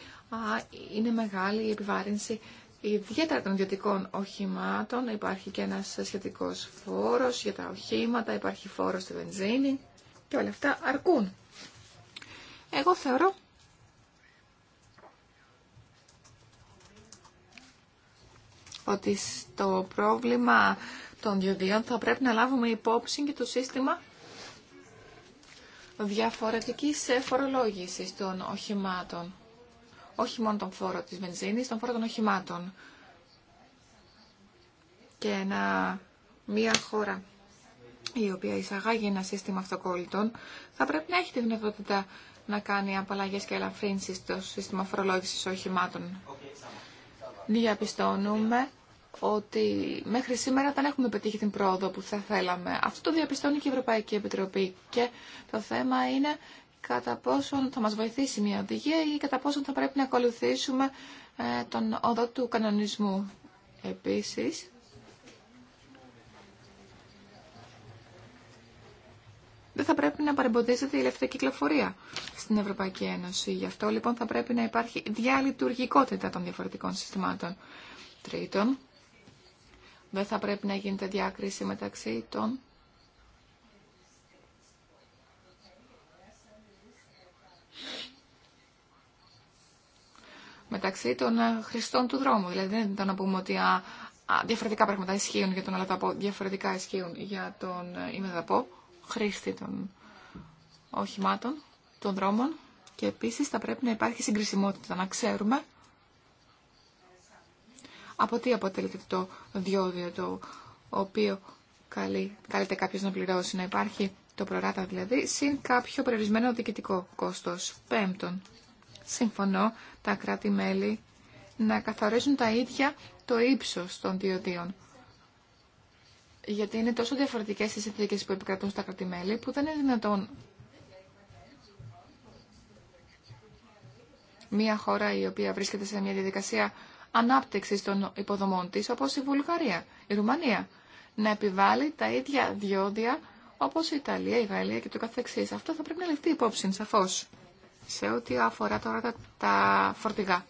[SPEAKER 2] είναι μεγάλη η επιβάρυνση ιδιαίτερα των ιδιωτικών οχημάτων. Υπάρχει και ένας σχετικός φόρος για τα οχήματα, υπάρχει φόρος στη βενζίνη και όλα αυτά αρκούν. Εγώ θεωρώ ότι στο πρόβλημα των διοδίων θα πρέπει να λάβουμε υπόψη και το σύστημα διαφορετικής φορολόγησης των οχημάτων όχι μόνο τον φόρο της βενζίνης, τον φόρο των οχημάτων. Και μια χώρα η οποία εισαγάγει ένα σύστημα αυτοκόλλητων θα πρέπει να έχει τη δυνατότητα να κάνει απαλλαγές και ελαφρύνσεις στο σύστημα φορολόγησης οχημάτων. Διαπιστώνουμε ότι μέχρι σήμερα δεν έχουμε πετύχει την πρόοδο που θα θέλαμε. Αυτό το διαπιστώνει και η Ευρωπαϊκή Επιτροπή και το θέμα είναι κατά πόσον θα μας βοηθήσει μια οδηγία ή κατά πόσον θα πρέπει να ακολουθήσουμε ε, τον οδό του κανονισμού. Επίσης, δεν θα πρέπει να παρεμποδίζεται η ελεύθερη κυκλοφορία στην Ευρωπαϊκή Ένωση. Γι' αυτό λοιπόν θα πρέπει να υπάρχει διαλειτουργικότητα των διαφορετικών συστημάτων. Τρίτον, δεν θα πρέπει να γίνεται διάκριση μεταξύ των μεταξύ των ε, χρηστών του δρόμου. Δηλαδή δεν ήταν να πούμε ότι α, διαφορετικά πράγματα ισχύουν για τον Αλαταπό, διαφορετικά ισχύουν για τον Ιμεδαπό, ε, χρήστη των οχημάτων, των δρόμων. Και επίσης θα πρέπει να υπάρχει συγκρισιμότητα, να ξέρουμε από τι αποτελείται το διόδιο το οποίο καλεί, καλείται κάποιος να πληρώσει, να υπάρχει το προράτα δηλαδή, συν κάποιο περιορισμένο διοικητικό κόστος. Πέμπτον, συμφωνώ τα κράτη-μέλη να καθορίζουν τα ίδια το ύψος των διοδίων. Γιατί είναι τόσο διαφορετικές οι συνθήκες που επικρατούν στα κράτη-μέλη που δεν είναι δυνατόν μια χώρα η οποία βρίσκεται σε μια διαδικασία ανάπτυξης των υποδομών της, όπως η Βουλγαρία, η Ρουμανία, να επιβάλλει τα ίδια διόδια όπως η Ιταλία, η Γαλλία και το καθεξής. Αυτό θα πρέπει να ληφθεί υπόψη, σαφώς σε ό,τι αφορά τώρα τα, τα φορτηγά.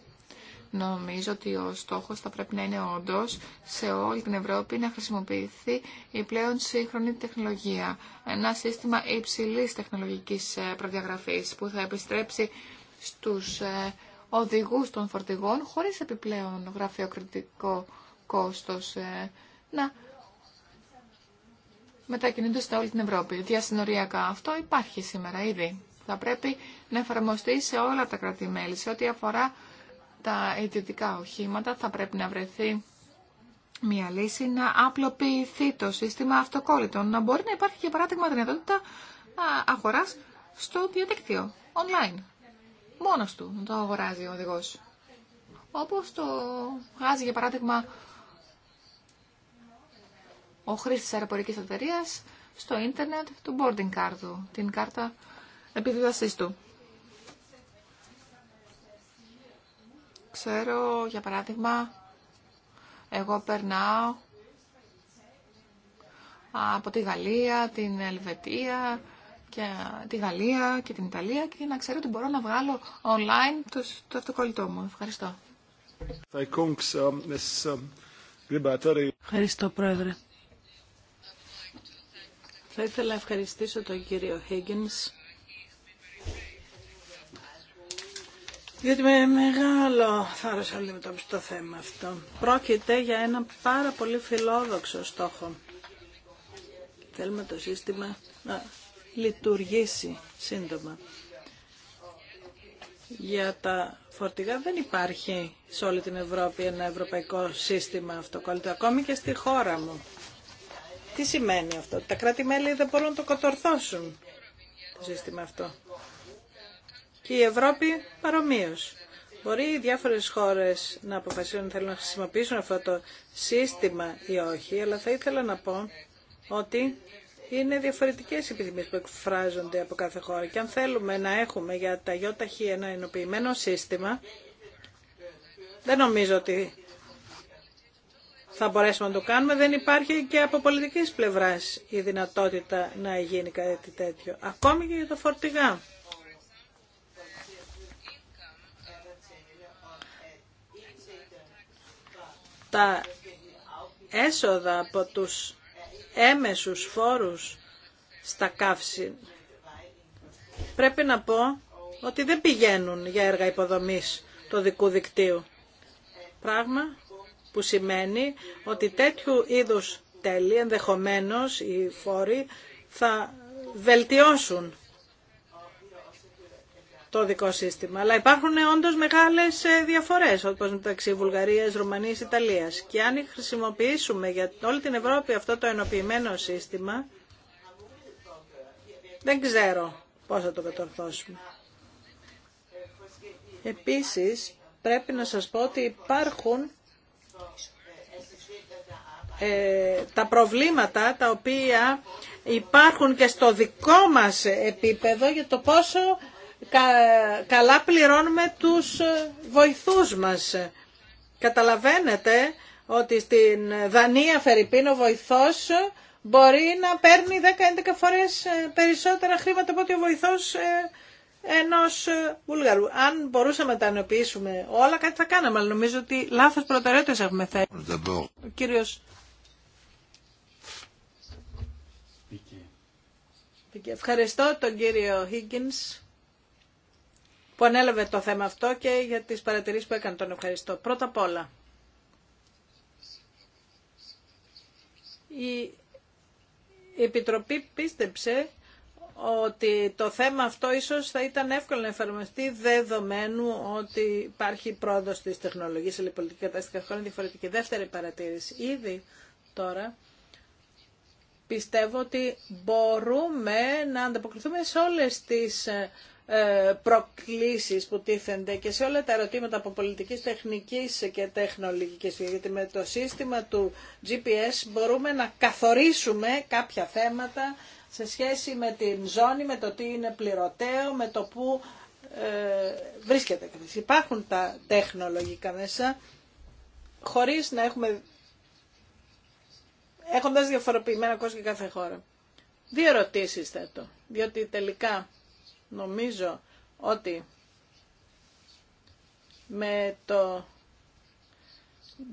[SPEAKER 2] Νομίζω ότι ο στόχος θα πρέπει να είναι όντω σε όλη την Ευρώπη να χρησιμοποιηθεί η πλέον σύγχρονη τεχνολογία. Ένα σύστημα υψηλής τεχνολογικής ε, προδιαγραφής που θα επιστρέψει στους ε, οδηγούς των φορτηγών χωρίς επιπλέον γραφειοκριτικό κόστος ε, να μετακινούνται σε όλη την Ευρώπη. Διασυνοριακά αυτό υπάρχει σήμερα ήδη. Θα πρέπει να εφαρμοστεί σε όλα τα κράτη-μέλη. Σε ό,τι αφορά τα ιδιωτικά οχήματα θα πρέπει να βρεθεί μια λύση να απλοποιηθεί το σύστημα αυτοκόλλητων. Να μπορεί να υπάρχει για παράδειγμα δυνατότητα αγορά στο διαδίκτυο, online. Μόνος του να το αγοράζει ο οδηγός. Όπως το βγάζει για παράδειγμα ο χρήστης αεροπορικής εταιρεία στο ίντερνετ του boarding card την κάρτα επιβίβασή του. Ξέρω, για παράδειγμα, εγώ περνάω από τη Γαλλία, την Ελβετία και τη Γαλλία και την Ιταλία και να ξέρω ότι μπορώ να βγάλω online το, το αυτοκολλητό μου. Ευχαριστώ.
[SPEAKER 3] Ευχαριστώ, Πρόεδρε. Θα ήθελα να ευχαριστήσω τον κύριο Higgins διότι με μεγάλο θάρρος αντιμετώπισε το θέμα αυτό. Πρόκειται για ένα πάρα πολύ φιλόδοξο στόχο. Θέλουμε το σύστημα να λειτουργήσει σύντομα. Για τα φορτηγά δεν υπάρχει σε όλη την Ευρώπη ένα ευρωπαϊκό σύστημα αυτοκόλλητο, ακόμη και στη χώρα μου. Τι σημαίνει αυτό, τα κράτη-μέλη δεν μπορούν να το κατορθώσουν το σύστημα αυτό και η Ευρώπη παρομοίω. Μπορεί οι διάφορες χώρες να αποφασίσουν θέλουν να χρησιμοποιήσουν αυτό το σύστημα ή όχι, αλλά θα ήθελα να πω ότι είναι διαφορετικές οι επιθυμίε που εκφράζονται από κάθε χώρα και αν θέλουμε να έχουμε για τα ΙΟΤΑΧΗ ένα ενοποιημένο σύστημα, δεν νομίζω ότι θα μπορέσουμε να το κάνουμε. Δεν υπάρχει και από πολιτική πλευρά η δυνατότητα να γίνει κάτι τέτοιο. Ακόμη και για τα φορτηγά. τα έσοδα από τους έμεσους φόρους στα καύση πρέπει να πω ότι δεν πηγαίνουν για έργα υποδομής το δικού δικτύου. Πράγμα που σημαίνει ότι τέτοιου είδους τέλη, ενδεχομένως οι φόροι, θα βελτιώσουν το δικό σύστημα. Αλλά υπάρχουν όντω μεγάλε διαφορέ όπω μεταξύ Βουλγαρία, Ρουμανία, Ιταλία. Και αν χρησιμοποιήσουμε για όλη την Ευρώπη αυτό το ενοποιημένο σύστημα, δεν ξέρω πώς θα το κατορθώσουμε. Επίσης, πρέπει να σας πω ότι υπάρχουν ε, τα προβλήματα τα οποία υπάρχουν και στο δικό μας επίπεδο για το πόσο καλά πληρώνουμε τους ε, βοηθούς μας. Καταλαβαίνετε ότι στην Δανία Φερρυπίνο ο βοηθός ε, μπορεί να παίρνει 10-11 φορές ε, περισσότερα χρήματα από ότι ο βοηθός ενός Βουλγαρού. Αν μπορούσαμε να τα ενοποιήσουμε όλα, κάτι θα κάναμε, αλλά νομίζω ότι λάθος προτεραιότητες έχουμε θέσει. Ο κύριος... Ευχαριστώ τον κύριο Higgins που ανέλαβε το θέμα αυτό και για τις παρατηρήσεις που έκανε. Τον ευχαριστώ. Πρώτα απ' όλα, η Επιτροπή πίστεψε ότι το θέμα αυτό ίσως θα ήταν εύκολο να εφαρμοστεί δεδομένου ότι υπάρχει πρόοδος της τεχνολογίας, αλλά η πολιτική κατάσταση είναι διαφορετική. Δεύτερη παρατήρηση. Ήδη τώρα πιστεύω ότι μπορούμε να ανταποκριθούμε σε όλες τις ε, ε, προκλήσεις που τίθενται και σε όλα τα ερωτήματα από πολιτικής, τεχνικής και τεχνολογικής. Γιατί με το σύστημα του GPS μπορούμε να καθορίσουμε κάποια θέματα σε σχέση με την ζώνη, με το τι είναι πληρωτέο, με το που ε, βρίσκεται κανείς. Υπάρχουν τα τεχνολογικά μέσα, χωρίς να έχουμε... έχοντας διαφοροποιημένα κόσμο και κάθε χώρα. Δύο ερωτήσεις θέτω, διότι τελικά Νομίζω ότι με το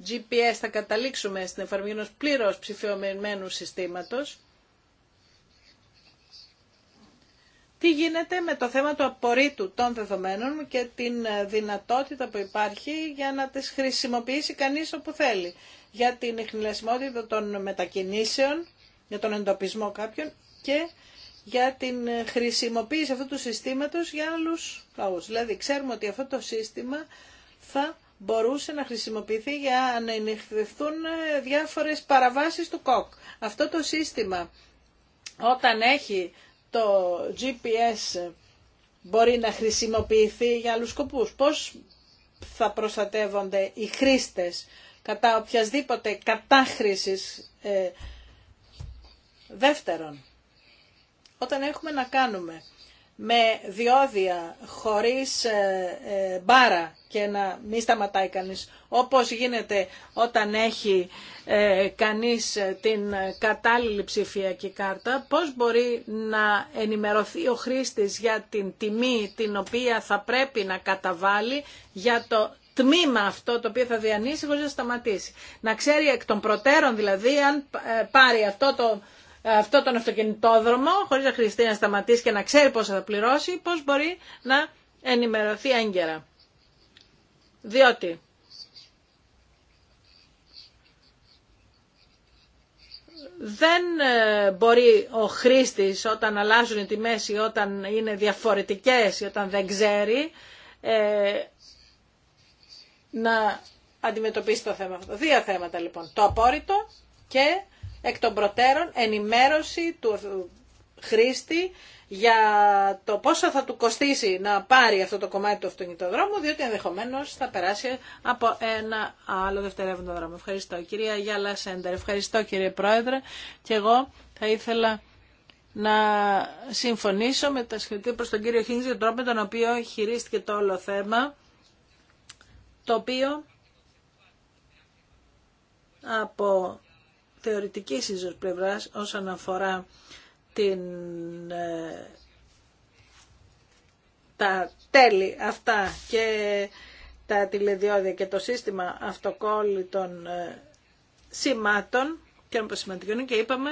[SPEAKER 3] GPS θα καταλήξουμε στην εφαρμογή ενός πλήρως ψηφιωμένου συστήματος. Τι γίνεται με το θέμα του απορρίτου των δεδομένων και την δυνατότητα που υπάρχει για να τις χρησιμοποιήσει κανείς όπου θέλει. Για την εχνηλασιμότητα των μετακινήσεων, για τον εντοπισμό κάποιων και για την χρησιμοποίηση αυτού του συστήματος για άλλους λαούς. Δηλαδή ξέρουμε ότι αυτό το σύστημα θα μπορούσε να χρησιμοποιηθεί για να ενηχθευτούν διάφορες παραβάσεις του ΚΟΚ. Αυτό το σύστημα όταν έχει το GPS μπορεί να χρησιμοποιηθεί για άλλους σκοπούς. Πώς θα προστατεύονται οι χρήστες κατά οποιασδήποτε κατάχρησης ε, δεύτερον όταν έχουμε να κάνουμε με διόδια χωρίς ε, ε, μπάρα και να μην σταματάει κανείς, όπως γίνεται όταν έχει ε, κανείς την κατάλληλη ψηφιακή κάρτα, πώς μπορεί να ενημερωθεί ο χρήστης για την τιμή την οποία θα πρέπει να καταβάλει για το τμήμα αυτό το οποίο θα διανύσει χωρίς να σταματήσει. Να ξέρει εκ των προτέρων δηλαδή αν πάρει αυτό το αυτό τον αυτοκινητόδρομο, χωρίς να χρειαστεί να σταματήσει και να ξέρει πόσα θα πληρώσει, πώς μπορεί να ενημερωθεί έγκαιρα. Διότι δεν ε, μπορεί ο χρήστης όταν αλλάζουν οι τιμές ή όταν είναι διαφορετικές ή όταν δεν ξέρει ε, να αντιμετωπίσει το θέμα αυτό. Δύο θέματα λοιπόν. Το απόρριτο και εκ των προτέρων ενημέρωση του χρήστη για το πόσο θα του κοστίσει να πάρει αυτό το κομμάτι του αυτοκινητοδρόμου, διότι ενδεχομένω θα περάσει από ένα άλλο δευτερεύοντο δρόμο. Ευχαριστώ. Κυρία Γιάλα Σέντερ, ευχαριστώ κύριε Πρόεδρε. Και εγώ θα ήθελα να συμφωνήσω με τα σχετικά προς τον κύριο Χίνγκ για τον τρόπο με τον οποίο χειρίστηκε το όλο θέμα, το οποίο από Θεωρητική ίσως πλευράς όσον αφορά την, ε, τα τέλη αυτά και τα τηλεδιόδια και το σύστημα αυτοκόλλητων ε, σημάτων και σημαντικών και είπαμε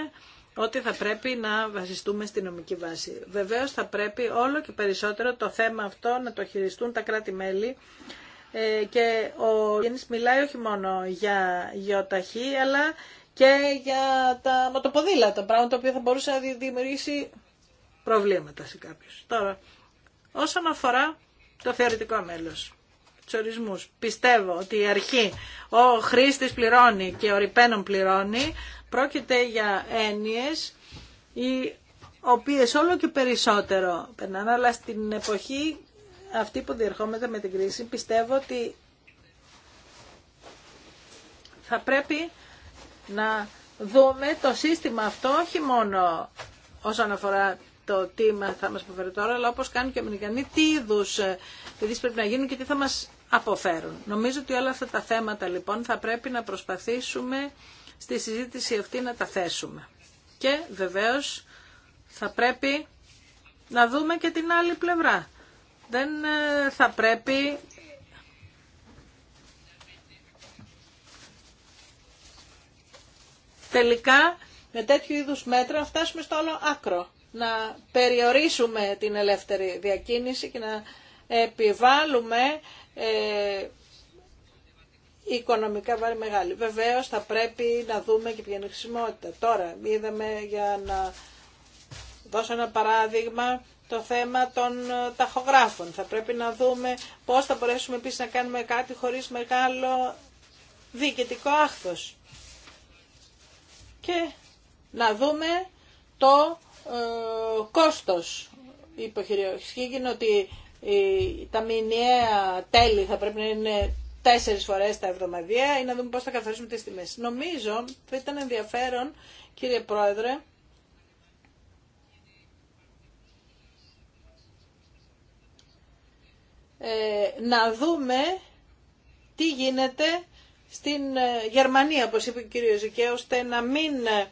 [SPEAKER 3] ότι θα πρέπει να βασιστούμε στη νομική βάση. Βεβαίως θα πρέπει όλο και περισσότερο το θέμα αυτό να το χειριστούν τα κράτη-μέλη ε, και ο Γιάννης μιλάει όχι μόνο για γεωταχή αλλά και για τα μοτοποδήλατα, πράγμα το οποίο θα μπορούσε να δημιουργήσει προβλήματα σε κάποιους. Τώρα, όσον αφορά το θεωρητικό μέλος, του ορισμούς, πιστεύω ότι η αρχή ο χρήστης πληρώνει και ο ρηπαίνων πληρώνει, πρόκειται για έννοιες οι οποίες όλο και περισσότερο περνάνε, αλλά στην εποχή αυτή που διερχόμαστε με την κρίση, πιστεύω ότι θα πρέπει να δούμε το σύστημα αυτό όχι μόνο όσον αφορά το τι θα μας προφέρει τώρα, αλλά όπως κάνουν και οι Αμερικανοί, τι είδου ειδήσεις πρέπει να γίνουν και τι θα μας αποφέρουν. Νομίζω ότι όλα αυτά τα θέματα λοιπόν θα πρέπει να προσπαθήσουμε στη συζήτηση αυτή να τα θέσουμε. Και βεβαίως θα πρέπει να δούμε και την άλλη πλευρά. Δεν ε, θα πρέπει τελικά με τέτοιου είδους μέτρα φτάσουμε στο άλλο άκρο. Να περιορίσουμε την ελεύθερη διακίνηση και να επιβάλλουμε ε, οικονομικά βάρη μεγάλη. Βεβαίως θα πρέπει να δούμε και ποια χρησιμότητα. Τώρα είδαμε για να δώσω ένα παράδειγμα το θέμα των ε, ταχογράφων. Θα πρέπει να δούμε πώς θα μπορέσουμε επίσης να κάνουμε κάτι χωρίς μεγάλο διοικητικό άχθος και να δούμε το ε, κόστος. Είπε ο ότι τα μηνιαία τέλη θα πρέπει να είναι τέσσερις φορές τα εβδομαδιαία ή να δούμε πώς θα καθορίσουμε τις τιμές. Νομίζω θα ήταν ενδιαφέρον, κύριε Πρόεδρε, ε, να δούμε τι γίνεται στην ε, Γερμανία, όπως είπε ο κύριος Ρικέ, ώστε να μην... Ε,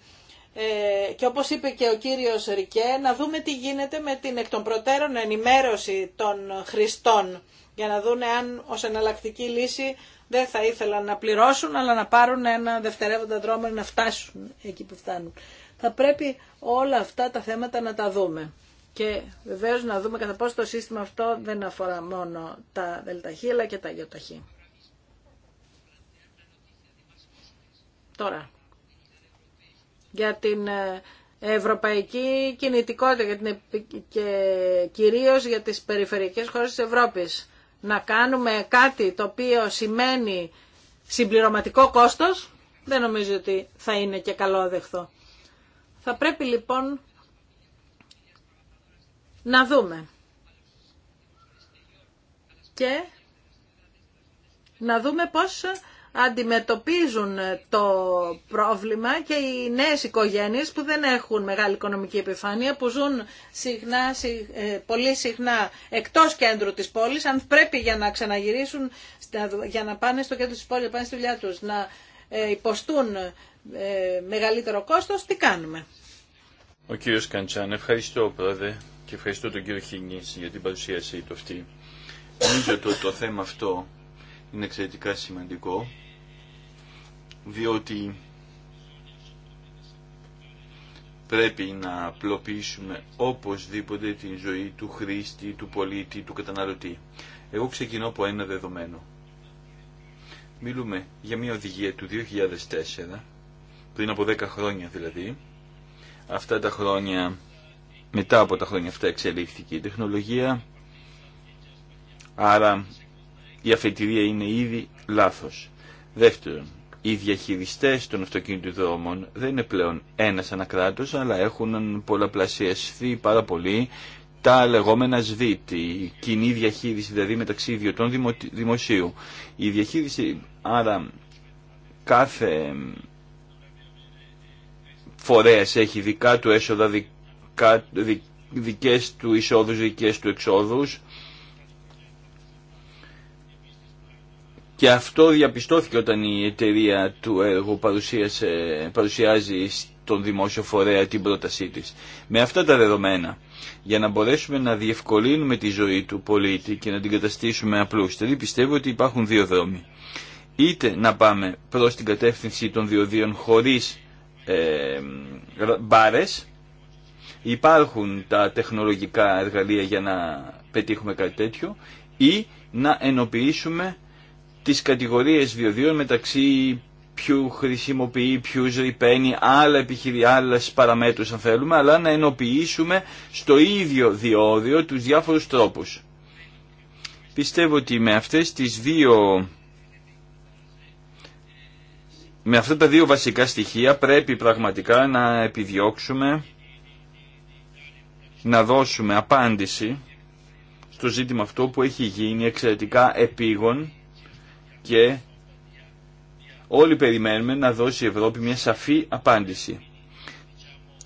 [SPEAKER 3] ε, και όπως είπε και ο κύριος Ρικέ, να δούμε τι γίνεται με την εκ των προτέρων ενημέρωση των χρηστών για να δουν αν ως εναλλακτική λύση δεν θα ήθελαν να πληρώσουν αλλά να πάρουν ένα δευτερεύοντα δρόμο να φτάσουν εκεί που φτάνουν. Θα πρέπει όλα αυτά τα θέματα να τα δούμε. Και βεβαίως να δούμε κατά πόσο το σύστημα αυτό δεν αφορά μόνο τα δελταχή αλλά και τα ΙΟΤΑΧΗ. Τώρα, για την ε, ευρωπαϊκή κινητικότητα για και κυρίως για τις περιφερειακές χώρες της Ευρώπης. Να κάνουμε κάτι το οποίο σημαίνει συμπληρωματικό κόστος, δεν νομίζω ότι θα είναι και καλό αδεχθό. Θα πρέπει λοιπόν να δούμε. Και να δούμε πώς αντιμετωπίζουν το πρόβλημα και οι νέες οικογένειες που δεν έχουν μεγάλη οικονομική επιφάνεια, που ζουν ε, πολύ συχνά εκτός κέντρου της πόλης, αν πρέπει για να ξαναγυρίσουν, για να πάνε στο κέντρο της πόλης, να πάνε στη δουλειά τους, να ε, υποστούν ε, μεγαλύτερο κόστος, τι κάνουμε.
[SPEAKER 1] Ο κύριος Καντσάν, ευχαριστώ πρόεδρε και ευχαριστώ τον κύριο Χινής για την παρουσίασή του αυτή. Νομίζω ότι το θέμα αυτό είναι εξαιρετικά σημαντικό διότι πρέπει να απλοποιήσουμε οπωσδήποτε την ζωή του χρήστη, του πολίτη, του καταναλωτή. Εγώ ξεκινώ από ένα δεδομένο. Μιλούμε για μια οδηγία του 2004, πριν από 10 χρόνια δηλαδή. Αυτά τα χρόνια, μετά από τα χρόνια αυτά εξελίχθηκε η τεχνολογία, άρα η αφετηρία είναι ήδη λάθος. Δεύτερον, οι διαχειριστές των δρόμων δεν είναι πλέον ένας ανακράτος, αλλά έχουν πολλαπλασιαστεί πάρα πολύ τα λεγόμενα ΣΒΙΤ, η κοινή διαχείριση δηλαδή μεταξύ ιδιωτών δημοσίου. Η διαχείριση, άρα κάθε φορέας έχει δικά του έσοδα, δικά, δικές του εισόδους, δικές του εξόδους, Και αυτό διαπιστώθηκε όταν η εταιρεία του έργου παρουσιάζει στον δημόσιο φορέα την πρότασή της. Με αυτά τα δεδομένα, για να μπορέσουμε να διευκολύνουμε τη ζωή του πολίτη και να την καταστήσουμε απλούστερη, πιστεύω ότι υπάρχουν δύο δρόμοι. Είτε να πάμε προς την κατεύθυνση των διοδίων χωρίς ε, μπάρες, υπάρχουν τα τεχνολογικά εργαλεία για να πετύχουμε κάτι τέτοιο, ή να ενοποιήσουμε τις κατηγορίες διοδίων μεταξύ ποιου χρησιμοποιεί, ποιου ρηπαίνει, άλλα επιχειρία, άλλες παραμέτρους αν θέλουμε, αλλά να ενοποιήσουμε στο ίδιο διόδιο τους διάφορους τρόπους. Πιστεύω ότι με αυτές τις δύο με αυτά τα δύο βασικά στοιχεία πρέπει πραγματικά να επιδιώξουμε να δώσουμε απάντηση στο ζήτημα αυτό που έχει γίνει εξαιρετικά επίγον και όλοι περιμένουμε να δώσει η Ευρώπη μια σαφή απάντηση.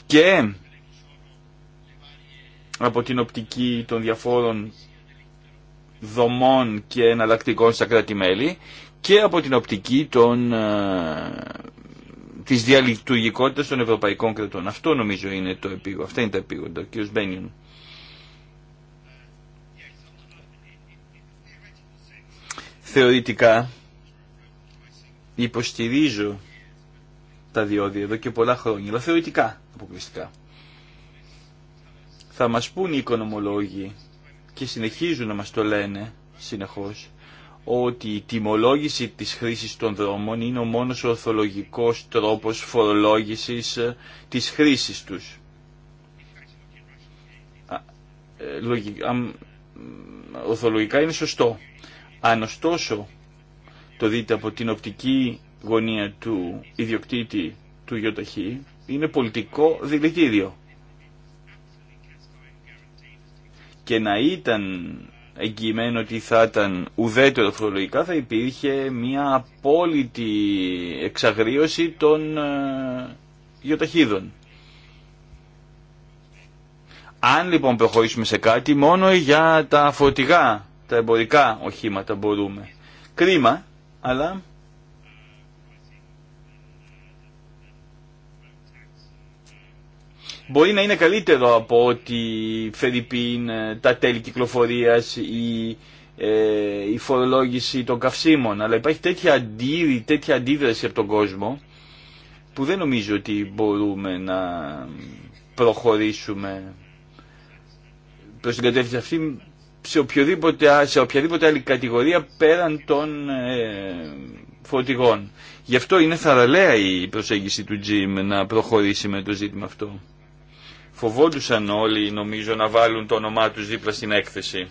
[SPEAKER 1] Και από την οπτική των διαφόρων δομών και εναλλακτικών στα κράτη-μέλη και από την οπτική των, ε, της διαλειτουργικότητας των ευρωπαϊκών κρατών. Αυτό νομίζω είναι το επίγον. Αυτά είναι τα επίγοντα. Κύριος Μπένιον. Θεωρητικά υποστηρίζω τα διόδια εδώ και πολλά χρόνια, αλλά θεωρητικά αποκλειστικά. Θα μας πούν οι οικονομολόγοι και συνεχίζουν να μας το λένε συνεχώς ότι η τιμολόγηση της χρήσης των δρόμων είναι ο μόνος ορθολογικός τρόπος φορολόγησης ε, της χρήσης τους. Ε, ορθολογικά είναι σωστό. Αν ωστόσο το δείτε από την οπτική γωνία του ιδιοκτήτη του Ιωταχή, είναι πολιτικό δηλητήριο. Και να ήταν εγγυημένο ότι θα ήταν ουδέτερο φορολογικά θα υπήρχε μια απόλυτη εξαγρίωση των γεωταχίδων. Αν λοιπόν προχωρήσουμε σε κάτι μόνο για τα φωτιγά τα εμπορικά οχήματα μπορούμε. Κρίμα, αλλά μπορεί να είναι καλύτερο από ότι φερειπίν ε, τα τέλη κυκλοφορίας ή ε, η φορολόγηση των καυσίμων, αλλά υπάρχει τέτοια, τέτοια αντίδραση από τον κόσμο που δεν νομίζω ότι μπορούμε να προχωρήσουμε προς την κατεύθυνση αυτή σε, οποιοδήποτε, σε οποιαδήποτε άλλη κατηγορία πέραν των ε, φορτηγών. Γι' αυτό είναι θαραλέα η προσέγγιση του Τζιμ να προχωρήσει με το ζήτημα αυτό. Φοβόντουσαν όλοι νομίζω να βάλουν το όνομά τους δίπλα στην έκθεση.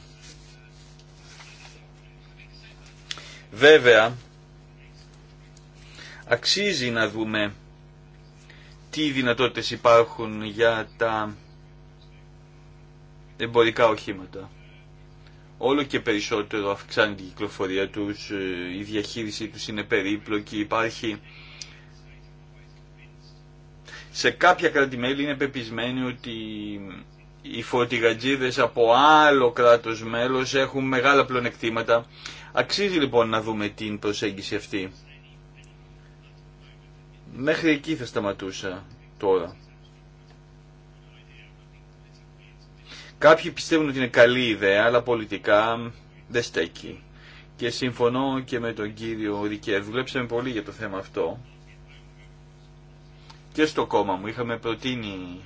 [SPEAKER 1] Βέβαια, αξίζει να δούμε τι δυνατότητες υπάρχουν για τα εμπορικά οχήματα όλο και περισσότερο αυξάνει την κυκλοφορία τους, ε, η διαχείρισή τους είναι περίπλοκη, υπάρχει... Σε κάποια κράτη-μέλη είναι πεπισμένοι ότι οι φωτιγατζίδες από άλλο κράτος μέλος έχουν μεγάλα πλονεκτήματα. Αξίζει λοιπόν να δούμε την προσέγγιση αυτή. Μέχρι εκεί θα σταματούσα τώρα. Κάποιοι πιστεύουν ότι είναι καλή ιδέα, αλλά πολιτικά δεν στέκει. Και συμφωνώ και με τον κύριο Ρικέ. Δουλέψαμε πολύ για το θέμα αυτό. Και στο κόμμα μου είχαμε προτείνει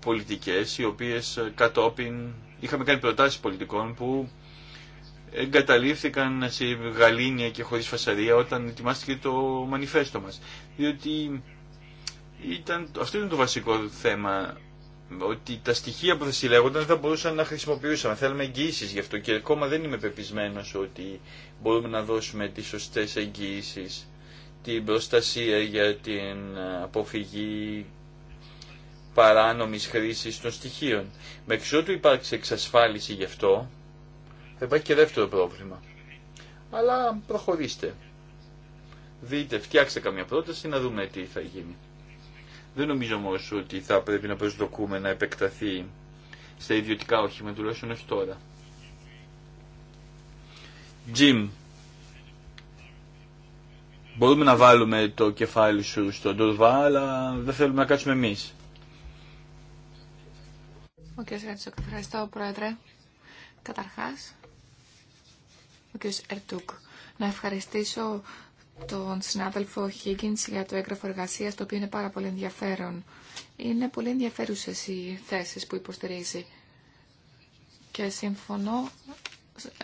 [SPEAKER 1] πολιτικές, οι οποίες κατόπιν είχαμε κάνει προτάσεις πολιτικών που εγκαταλείφθηκαν σε γαλήνια και χωρίς φασαρία όταν ετοιμάστηκε το μανιφέστο μας. Διότι ήταν, αυτό ήταν το βασικό θέμα ότι τα στοιχεία που θα συλλέγονταν δεν θα μπορούσαν να χρησιμοποιούσαν. Θέλουμε εγγυήσει γι' αυτό και ακόμα δεν είμαι πεπισμένο ότι μπορούμε να δώσουμε τι σωστέ εγγυήσει, την προστασία για την αποφυγή παράνομη χρήση των στοιχείων. Με εξότου υπάρξει εξασφάλιση γι' αυτό, θα υπάρχει και δεύτερο πρόβλημα. Αλλά προχωρήστε. Δείτε, φτιάξτε καμία πρόταση να δούμε τι θα γίνει. Δεν νομίζω όμω ότι θα πρέπει να προσδοκούμε να επεκταθεί στα ιδιωτικά όχημα τουλάχιστον όχι τώρα. Τζιμ, μπορούμε να βάλουμε το κεφάλι σου στον Τουρβά, αλλά δεν θέλουμε να κάτσουμε εμείς.
[SPEAKER 2] Ο κ. Ερτσοκ, ευχαριστώ, Πρόεδρε. Καταρχάς, ο κ. Ερτούκ, να ευχαριστήσω τον συνάδελφο Higgins για το έγγραφο εργασία, το οποίο είναι πάρα πολύ ενδιαφέρον. Είναι πολύ ενδιαφέρουσε οι θέσει που υποστηρίζει. Και συμφωνώ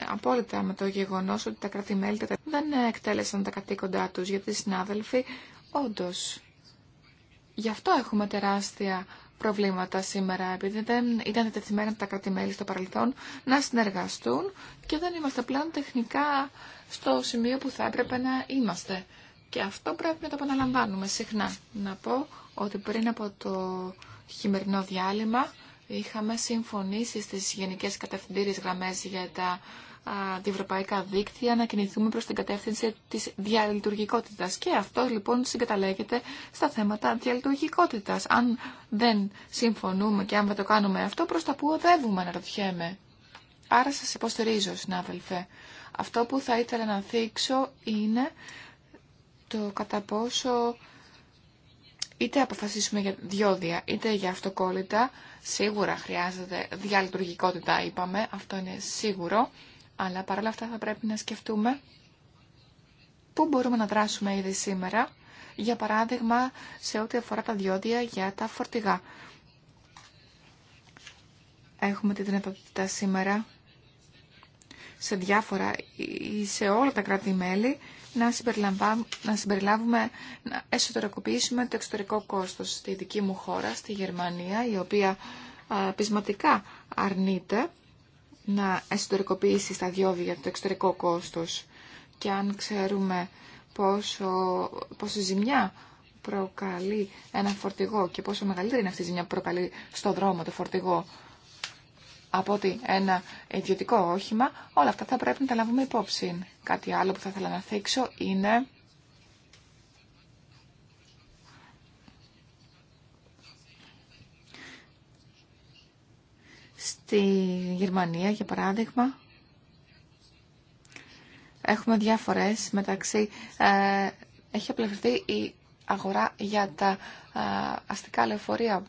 [SPEAKER 2] απόλυτα με το γεγονό ότι τα κρατημέλη δεν εκτέλεσαν τα κατοίκοντά του, γιατί οι συνάδελφοι όντω. Γι' αυτό έχουμε τεράστια προβλήματα σήμερα, επειδή δεν ήταν τεθειμένα τα κράτη-μέλη στο παρελθόν να συνεργαστούν και δεν είμαστε πλέον τεχνικά στο σημείο που θα έπρεπε να είμαστε. Και αυτό πρέπει να το επαναλαμβάνουμε συχνά. Να πω ότι πριν από το χειμερινό διάλειμμα είχαμε συμφωνήσει στις γενικές κατευθυντήριες γραμμές για τα διευρωπαϊκά δίκτυα να κινηθούμε προς την κατεύθυνση της διαλειτουργικότητας. Και αυτό λοιπόν συγκαταλέγεται στα θέματα διαλειτουργικότητας. Αν δεν συμφωνούμε και αν δεν το κάνουμε αυτό, προς τα που οδεύουμε να ρωτιέμαι. Άρα σας υποστηρίζω, συνάδελφε. Αυτό που θα ήθελα να θίξω είναι το κατά πόσο είτε αποφασίσουμε για διόδια είτε για αυτοκόλλητα, σίγουρα χρειάζεται διαλειτουργικότητα, είπαμε, αυτό είναι σίγουρο. Αλλά παρόλα αυτά θα πρέπει να σκεφτούμε πού μπορούμε να δράσουμε ήδη σήμερα, για παράδειγμα σε ό,τι αφορά τα διόδια για τα φορτηγά. Έχουμε τη δυνατότητα σήμερα σε διάφορα ή σε όλα τα κράτη-μέλη να, να συμπεριλάβουμε, να εσωτερικοποιήσουμε το εξωτερικό κόστος στη δική μου χώρα, στη Γερμανία, η οποία α, πεισματικά αρνείται να εσωτερικοποιήσει στα για το εξωτερικό κόστος και αν ξέρουμε πόσο, πόσο ζημιά προκαλεί ένα φορτηγό και πόσο μεγαλύτερη είναι αυτή η ζημιά που προκαλεί στο δρόμο το φορτηγό από ότι ένα ιδιωτικό όχημα, όλα αυτά θα πρέπει να τα λάβουμε υπόψη. Κάτι άλλο που θα ήθελα να θέξω είναι Στη Γερμανία, για παράδειγμα, έχουμε διάφορες μεταξύ... Ε, έχει απλευθεί η αγορά για τα ε, αστικά λεωφορεία,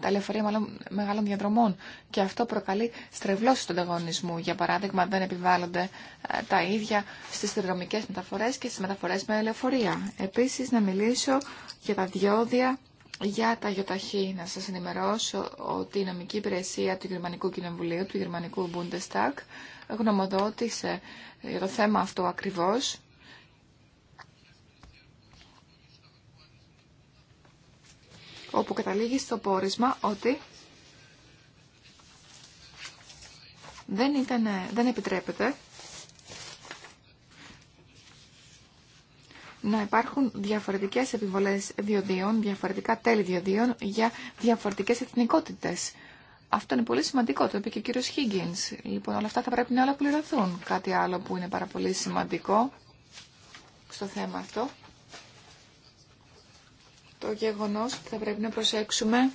[SPEAKER 2] τα λεωφορεία μεγάλων διαδρομών και αυτό προκαλεί στρεβλώσεις του ανταγωνισμού. Για παράδειγμα, δεν επιβάλλονται ε, τα ίδια στις δρομικές μεταφορές και στις μεταφορές με λεωφορεία. Επίσης, να μιλήσω για τα διόδια για τα γιοταχή, να σας ενημερώσω ότι η νομική υπηρεσία του Γερμανικού Κοινοβουλίου, του Γερμανικού Bundestag, γνωμοδότησε για το θέμα αυτό ακριβώς. όπου καταλήγει στο πόρισμα ότι δεν, ήταν, δεν επιτρέπεται να υπάρχουν διαφορετικέ επιβολέ διοδίων, διαφορετικά τέλη διοδίων για διαφορετικέ εθνικότητε. Αυτό είναι πολύ σημαντικό, το είπε και ο κύριο Χίγκιν. Λοιπόν, όλα αυτά θα πρέπει να ολοκληρωθούν. Κάτι άλλο που είναι πάρα πολύ σημαντικό στο θέμα αυτό. Το γεγονό ότι θα πρέπει να προσέξουμε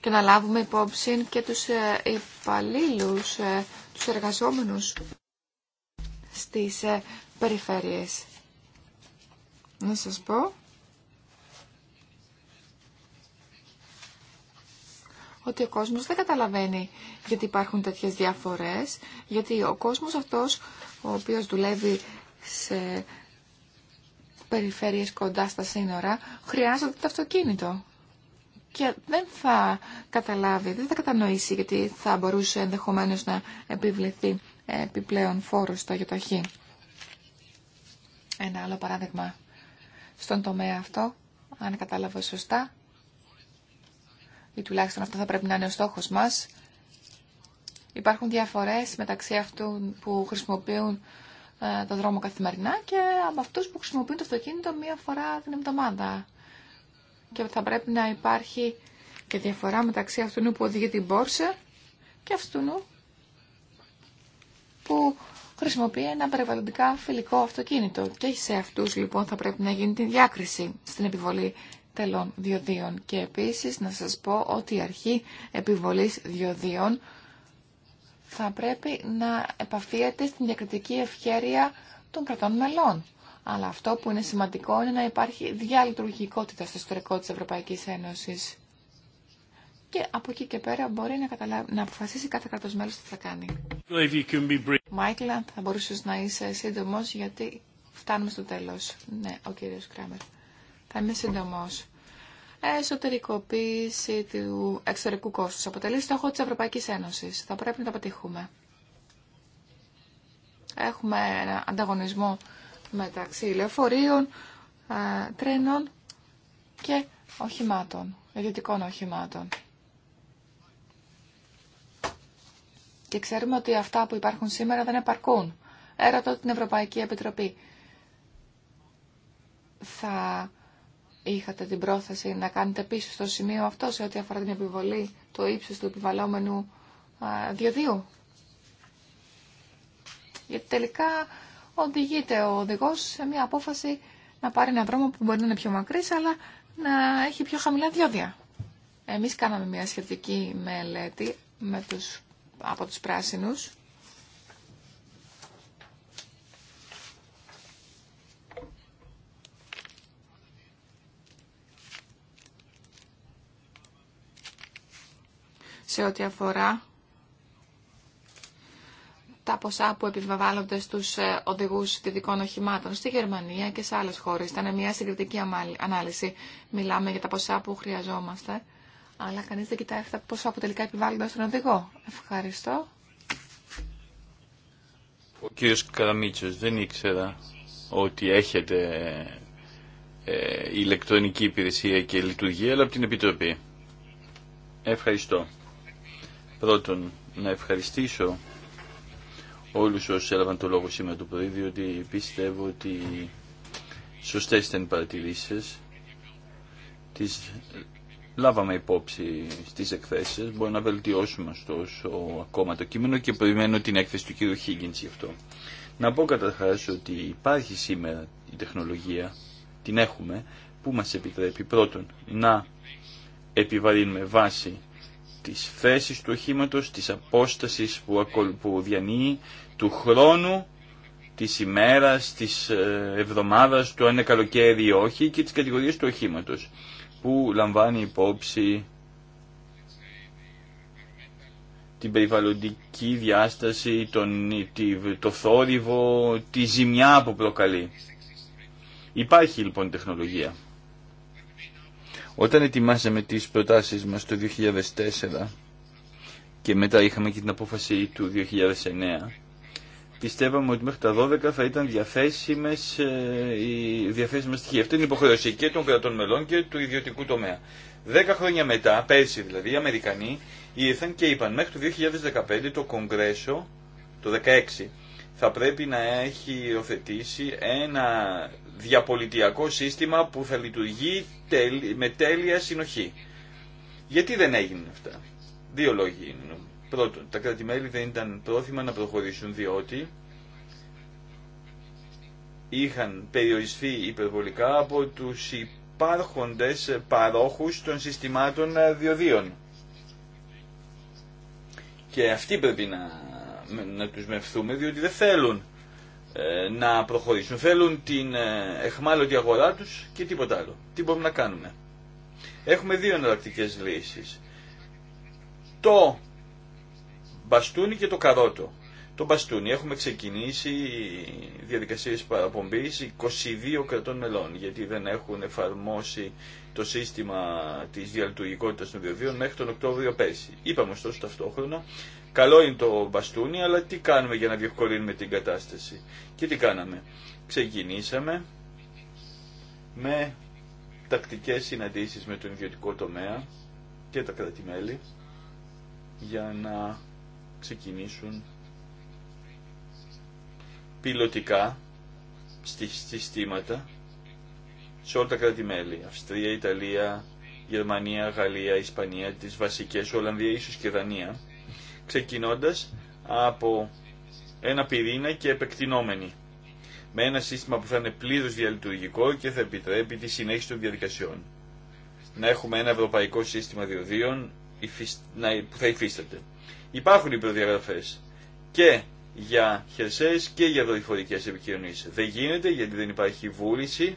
[SPEAKER 2] και να λάβουμε υπόψη και τους ε, υπαλλήλου, ε, τους εργαζόμενους στις ε, περιφέρειες να σας πω ότι ο κόσμος δεν καταλαβαίνει γιατί υπάρχουν τέτοιες διαφορές, γιατί ο κόσμος αυτός, ο οποίος δουλεύει σε περιφέρειες κοντά στα σύνορα, χρειάζεται το αυτοκίνητο. Και δεν θα καταλάβει, δεν θα κατανοήσει, γιατί θα μπορούσε ενδεχομένως να επιβληθεί επιπλέον φόρος στο αγιοταχή. Ένα άλλο παράδειγμα στον τομέα αυτό, αν κατάλαβα σωστά, ή τουλάχιστον αυτό θα πρέπει να είναι ο στόχος μας, υπάρχουν διαφορές μεταξύ αυτού που χρησιμοποιούν ε, το δρόμο καθημερινά και από αυτούς που χρησιμοποιούν το αυτοκίνητο μία φορά την εβδομάδα. Και θα πρέπει να υπάρχει και διαφορά μεταξύ αυτού που οδηγεί την πόρσε και αυτού που χρησιμοποιεί ένα περιβαλλοντικά φιλικό αυτοκίνητο. Και σε αυτού, λοιπόν θα πρέπει να γίνει τη διάκριση στην επιβολή τελών διοδίων. Και επίσης να σας πω ότι η αρχή επιβολής διοδίων θα πρέπει να επαφίεται στην διακριτική ευχέρεια των κρατών μελών. Αλλά αυτό που είναι σημαντικό είναι να υπάρχει διαλειτουργικότητα στο ιστορικό της Ευρωπαϊκής Ένωσης και από εκεί και πέρα μπορεί να, καταλα... να αποφασίσει κάθε κράτος μέλος τι θα κάνει. Μάικλ, θα μπορούσε να είσαι σύντομο γιατί φτάνουμε στο τέλος. Ναι, ο κύριος Κράμερ. Θα είμαι σύντομο. Εσωτερικοποίηση του εξωτερικού κόστου. αποτελεί στόχο τη Ευρωπαϊκή Ένωση. Θα πρέπει να το πετύχουμε. Έχουμε ένα ανταγωνισμό μεταξύ λεωφορείων, ε, τρένων και οχημάτων, ιδιωτικών οχημάτων. Και ξέρουμε ότι αυτά που υπάρχουν σήμερα δεν επαρκούν. Έρωτα την Ευρωπαϊκή Επιτροπή. Θα είχατε την πρόθεση να κάνετε πίσω στο σημείο αυτό σε ό,τι αφορά την επιβολή, το ύψος του επιβαλλόμενου διοδίου. Γιατί τελικά οδηγείται ο οδηγός σε μια απόφαση να πάρει ένα δρόμο που μπορεί να είναι πιο μακρύς, αλλά να έχει πιο χαμηλά διόδια. Εμείς κάναμε μια σχετική μελέτη με τους από τους πράσινους. σε ό,τι αφορά τα ποσά που επιβαβάλλονται στους ε, οδηγούς δυτικών οχημάτων στη Γερμανία και σε άλλες χώρες. Ήταν μια συγκριτική ανάλυση. Μιλάμε για τα ποσά που χρειαζόμαστε αλλά κανείς δεν κοιτάει αυτά πόσο αποτελικά επιβάλλονται στον οδηγό. Ευχαριστώ.
[SPEAKER 1] Ο κύριος Καραμίτσος, δεν ήξερα ότι έχετε ε, ηλεκτρονική υπηρεσία και λειτουργία, αλλά από την Επιτροπή. Ευχαριστώ. Πρώτον, να ευχαριστήσω όλους όσους έλαβαν το λόγο σήμερα το πρωί, διότι πιστεύω ότι σωστές ήταν οι παρατηρήσεις λάβαμε υπόψη στις εκθέσεις. Μπορεί να βελτιώσουμε ωστόσο ακόμα το κείμενο και περιμένω την έκθεση του κ. Χίγγιντς γι' αυτό. Να πω καταρχάς ότι υπάρχει σήμερα η τεχνολογία, την έχουμε, που μας επιτρέπει πρώτον να επιβαρύνουμε βάση της θέσης του οχήματος, της απόστασης που, που διανύει, του χρόνου της ημέρας, της ε, εβδομάδας, του αν είναι καλοκαίρι ή όχι και της κατηγορίας του οχήματος που λαμβάνει υπόψη την περιβαλλοντική διάσταση, τον, το θόρυβο, τη ζημιά που προκαλεί. Υπάρχει λοιπόν τεχνολογία. Όταν ετοιμάσαμε τις προτάσεις μας το 2004 και μετά είχαμε και την απόφαση του 2009, πιστεύαμε ότι μέχρι τα 12 θα ήταν διαθέσιμες, ε, οι διαθέσιμες στοιχεία. Αυτή είναι η υποχρέωση και των κρατών μελών και του ιδιωτικού τομέα. Δέκα χρόνια μετά, πέρσι δηλαδή, οι Αμερικανοί ήρθαν και είπαν μέχρι το 2015 το Κογκρέσο, το 2016, θα πρέπει να έχει υιοθετήσει ένα διαπολιτιακό σύστημα που θα λειτουργεί με τέλεια συνοχή. Γιατί δεν έγινε αυτά. Δύο λόγοι είναι Πρώτον, τα κράτη-μέλη δεν ήταν πρόθυμα να προχωρήσουν διότι είχαν περιοριστεί υπερβολικά από τους υπάρχοντες παρόχους των συστημάτων διοδίων. Και αυτοί πρέπει να, να τους μευθούμε διότι δεν θέλουν ε, να προχωρήσουν. Θέλουν την ε, εχμάλωτη αγορά τους και τίποτα άλλο. Τι μπορούμε να κάνουμε. Έχουμε δύο εναλλακτικέ λύσεις. Το μπαστούνι και το καρότο. Το μπαστούνι έχουμε ξεκινήσει διαδικασίες παραπομπής 22 κρατών μελών γιατί δεν έχουν εφαρμόσει το σύστημα της διαλειτουργικότητας των διοδίων μέχρι τον Οκτώβριο πέρσι. Είπαμε ωστόσο ταυτόχρονα καλό είναι το μπαστούνι αλλά τι κάνουμε για να διευκολύνουμε την κατάσταση. Και τι κάναμε. Ξεκινήσαμε με τακτικές συναντήσεις με τον ιδιωτικό τομέα και τα κρατημέλη για να ξεκινήσουν πιλωτικά συστήματα σε όλα τα κράτη-μέλη. Αυστρία, Ιταλία, Γερμανία, Γαλλία, Ισπανία, τις βασικές, Ολλανδία, ίσως και Δανία, ξεκινώντας από ένα πυρήνα και επεκτηνόμενη με ένα σύστημα που θα είναι πλήρως διαλειτουργικό και θα επιτρέπει τη συνέχιση των διαδικασιών. Να έχουμε ένα ευρωπαϊκό σύστημα διοδίων που θα υφίσταται. Υπάρχουν οι προδιαγραφέ και για χερσαίε και για δορυφορικέ επικοινωνίε. Δεν γίνεται γιατί δεν υπάρχει βούληση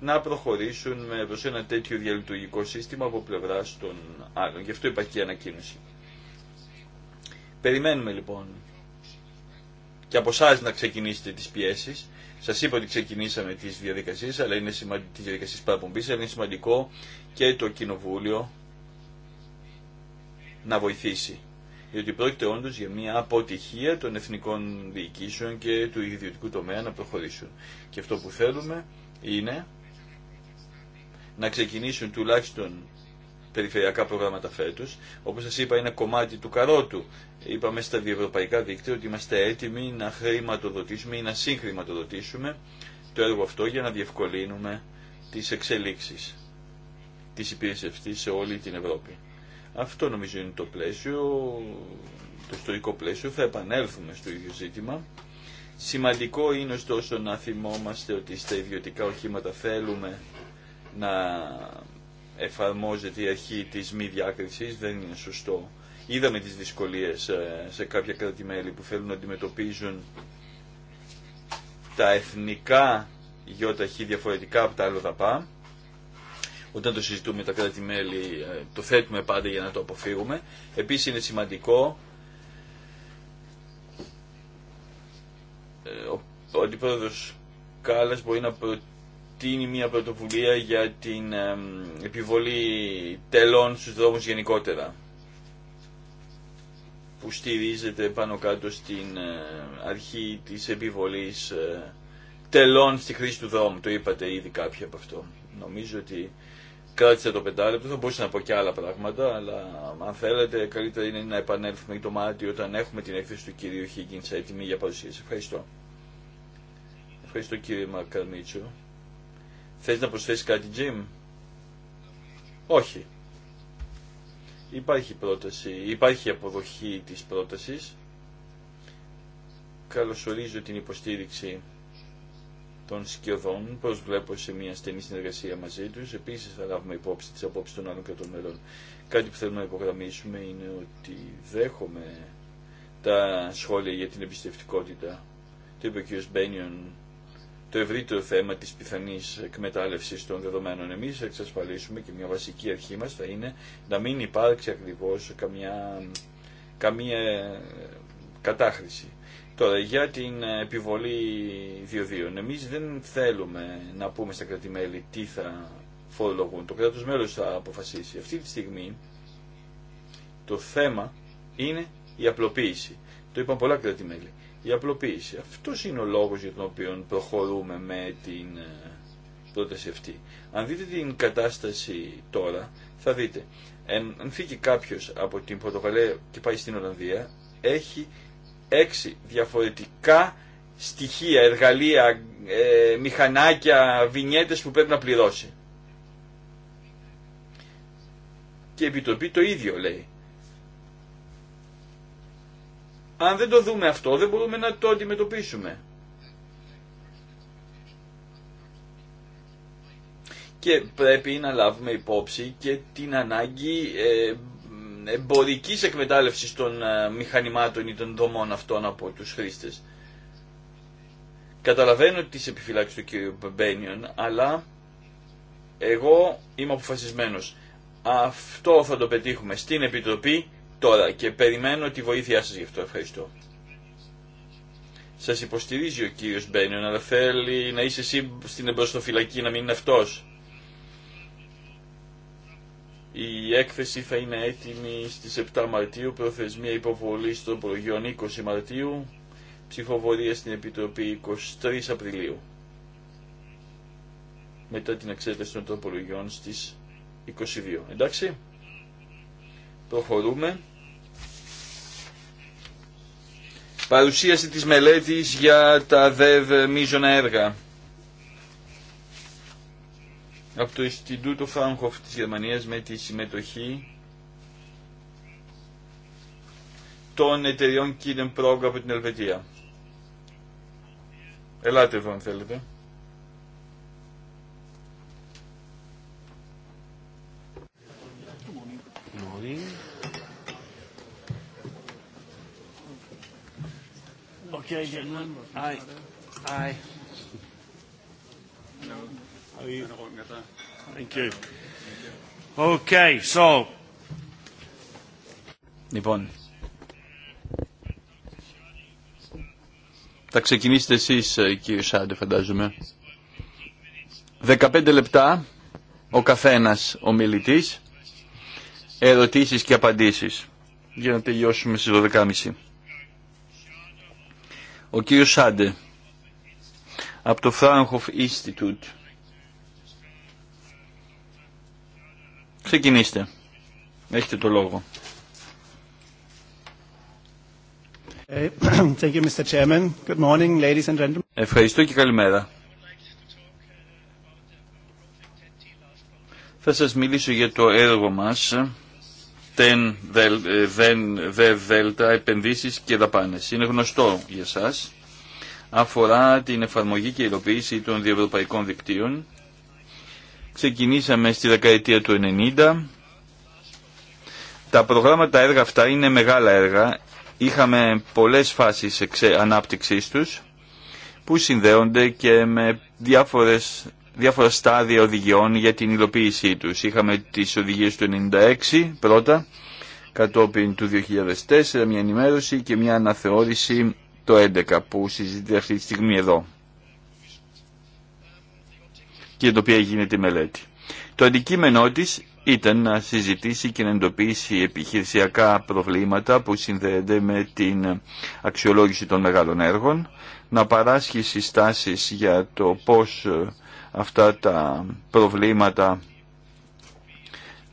[SPEAKER 1] να προχωρήσουν προ ένα τέτοιο διαλειτουργικό σύστημα από πλευρά των άλλων. Γι' αυτό υπάρχει και ανακοίνωση. Περιμένουμε λοιπόν και από εσά να ξεκινήσετε τι πιέσει. Σα είπα ότι ξεκινήσαμε τι διαδικασίε, αλλά είναι σημαντικό, διαδικασία αλλά είναι σημαντικό και το Κοινοβούλιο να βοηθήσει διότι πρόκειται όντω για μια αποτυχία των εθνικών διοικήσεων και του ιδιωτικού τομέα να προχωρήσουν. Και αυτό που θέλουμε είναι να ξεκινήσουν τουλάχιστον περιφερειακά προγράμματα φέτο, όπω σα είπα είναι κομμάτι του καρότου. Είπαμε στα διευρωπαϊκά δίκτυα ότι είμαστε έτοιμοι να χρηματοδοτήσουμε ή να συγχρηματοδοτήσουμε το έργο αυτό για να διευκολύνουμε τι εξελίξει τη υπηρεσία σε όλη την Ευρώπη. Αυτό νομίζω είναι το πλαίσιο, το ιστορικό πλαίσιο. Θα επανέλθουμε στο ίδιο ζήτημα. Σημαντικό είναι ωστόσο να θυμόμαστε ότι στα ιδιωτικά οχήματα θέλουμε να εφαρμόζεται η αρχή της μη διάκρισης, δεν είναι σωστό. Είδαμε τις δυσκολίες ε, σε κάποια κράτη-μέλη που θέλουν να αντιμετωπίζουν τα εθνικά γιοταχή διαφορετικά από τα δαπά όταν το συζητούμε τα κράτη-μέλη, ε, το θέτουμε πάντα για να το αποφύγουμε. Επίσης είναι σημαντικό ε, ο αντιπρόεδρος Κάλλας μπορεί να προτείνει μια πρωτοβουλία για την επιβολή τελών στους δρόμους γενικότερα που στηρίζεται πάνω κάτω στην ε, αρχή της επιβολής τελών στη χρήση του δρόμου. Το είπατε ήδη κάποιοι από αυτό. Νομίζω ότι κράτησα το πεντάλεπτο, θα μπορούσα να πω και άλλα πράγματα, αλλά αν θέλετε καλύτερα είναι να επανέλθουμε για το μάτι όταν έχουμε την έκθεση του κυρίου Χίγκιντσα έτοιμη για παρουσίαση. Ευχαριστώ. Ευχαριστώ κύριε Μακαρμίτσο. Θε να προσθέσει κάτι Τζιμ? Όχι. Υπάρχει πρόταση, υπάρχει αποδοχή της πρότασης. Καλωσορίζω την υποστήριξη των σκιωδών, προσβλέπω σε μια στενή συνεργασία μαζί του. Επίση θα λάβουμε υπόψη τις απόψει των άλλων των μελών. Κάτι που θέλουμε να υπογραμμίσουμε είναι ότι δέχομαι τα σχόλια για την εμπιστευτικότητα. Το είπε ο κ. Μπένιον, το ευρύτερο θέμα τη πιθανή εκμετάλλευσης των δεδομένων. Εμεί θα εξασφαλίσουμε και μια βασική αρχή μα θα είναι να μην υπάρξει ακριβώ καμιά, καμία ε, κατάχρηση. Τώρα, για την ε, επιβολή διοδίων. Εμείς δεν θέλουμε να πούμε στα κρατημέλη τι θα φορολογούν. Το κράτο μέλο θα αποφασίσει. Αυτή τη στιγμή το θέμα είναι η απλοποίηση. Το είπαν πολλά κρατημέλη. Η απλοποίηση. Αυτός είναι ο λόγος για τον οποίο προχωρούμε με την ε, πρόταση αυτή. Αν δείτε την κατάσταση τώρα, θα δείτε. Αν φύγει κάποιο από την Πορτογαλία και πάει στην Ολλανδία, έχει έξι διαφορετικά στοιχεία, εργαλεία, ε, μηχανάκια, βινιέτες που πρέπει να πληρώσει. Και η Επιτροπή το ίδιο λέει. Αν δεν το δούμε αυτό δεν μπορούμε να το αντιμετωπίσουμε. Και πρέπει να λάβουμε υπόψη και την ανάγκη ε, εμπορική εκμετάλλευση των ε, μηχανημάτων ή των δομών αυτών από τους χρήστε. Καταλαβαίνω τις επιφυλάξει του κ. Μπένιον, αλλά εγώ είμαι αποφασισμένος. Αυτό θα το πετύχουμε στην Επιτροπή τώρα και περιμένω τη βοήθειά σας γι' αυτό. Ευχαριστώ. Σας υποστηρίζει ο κύριος Μπένιον, αλλά θέλει να είσαι εσύ στην εμπροστοφυλακή, να μην είναι αυτό. Η έκθεση θα είναι έτοιμη στις 7 Μαρτίου, προθεσμία υποβολής των 20 Μαρτίου, ψηφοφορία στην Επιτροπή 23 Απριλίου. Μετά την εξέταση των τροπολογιών στις 22. Εντάξει. Προχωρούμε. Παρουσίαση της μελέτης για τα ΔΕΒ μείζωνα έργα από το Ινστιτούτο Φραγκοφ της Γερμανίας με τη συμμετοχή των εταιριών Kiden Prog από την Ελβετία. Ελάτε εδώ αν θέλετε. Okay, gentlemen. Okay, so. Λοιπόν, θα ξεκινήσετε εσείς ε, κύριε Σάντε φαντάζομαι. 15 λεπτά ο καθένας ομιλητής, ερωτήσεις και απαντήσεις για να τελειώσουμε στις 12.30. Ο κύριος Σάντε από το Φράνχοφ Institute Ξεκινήστε. Έχετε το λόγο. Ευχαριστώ και καλημέρα. Θα σας μιλήσω για το έργο μας TEN ΔΕΛΤΑ ε, επενδύσεις και δαπάνες. Είναι γνωστό για σας. Αφορά την εφαρμογή και υλοποίηση των διευρωπαϊκών δικτύων Ξεκινήσαμε στη δεκαετία του 90. Τα προγράμματα έργα αυτά είναι μεγάλα έργα. Είχαμε πολλές φάσεις ανάπτυξής τους που συνδέονται και με διάφορες, διάφορα στάδια οδηγιών για την υλοποίησή τους. Είχαμε τις οδηγίες του 96 πρώτα, κατόπιν του 2004 μια ενημέρωση και μια αναθεώρηση το 11 που συζητείται αυτή τη στιγμή εδώ για το οποία γίνεται η μελέτη. Το αντικείμενό της ήταν να συζητήσει και να εντοπίσει επιχειρησιακά προβλήματα που συνδέονται με την αξιολόγηση των μεγάλων έργων, να παράσχει συστάσεις για το πώς ε, αυτά τα προβλήματα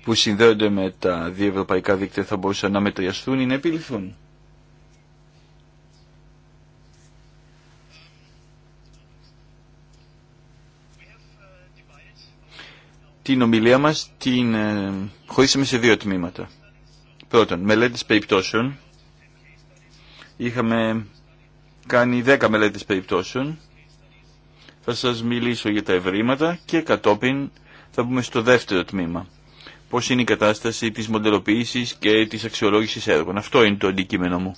[SPEAKER 1] που συνδέονται με τα διευρωπαϊκά δίκτυα θα μπορούσαν να μετριαστούν ή να επιληθούν. την ομιλία μας την ε, χωρίσαμε σε δύο τμήματα. Πρώτον, μελέτες περιπτώσεων. Είχαμε κάνει δέκα μελέτες περιπτώσεων. Θα σας μιλήσω για τα ευρήματα και κατόπιν θα μπούμε στο δεύτερο τμήμα. Πώς είναι η κατάσταση της μοντελοποίησης και της αξιολόγησης έργων. Αυτό είναι το αντικείμενο μου.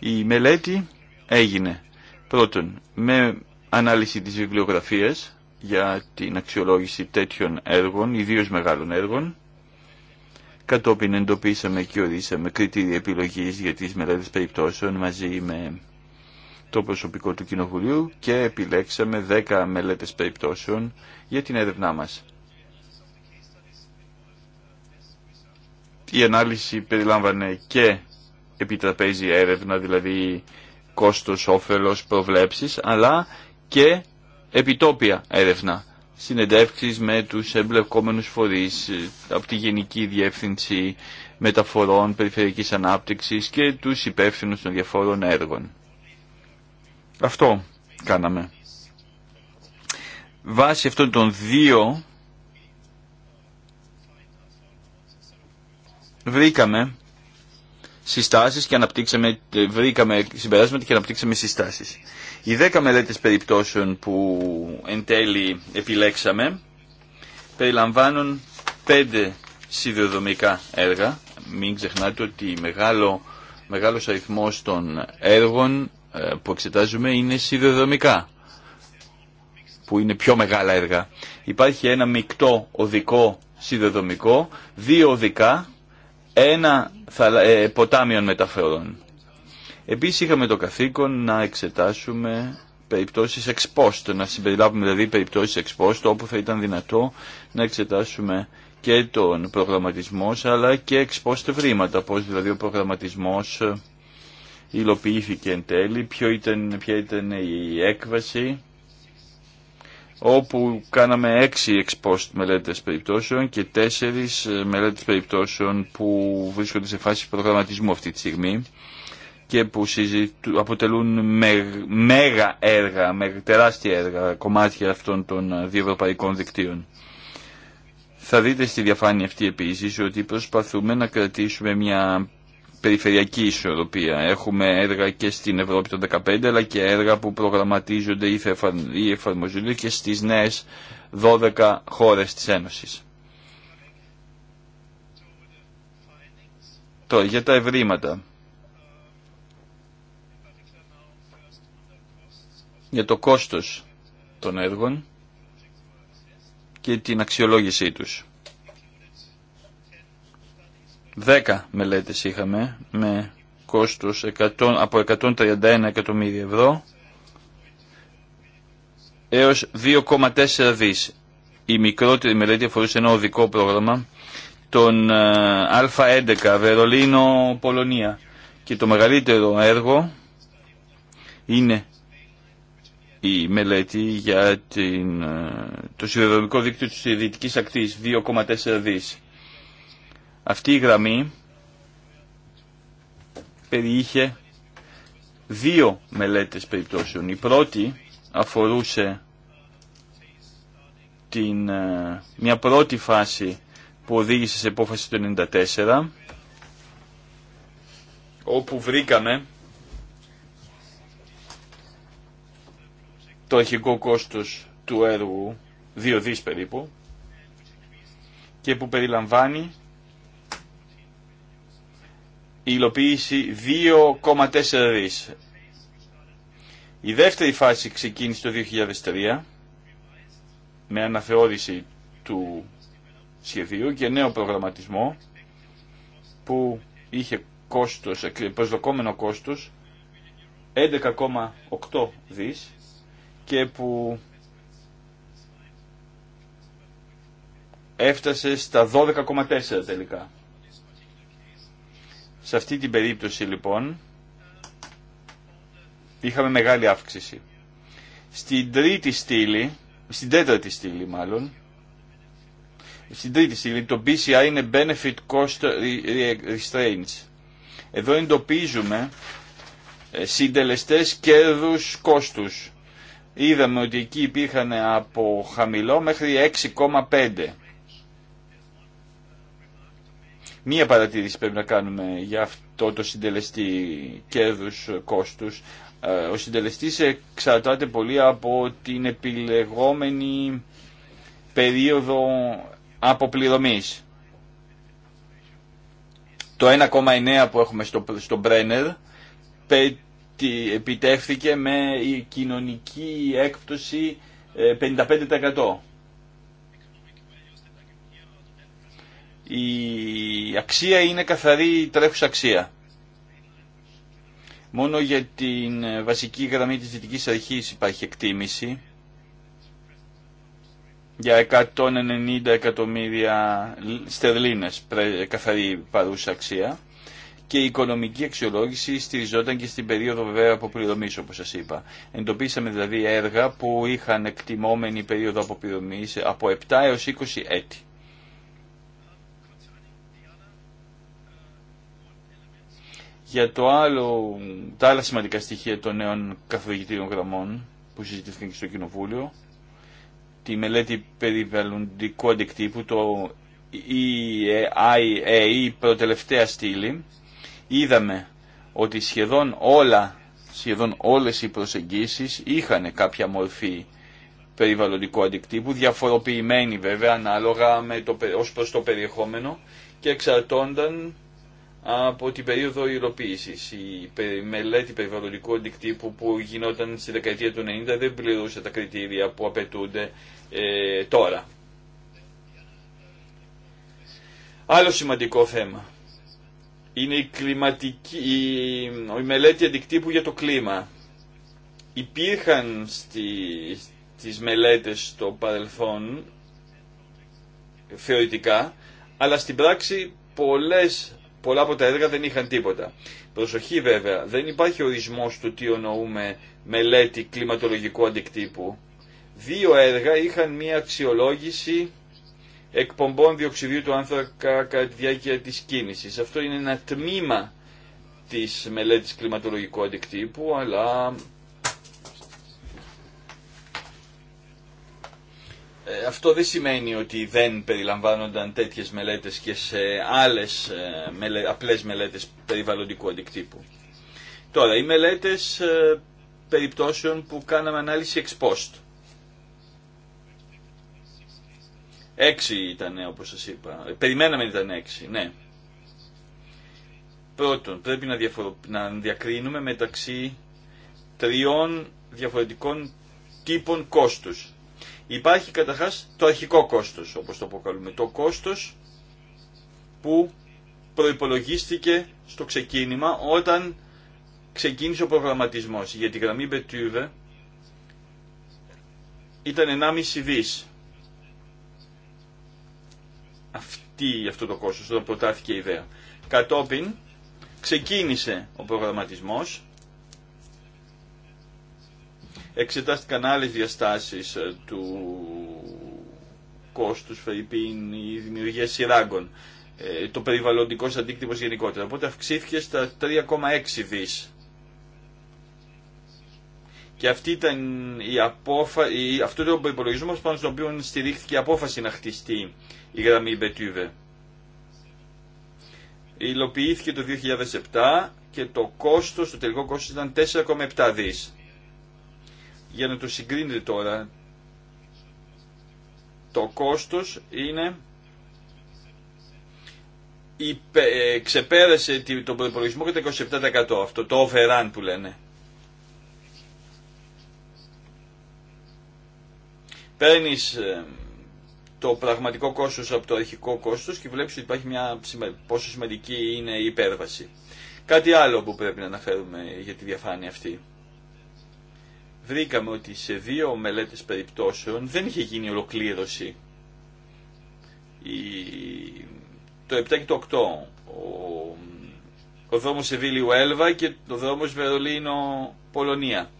[SPEAKER 1] Η μελέτη έγινε πρώτον με ανάλυση της βιβλιογραφίας για την αξιολόγηση τέτοιων έργων, ιδίω μεγάλων έργων. Κατόπιν εντοπίσαμε και ορίσαμε κριτήρια επιλογής για τις μελέτες περιπτώσεων μαζί με το προσωπικό του Κοινοβουλίου και επιλέξαμε 10 μελέτες περιπτώσεων για την έρευνά μας. Η ανάλυση περιλάμβανε και επιτραπέζια έρευνα, δηλαδή κόστος, όφελος, προβλέψεις, αλλά και επιτόπια έρευνα, συνεντεύξεις με τους εμπλεκόμενους φορείς ε, από τη Γενική Διεύθυνση Μεταφορών, Περιφερειακής Ανάπτυξης και τους υπεύθυνους των διαφόρων έργων. Αυτό κάναμε. Βάσει αυτών των δύο βρήκαμε Συστάσει και αναπτύξαμε, ε, βρήκαμε συμπεράσματα και αναπτύξαμε συστάσει. Οι δέκα μελέτες περιπτώσεων που εν τέλει επιλέξαμε περιλαμβάνουν 5 σιδεοδομικά έργα. Μην ξεχνάτε ότι μεγάλο, μεγάλος αριθμός των έργων ε, που εξετάζουμε είναι σιδεοδομικά που είναι πιο μεγάλα έργα. Υπάρχει ένα μεικτό οδικό σιδεδομικό, δύο οδικά ένα ε, ποτάμιον μεταφορών. Επίσης είχαμε το καθήκον να εξετάσουμε περιπτώσεις εξπόστο, να συμπεριλάβουμε δηλαδή περιπτώσεις εξπόστο όπου θα ήταν δυνατό να εξετάσουμε και τον προγραμματισμό αλλά και εξπόστο βρήματα, πώς δηλαδή ο προγραμματισμός ε, υλοποιήθηκε εν τέλει, ποια ήταν η έκβαση όπου κάναμε έξι εξπόστ μελέτες περιπτώσεων και τέσσερις ε, μελέτες περιπτώσεων που βρίσκονται σε φάση προγραμματισμού αυτή τη στιγμή και που αποτελούν μέγα έργα, με τεράστια έργα, κομμάτια αυτών των ε, διευρωπαϊκών δικτύων. Θα δείτε στη διαφάνεια αυτή επίσης ότι προσπαθούμε να κρατήσουμε μια περιφερειακή ισορροπία. Έχουμε έργα και στην Ευρώπη των 15, αλλά και έργα που προγραμματίζονται ή, εφαρμοζούνται και στις νέες 12 χώρες της Ένωσης. Τώρα, για τα ευρήματα. Για το κόστος των έργων και την αξιολόγησή τους. Δέκα μελέτες είχαμε με κόστος 100, από 131 εκατομμύρια ευρώ έως 2,4 δις. Η μικρότερη μελέτη αφορούσε ένα οδικό πρόγραμμα τον ε, Α11 Βερολίνο-Πολωνία και το μεγαλύτερο έργο είναι η μελέτη για την, ε, το συνδεδομικό δίκτυο της δυτικής ακτής 2,4 δις. Αυτή η γραμμή περιείχε δύο μελέτες περιπτώσεων. Η πρώτη αφορούσε την, ε, μια πρώτη φάση που οδήγησε σε απόφαση του 1994 όπου βρήκαμε το αρχικό κόστος του έργου, δύο δις περίπου, και που περιλαμβάνει η υλοποίηση 2,4 δις. Η δεύτερη φάση ξεκίνησε το 2003 με αναθεώρηση του σχεδίου και νέο προγραμματισμό που είχε κόστος, προσδοκόμενο κόστος 11,8 δις και που έφτασε στα 12,4 τελικά. Σε αυτή την περίπτωση λοιπόν είχαμε μεγάλη αύξηση. Στην τρίτη στήλη, στην τέταρτη στήλη μάλλον, στην τρίτη στήλη το BCI είναι Benefit Cost Restraints. Εδώ εντοπίζουμε ε, συντελεστές κέρδους κόστους. Είδαμε ότι εκεί υπήρχαν από χαμηλό μέχρι 6,5 Μία παρατήρηση πρέπει να κάνουμε για αυτό το συντελεστή κέρδους κόστους. Ε, ο συντελεστής εξαρτάται πολύ από την επιλεγόμενη περίοδο αποπληρωμής. Το 1,9 που έχουμε στο, στο Brenner επιτεύχθηκε με η κοινωνική έκπτωση 55%. Ε, η αξία είναι καθαρή τρέχουσα αξία. Μόνο για την βασική γραμμή της Δυτικής Αρχής υπάρχει εκτίμηση για 190 εκατομμύρια στερλίνες καθαρή παρούσα αξία και η οικονομική αξιολόγηση στηριζόταν και στην περίοδο βέβαια αποπληρωμή, όπως σας είπα. Εντοπίσαμε δηλαδή έργα που είχαν εκτιμόμενη περίοδο πληρωμής από 7 έως 20 έτη. Για το άλλο, τα άλλα σημαντικά στοιχεία των νέων καθοδηγητήριων γραμμών που συζητήθηκαν και στο Κοινοβούλιο, τη μελέτη περιβαλλοντικού αντικτύπου, το EIA, η προτελευταία στήλη, είδαμε ότι σχεδόν όλα, σχεδόν όλες οι προσεγγίσεις είχαν κάποια μορφή περιβαλλοντικού αντικτύπου, διαφοροποιημένη βέβαια ανάλογα με το, ως προς το περιεχόμενο και εξαρτώνταν από την περίοδο υλοποίηση. Η μελέτη περιβαλλοντικού αντικτύπου που γινόταν στη δεκαετία του 90 δεν πληρούσε τα κριτήρια που απαιτούνται ε, τώρα. Άλλο σημαντικό θέμα είναι η, κλιματική, η, η μελέτη αντικτύπου για το κλίμα. Υπήρχαν στη, στις μελέτες στο παρελθόν θεωρητικά, αλλά στην πράξη πολλές πολλά από τα έργα δεν είχαν τίποτα. Προσοχή βέβαια, δεν υπάρχει ορισμός του τι ονοούμε μελέτη κλιματολογικού αντικτύπου. Δύο έργα είχαν μία αξιολόγηση εκπομπών διοξιδίου του άνθρακα κατά τη διάρκεια της κίνησης. Αυτό είναι ένα τμήμα της μελέτης κλιματολογικού αντικτύπου, αλλά αυτό δεν σημαίνει ότι δεν περιλαμβάνονταν τέτοιες μελέτες και σε άλλες ε, απλές μελέτες περιβαλλοντικού αντικτύπου. Τώρα, οι μελέτες ε, περιπτώσεων που κάναμε ανάλυση ex post. Έξι ήταν, όπως σας είπα. Περιμέναμε ήταν έξι, ναι. Πρώτον, πρέπει να, να διακρίνουμε μεταξύ τριών διαφορετικών τύπων κόστους. Υπάρχει καταρχάς το αρχικό κόστος, όπως το αποκαλούμε. Το κόστος που προϋπολογίστηκε στο ξεκίνημα όταν ξεκίνησε ο προγραμματισμός. Για τη γραμμή Μπετούβε ήταν 1,5 δις. Αυτή, αυτό το κόστος, όταν προτάθηκε η ιδέα. Κατόπιν ξεκίνησε ο προγραμματισμός Εξετάστηκαν άλλες διαστάσεις ε, του κόστους, Φερρυπίν η δημιουργία σειράγκων, ε, το περιβαλλοντικό αντίκτυπος γενικότερα. Οπότε αυξήθηκε στα 3,6 δις. Και αυτή ήταν η απόφαση αυτό ήταν ο υπολογισμό πάνω στον οποίο στηρίχθηκε η απόφαση να χτιστεί η γραμμή Μπετούβε. Υλοποιήθηκε το 2007 και το κόστος, το τελικό κόστος ήταν 4,7 δις. Για να το συγκρίνετε τώρα, το κόστος είναι ε, ξεπέρασε τον προπολογισμό κατά 27% αυτό το overrun που λένε παίρνεις ε, το πραγματικό κόστος από το αρχικό κόστος και βλέπεις ότι υπάρχει μια πόσο σημαντική είναι η υπέρβαση κάτι άλλο που πρέπει να αναφέρουμε για τη διαφάνεια αυτή βρήκαμε ότι σε δύο μελέτες περιπτώσεων δεν είχε γίνει ολοκλήρωση. Η... Το 7 και το 8, ο, ο δρόμος σεβιλιου Έλβα και το δρόμος Βερολίνο Πολωνία.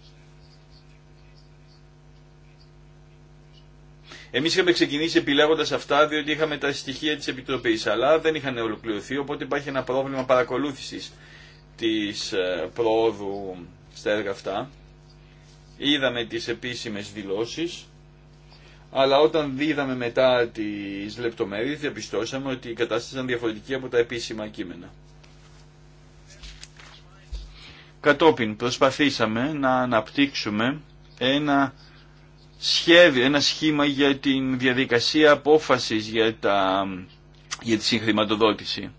[SPEAKER 1] Εμεί είχαμε ξεκινήσει επιλέγοντα αυτά διότι είχαμε τα στοιχεία τη Επιτροπή, αλλά δεν είχαν ολοκληρωθεί, οπότε υπάρχει ένα πρόβλημα παρακολούθηση τη ε, πρόοδου στα έργα αυτά είδαμε τις επίσημες δηλώσεις, αλλά όταν δίδαμε μετά τις λεπτομέρειες διαπιστώσαμε ότι η κατάσταση ήταν διαφορετική από τα επίσημα κείμενα. Κατόπιν προσπαθήσαμε να αναπτύξουμε ένα σχέδιο, ένα σχήμα για την διαδικασία απόφασης για, τα, για τη συγχρηματοδότηση.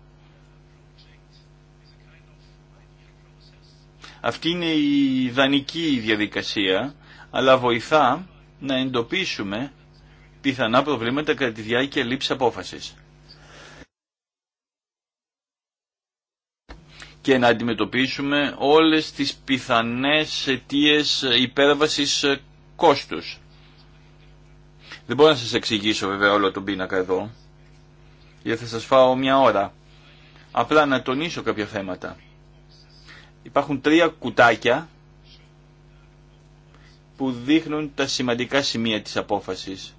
[SPEAKER 1] Αυτή είναι η ιδανική διαδικασία, αλλά βοηθά να εντοπίσουμε πιθανά προβλήματα κατά τη διάρκεια λήψη απόφασης. και να αντιμετωπίσουμε όλες τις πιθανές αιτίε υπέρβασης κόστους. Δεν μπορώ να σας εξηγήσω βέβαια όλο τον πίνακα εδώ, γιατί θα σας φάω μια ώρα. Απλά να τονίσω κάποια θέματα υπάρχουν τρία κουτάκια που δείχνουν τα σημαντικά σημεία της απόφασης.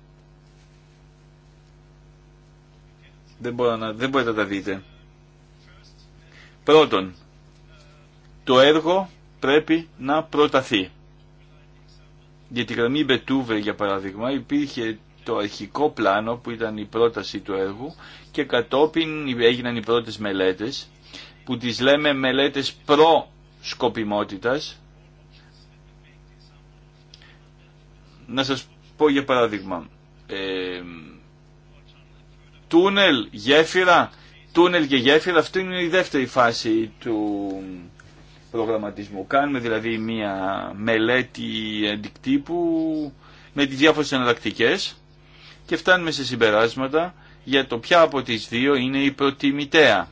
[SPEAKER 1] Δεν, μπορώ να, δεν μπορείτε να τα δείτε. Πρώτον, το έργο πρέπει να προταθεί. Για τη γραμμή Μπετούβε, για παράδειγμα, υπήρχε το αρχικό πλάνο που ήταν η πρόταση του έργου και κατόπιν έγιναν οι πρώτες μελέτες που τις λέμε μελέτες προ σκοπιμότητας. Να σας πω για παράδειγμα, ε, τούνελ, γέφυρα, τούνελ και γέφυρα, αυτή είναι η δεύτερη φάση του προγραμματισμού. Κάνουμε δηλαδή μία μελέτη αντικτύπου με τις διάφορες εναλλακτικέ και φτάνουμε σε συμπεράσματα για το ποια από τις δύο είναι η προτιμητέα.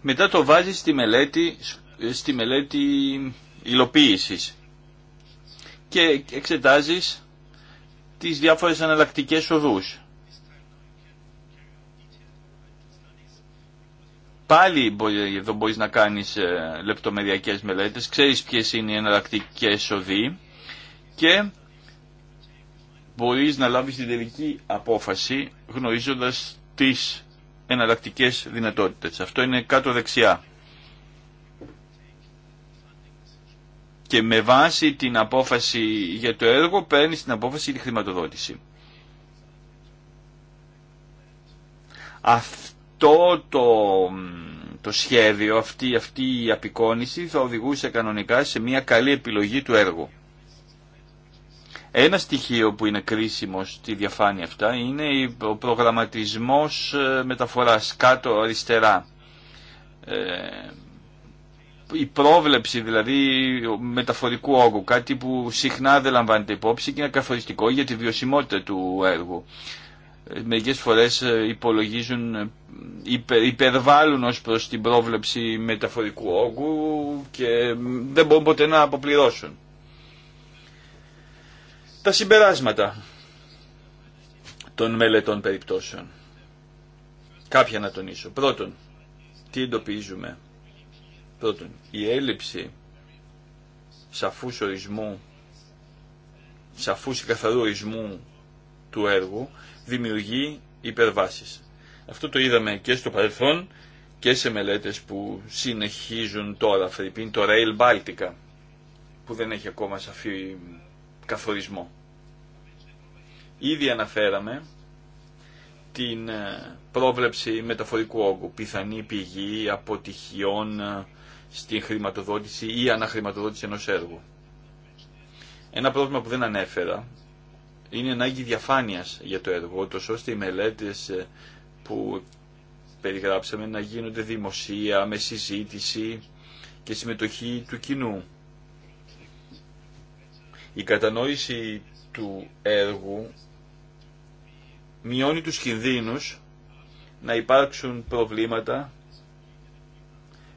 [SPEAKER 1] μετά το βάζει στη μελέτη, στη μελέτη υλοποίησης και εξετάζεις τις διάφορες αναλλακτικές οδούς. Πάλι εδώ μπορείς να κάνεις ε, λεπτομεριακές μελέτες, ξέρεις ποιες είναι οι εναλλακτικές οδοί και μπορείς να λάβεις την τελική απόφαση γνωρίζοντας τις Εναλλακτικέ δυνατότητες. Αυτό είναι κάτω δεξιά. Και με βάση την απόφαση για το έργο παίρνει την απόφαση για τη χρηματοδότηση. Αυτό το, το σχέδιο, αυτή, αυτή η απεικόνηση θα οδηγούσε κανονικά σε μια καλή επιλογή του έργου. Ένα στοιχείο που είναι κρίσιμο στη διαφάνεια αυτά είναι ο προγραμματισμός ε, μεταφοράς κάτω αριστερά. Ε, η πρόβλεψη δηλαδή μεταφορικού όγκου, κάτι που συχνά δεν λαμβάνεται υπόψη και είναι καθοριστικό για τη βιωσιμότητα του έργου. Ε, μερικές φορές υπολογίζουν, υπε, υπερβάλλουν ως προς την πρόβλεψη μεταφορικού όγκου και δεν μπορούν ποτέ να αποπληρώσουν. Τα συμπεράσματα των μελετών περιπτώσεων. Κάποια να τονίσω. Πρώτον, τι εντοπίζουμε. Πρώτον, η έλλειψη σαφούς ορισμού, σαφούς καθαρού ορισμού του έργου δημιουργεί υπερβάσεις. Αυτό το είδαμε και στο παρελθόν και σε μελέτες που συνεχίζουν τώρα, Φερρυπίν, το Rail Baltica, που δεν έχει ακόμα σαφή καθορισμό. Ήδη αναφέραμε την ε, πρόβλεψη μεταφορικού όγκου, πιθανή πηγή αποτυχιών ε, στην χρηματοδότηση ή αναχρηματοδότηση ενός έργου. Ένα πρόβλημα που δεν ανέφερα είναι ανάγκη διαφάνειας για το έργο, τόσο ώστε οι μελέτες ε, που περιγράψαμε να γίνονται δημοσία, με συζήτηση και συμμετοχή του κοινού. Η κατανόηση του έργου μειώνει τους κινδύνους να υπάρξουν προβλήματα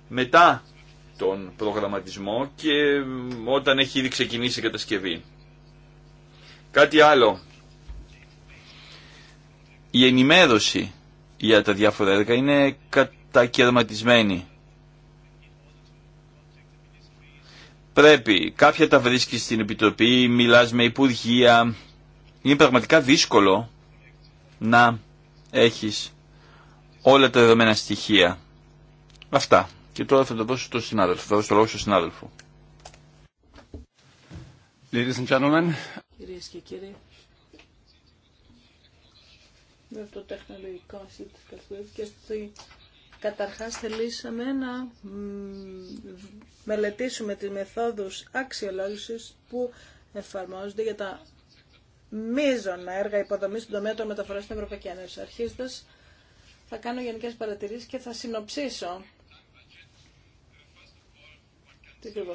[SPEAKER 1] μετά τον προγραμματισμό και όταν έχει ήδη ξεκινήσει η κατασκευή. Κάτι άλλο. Η ενημέρωση για τα διάφορα έργα είναι κατακαιρματισμένη. Πρέπει, κάποια τα βρίσκει στην Επιτροπή, μιλάς με Υπουργεία. Είναι πραγματικά δύσκολο να έχεις όλα τα δεδομένα στοιχεία. Αυτά. Και τώρα θα το δώσω στον συνάδελφο. Θα το λόγο στον συνάδελφο.
[SPEAKER 2] Ladies and gentlemen.
[SPEAKER 3] Κυρίες και κύριοι. Με αυτό το τεχνολογικό και καταρχάς θελήσαμε να μελετήσουμε τις μεθόδους αξιολόγησης που εφαρμόζονται για τα μείζωνα έργα υποδομή στον τομέα των μεταφορών στην Ευρωπαϊκή Ένωση. Αρχίζοντα, θα κάνω γενικέ παρατηρήσει και θα συνοψίσω. Τι ακριβώ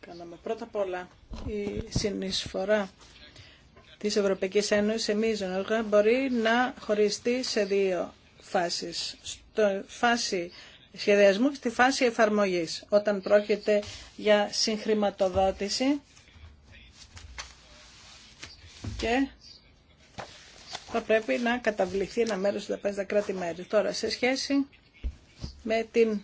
[SPEAKER 3] κάναμε. Πρώτα απ' όλα, η συνεισφορά της Ευρωπαϊκής Ένωσης σε έργα μπορεί να χωριστεί σε δύο φάσεις. Στο φάση σχεδιασμού και στη φάση εφαρμογής, όταν πρόκειται για συγχρηματοδότηση και θα πρέπει να καταβληθεί ένα μέρος του δαπάνη κράτη-μέρη. Τώρα, σε σχέση με την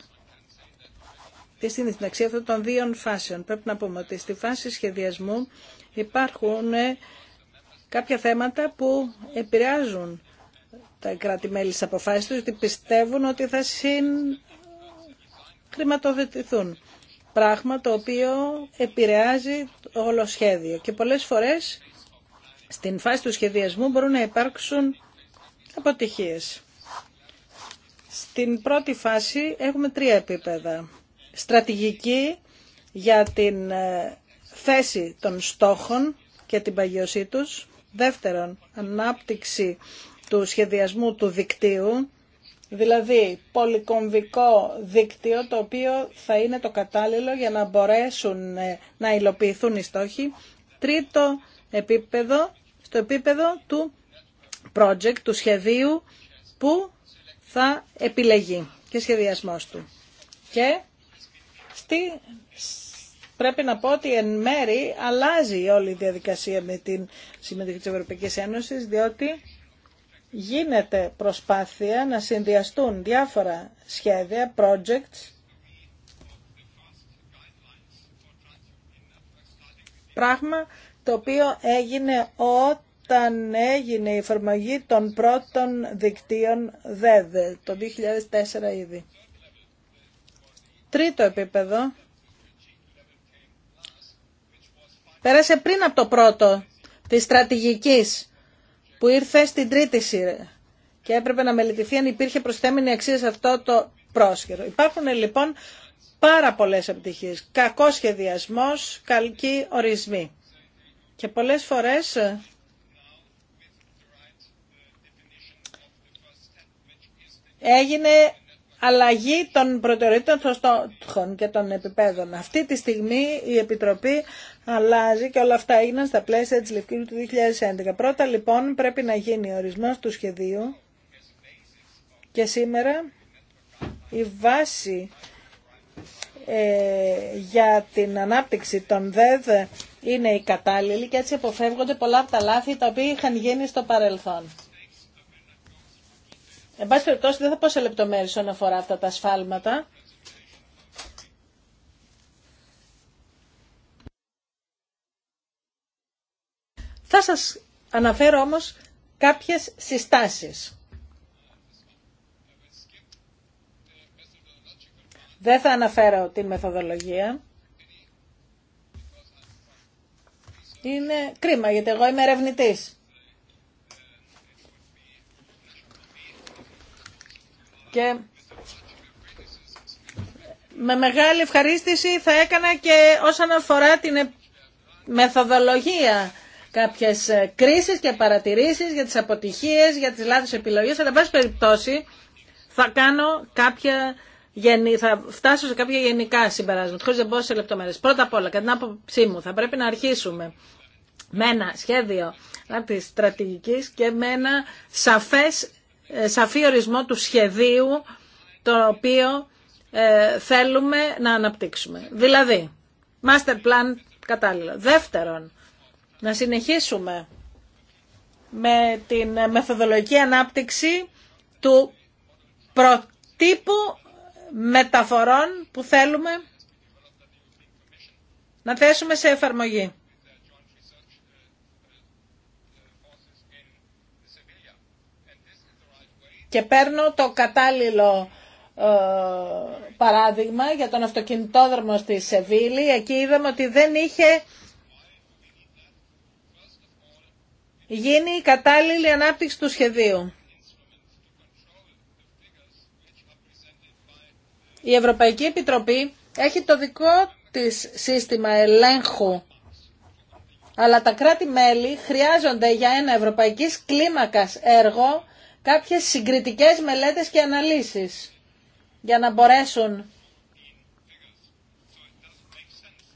[SPEAKER 3] τη συνδυναξία αυτών των δύο φάσεων. Πρέπει να πούμε ότι στη φάση σχεδιασμού υπάρχουν ε, κάποια θέματα που επηρεάζουν τα κράτη-μέλη στις αποφάσεις τους, ότι πιστεύουν ότι θα συγχρηματοδοτηθούν. Πράγμα το οποίο επηρεάζει το όλο σχέδιο. Και πολλές φορές στην φάση του σχεδιασμού μπορούν να υπάρξουν αποτυχίες. Στην πρώτη φάση έχουμε τρία επίπεδα. Στρατηγική για την ε, θέση των στόχων και την παγιωσή τους. Δεύτερον, ανάπτυξη του σχεδιασμού του δικτύου, δηλαδή πολυκομβικό δίκτυο το οποίο θα είναι το κατάλληλο για να μπορέσουν ε, να υλοποιηθούν οι στόχοι. Τρίτο επίπεδο, το επίπεδο του project, του σχεδίου που θα επιλεγεί και σχεδιασμός του. Και στη, πρέπει να πω ότι εν μέρη αλλάζει όλη η διαδικασία με την συμμετοχή της Ευρωπαϊκής Ένωσης, διότι γίνεται προσπάθεια να συνδυαστούν διάφορα σχέδια, projects, πράγμα το οποίο έγινε όταν έγινε η εφαρμογή των πρώτων δικτύων ΔΕΔ, το 2004 ήδη. Τρίτο επίπεδο. Πέρασε πριν από το πρώτο της στρατηγικής που ήρθε στην τρίτη σειρά και έπρεπε να μελετηθεί αν υπήρχε προσθέμενη αξία σε αυτό το πρόσχερο. Υπάρχουν λοιπόν πάρα πολλές επιτυχίες. Κακό σχεδιασμός, καλκοί ορισμοί. Και πολλές φορές ε, έγινε αλλαγή των προτεραιότητων των στόχων και των επιπέδων. Αυτή τη στιγμή η Επιτροπή αλλάζει και όλα αυτά έγιναν στα πλαίσια της Λευκής του 2011. Πρώτα λοιπόν πρέπει να γίνει ο ορισμός του σχεδίου και σήμερα η βάση ε, για την ανάπτυξη των ΔΕΔ είναι οι κατάλληλοι και έτσι αποφεύγονται πολλά από τα λάθη τα οποία είχαν γίνει στο παρελθόν. Εν πάση περιπτώσει δεν θα πω σε λεπτομέρειες όσον αφορά αυτά τα ασφάλματα. Θα σας αναφέρω όμως κάποιες συστάσεις. Δεν θα αναφέρω την μεθοδολογία. Είναι κρίμα γιατί εγώ είμαι ερευνητή. Και με μεγάλη ευχαρίστηση θα έκανα και όσον αφορά την μεθοδολογία κάποιες ε, κρίσεις και παρατηρήσεις για τις αποτυχίες, για τις λάθος επιλογές, αλλά πάση περιπτώσει θα κάνω κάποια θα φτάσω σε κάποια γενικά συμπεράσματα, χωρίς να μπω σε λεπτομέρειες. Πρώτα απ' όλα, κατά την άποψή μου, θα πρέπει να αρχίσουμε με ένα σχέδιο τη στρατηγικής και με ένα σαφές, ε, σαφή ορισμό του σχεδίου το οποίο ε, θέλουμε να αναπτύξουμε. Δηλαδή, master plan κατάλληλο. Δεύτερον, να συνεχίσουμε με την ε, μεθοδολογική ανάπτυξη του προτύπου μεταφορών που θέλουμε να θέσουμε σε εφαρμογή. Και παίρνω το κατάλληλο ε, παράδειγμα για τον αυτοκινητόδρομο στη Σεβίλη. Εκεί είδαμε ότι δεν είχε γίνει η κατάλληλη ανάπτυξη του σχεδίου. η Ευρωπαϊκή Επιτροπή έχει το δικό της σύστημα ελέγχου αλλά τα κράτη-μέλη χρειάζονται για ένα ευρωπαϊκής κλίμακας έργο κάποιες συγκριτικές μελέτες και αναλύσεις για να μπορέσουν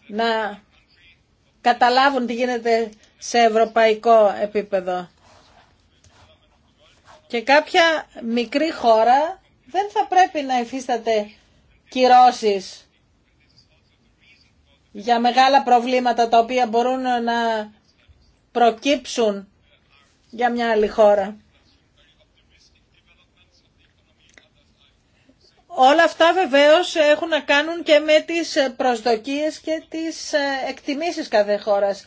[SPEAKER 3] να καταλάβουν τι γίνεται σε ευρωπαϊκό επίπεδο. Και κάποια μικρή χώρα δεν θα πρέπει να υφίσταται κυρώσεις για μεγάλα προβλήματα τα οποία μπορούν να προκύψουν για μια άλλη χώρα. Όλα αυτά βεβαίως έχουν να κάνουν και με τις προσδοκίες και τις ε, εκτιμήσεις κάθε χώρας.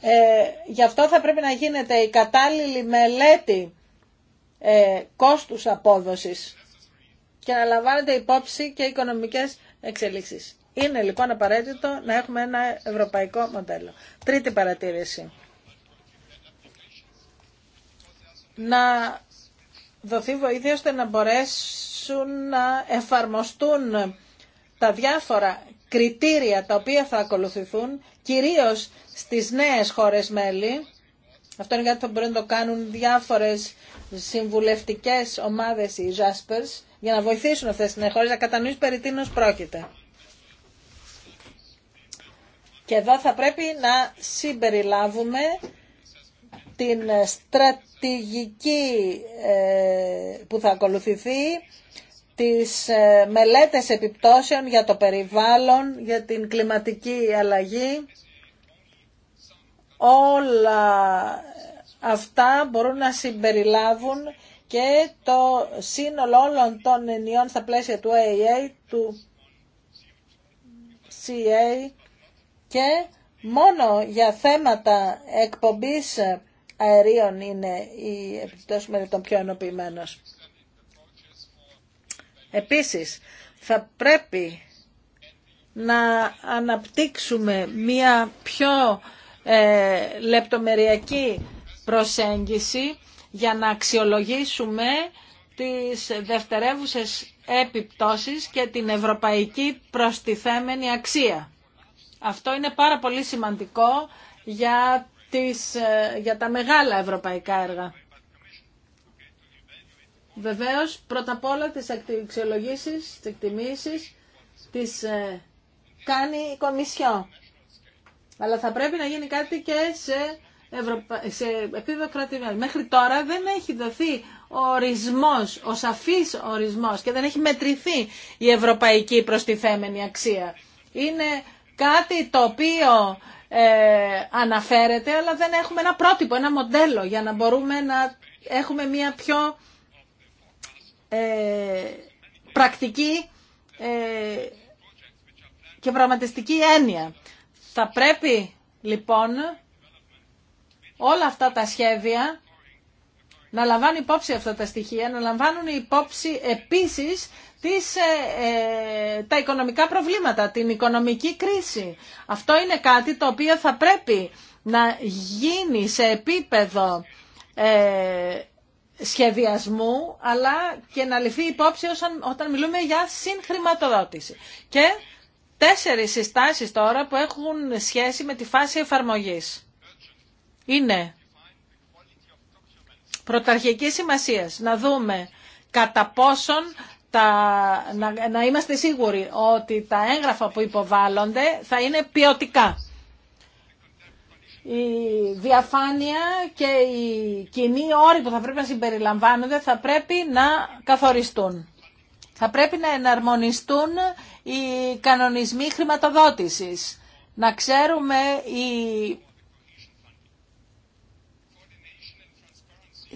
[SPEAKER 3] Ε, γι' αυτό θα πρέπει να γίνεται η κατάλληλη μελέτη ε, κόστους απόδοσης και να λαμβάνεται υπόψη και οικονομικές εξελίξεις. Είναι λοιπόν απαραίτητο να έχουμε ένα ευρωπαϊκό μοντέλο. Τρίτη παρατήρηση. Να δοθεί βοήθεια ώστε να μπορέσουν να εφαρμοστούν τα διάφορα κριτήρια τα οποία θα ακολουθηθούν, κυρίως στις νέες χώρες μέλη. Αυτό είναι κάτι που μπορούν να το κάνουν διάφορες συμβουλευτικές ομάδες, οι Jaspers, για να βοηθήσουν αυτές τις ναι, χώρες να κατανοήσουν περί τίνος πρόκειται. Και εδώ θα πρέπει να συμπεριλάβουμε την στρατηγική ε, που θα ακολουθηθεί, τις ε, μελέτες επιπτώσεων για το περιβάλλον, για την κλιματική αλλαγή. Όλα αυτά μπορούν να συμπεριλάβουν και το σύνολο όλων των ενιών στα πλαίσια του AA, του CA και μόνο για θέματα εκπομπής αερίων είναι η επιπτώση με τον πιο ενοποιημένος. Επίσης, θα πρέπει να αναπτύξουμε μία πιο ε, λεπτομεριακή προσέγγιση για να αξιολογήσουμε τις δευτερεύουσες επιπτώσεις και την ευρωπαϊκή προστιθέμενη αξία. Αυτό είναι πάρα πολύ σημαντικό για, τις, ε, για τα μεγάλα ευρωπαϊκά έργα. Βεβαίως, πρώτα απ' όλα τις αξιολογήσεις, τις εκτιμήσεις, τις ε, κάνει η Κομισιό. Αλλά θα πρέπει να γίνει κάτι και σε Ευρωπα... σε επίπεδο κρατημένου. Μέχρι τώρα δεν έχει δοθεί ο ορισμός, ο σαφής ορισμός και δεν έχει μετρηθεί η ευρωπαϊκή προστιθέμενη αξία. Είναι κάτι το οποίο ε, αναφέρεται, αλλά δεν έχουμε ένα πρότυπο, ένα μοντέλο για να μπορούμε να έχουμε μια πιο ε, πρακτική ε, και πραγματιστική έννοια. Θα πρέπει λοιπόν όλα αυτά τα σχέδια να λαμβάνουν υπόψη αυτά τα στοιχεία, να λαμβάνουν υπόψη επίσης τις, ε, ε, τα οικονομικά προβλήματα, την οικονομική κρίση. Αυτό είναι κάτι το οποίο θα πρέπει να γίνει σε επίπεδο ε, σχεδιασμού, αλλά και να ληφθεί υπόψη όταν, όταν μιλούμε για συγχρηματοδότηση. Και τέσσερις συστάσεις τώρα που έχουν σχέση με τη φάση εφαρμογής είναι πρωταρχική σημασία να δούμε κατά πόσον τα, να, είμαστε σίγουροι ότι τα έγγραφα που υποβάλλονται θα είναι ποιοτικά. Η διαφάνεια και οι κοινοί όροι που θα πρέπει να συμπεριλαμβάνονται θα πρέπει να καθοριστούν. Θα πρέπει να εναρμονιστούν οι κανονισμοί χρηματοδότησης. Να ξέρουμε οι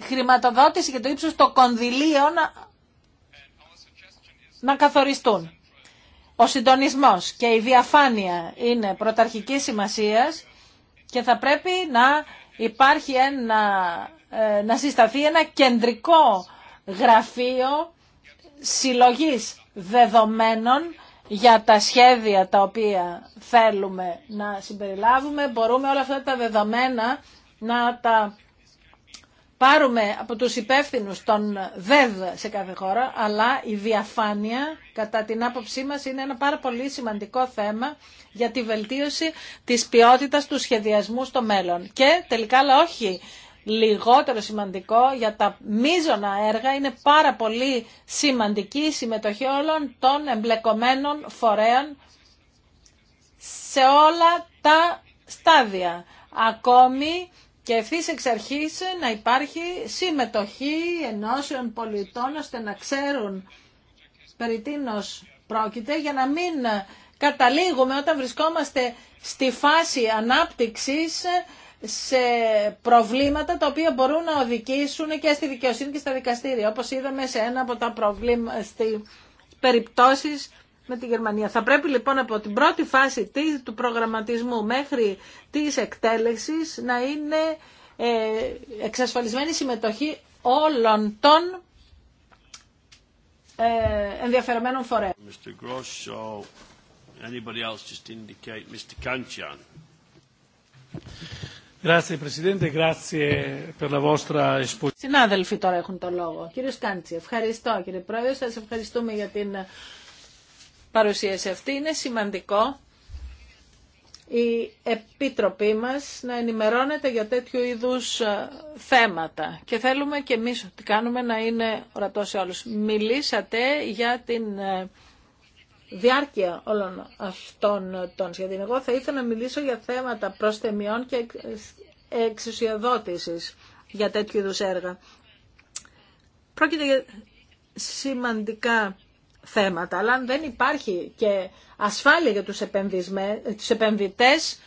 [SPEAKER 3] χρηματοδότηση και το ύψος των κονδυλίων να καθοριστούν. Ο συντονισμός και η διαφάνεια είναι πρωταρχική σημασίας και θα πρέπει να υπάρχει ένα, ε, να συσταθεί ένα κεντρικό γραφείο συλλογής δεδομένων για τα σχέδια τα οποία θέλουμε να συμπεριλάβουμε. Μπορούμε όλα αυτά τα δεδομένα να τα πάρουμε από τους υπεύθυνους τον ΔΕΔ σε κάθε χώρα, αλλά η διαφάνεια, κατά την άποψή μας, είναι ένα πάρα πολύ σημαντικό θέμα για τη βελτίωση της ποιότητας του σχεδιασμού στο μέλλον. Και τελικά, αλλά όχι λιγότερο σημαντικό, για τα μείζωνα έργα είναι πάρα πολύ σημαντική η συμμετοχή όλων των εμπλεκομένων φορέων σε όλα τα στάδια. Ακόμη και ευθύ εξ αρχή να υπάρχει συμμετοχή ενώσεων πολιτών ώστε να ξέρουν περί τίνος πρόκειται για να μην καταλήγουμε όταν βρισκόμαστε στη φάση ανάπτυξης σε προβλήματα τα οποία μπορούν να οδηγήσουν και στη δικαιοσύνη και στα δικαστήρια όπως είδαμε σε ένα από τα προβλήματα στις περιπτώσεις με τη Γερμανία. Θα πρέπει λοιπόν από την πρώτη φάση του προγραμματισμού μέχρι της εκτέλεσης να είναι ε, εξασφαλισμένη συμμετοχή όλων των ε, ενδιαφερομένων φορέων.
[SPEAKER 1] Συνάδελφοι
[SPEAKER 3] τώρα έχουν το λόγο. Κύριος Κάντσι, ευχαριστώ κύριε Πρόεδρε. Σας ευχαριστούμε για την παρουσίαση αυτή. Είναι σημαντικό η Επίτροπή μας να ενημερώνεται για τέτοιου είδους ε, θέματα και θέλουμε και εμείς ότι κάνουμε να είναι ορατό σε όλους. Μιλήσατε για την ε, διάρκεια όλων αυτών των σχεδίων. Εγώ θα ήθελα να μιλήσω για θέματα προσθεμιών και εξουσιοδότησης για τέτοιου είδους έργα. Πρόκειται για σημαντικά θέματα, αλλά αν δεν υπάρχει και ασφάλεια για τους, τους επενδυτές,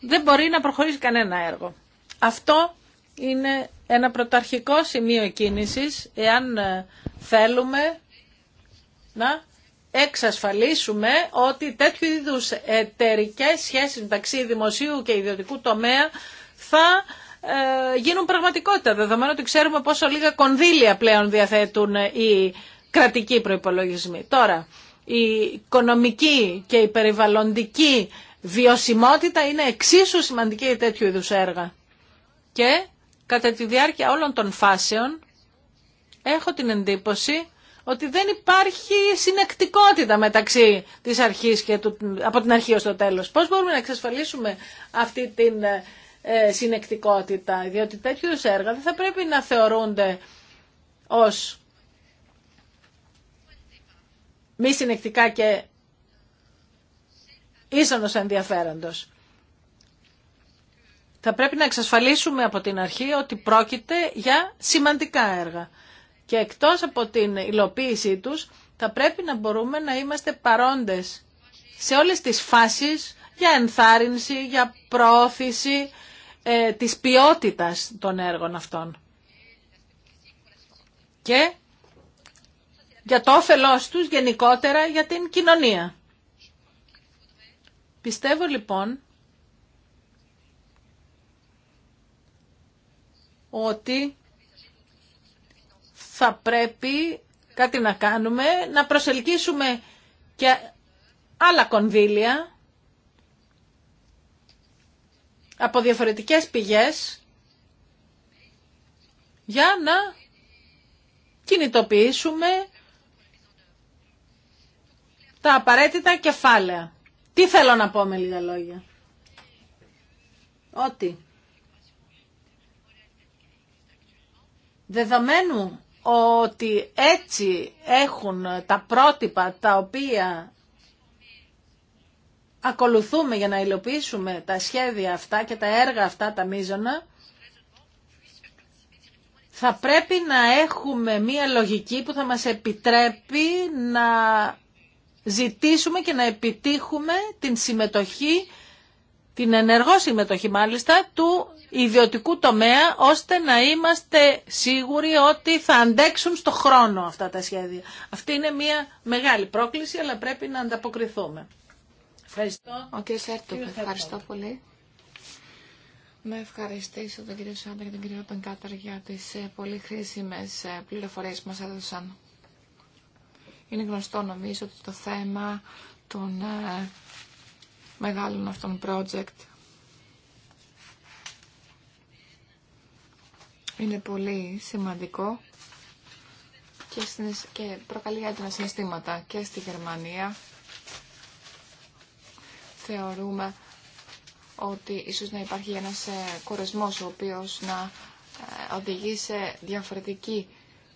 [SPEAKER 3] δεν μπορεί να προχωρήσει κανένα έργο. Αυτό είναι ένα πρωταρχικό σημείο κίνησης, εάν ε, θέλουμε να εξασφαλίσουμε ότι τέτοιου είδους εταιρικέ σχέσεις μεταξύ δημοσίου και ιδιωτικού τομέα θα ε, γίνουν πραγματικότητα, δεδομένου ότι ξέρουμε πόσο λίγα κονδύλια πλέον διαθέτουν οι κρατικοί προϋπολογισμοί. Τώρα, η οικονομική και η περιβαλλοντική βιωσιμότητα είναι εξίσου σημαντική για τέτοιου είδους έργα. Και κατά τη διάρκεια όλων των φάσεων έχω την εντύπωση ότι δεν υπάρχει συνεκτικότητα μεταξύ της αρχής και του, από την αρχή ως το τέλος. Πώς μπορούμε να εξασφαλίσουμε αυτή την ε, συνεκτικότητα, διότι τέτοιου έργα δεν θα πρέπει να θεωρούνται ως μη συνεκτικά και ίσονος ενδιαφέροντος. Θα πρέπει να εξασφαλίσουμε από την αρχή ότι πρόκειται για σημαντικά έργα. Και εκτός από την υλοποίησή τους, θα πρέπει να μπορούμε να είμαστε παρόντες σε όλες τις φάσεις για ενθάρρυνση, για προώθηση ε, της ποιότητας των έργων αυτών. Και για το όφελός τους γενικότερα για την κοινωνία. Πιστεύω λοιπόν ότι θα πρέπει κάτι να κάνουμε, να προσελκύσουμε και άλλα κονδύλια από διαφορετικές πηγές για να κινητοποιήσουμε τα απαραίτητα κεφάλαια. Τι θέλω να πω με λίγα λόγια. Ότι δεδομένου ότι έτσι έχουν τα πρότυπα τα οποία ακολουθούμε για να υλοποιήσουμε τα σχέδια αυτά και τα έργα αυτά τα μείζωνα, θα πρέπει να έχουμε μία λογική που θα μας επιτρέπει να ζητήσουμε και να επιτύχουμε την συμμετοχή, την ενεργό συμμετοχή μάλιστα, του ιδιωτικού τομέα, ώστε να είμαστε σίγουροι ότι θα αντέξουν στο χρόνο αυτά τα σχέδια. Αυτή είναι μια μεγάλη πρόκληση, αλλά πρέπει να ανταποκριθούμε. Ευχαριστώ. Ο κ. Σέρτου, ευχαριστώ
[SPEAKER 2] πολύ. Να ευχαριστήσω τον κύριο Σάντα και τον κύριο Πενκάταρ για τις ε, πολύ χρήσιμες ε, πληροφορίες που μας έδωσαν. Είναι γνωστό νομίζω ότι το θέμα των ε, μεγάλων αυτών project είναι πολύ σημαντικό και προκαλεί έντονα συναισθήματα και στη Γερμανία. Θεωρούμε ότι ίσως να υπάρχει ένας ε, κορεσμός ο οποίος να ε, οδηγεί σε διαφορετική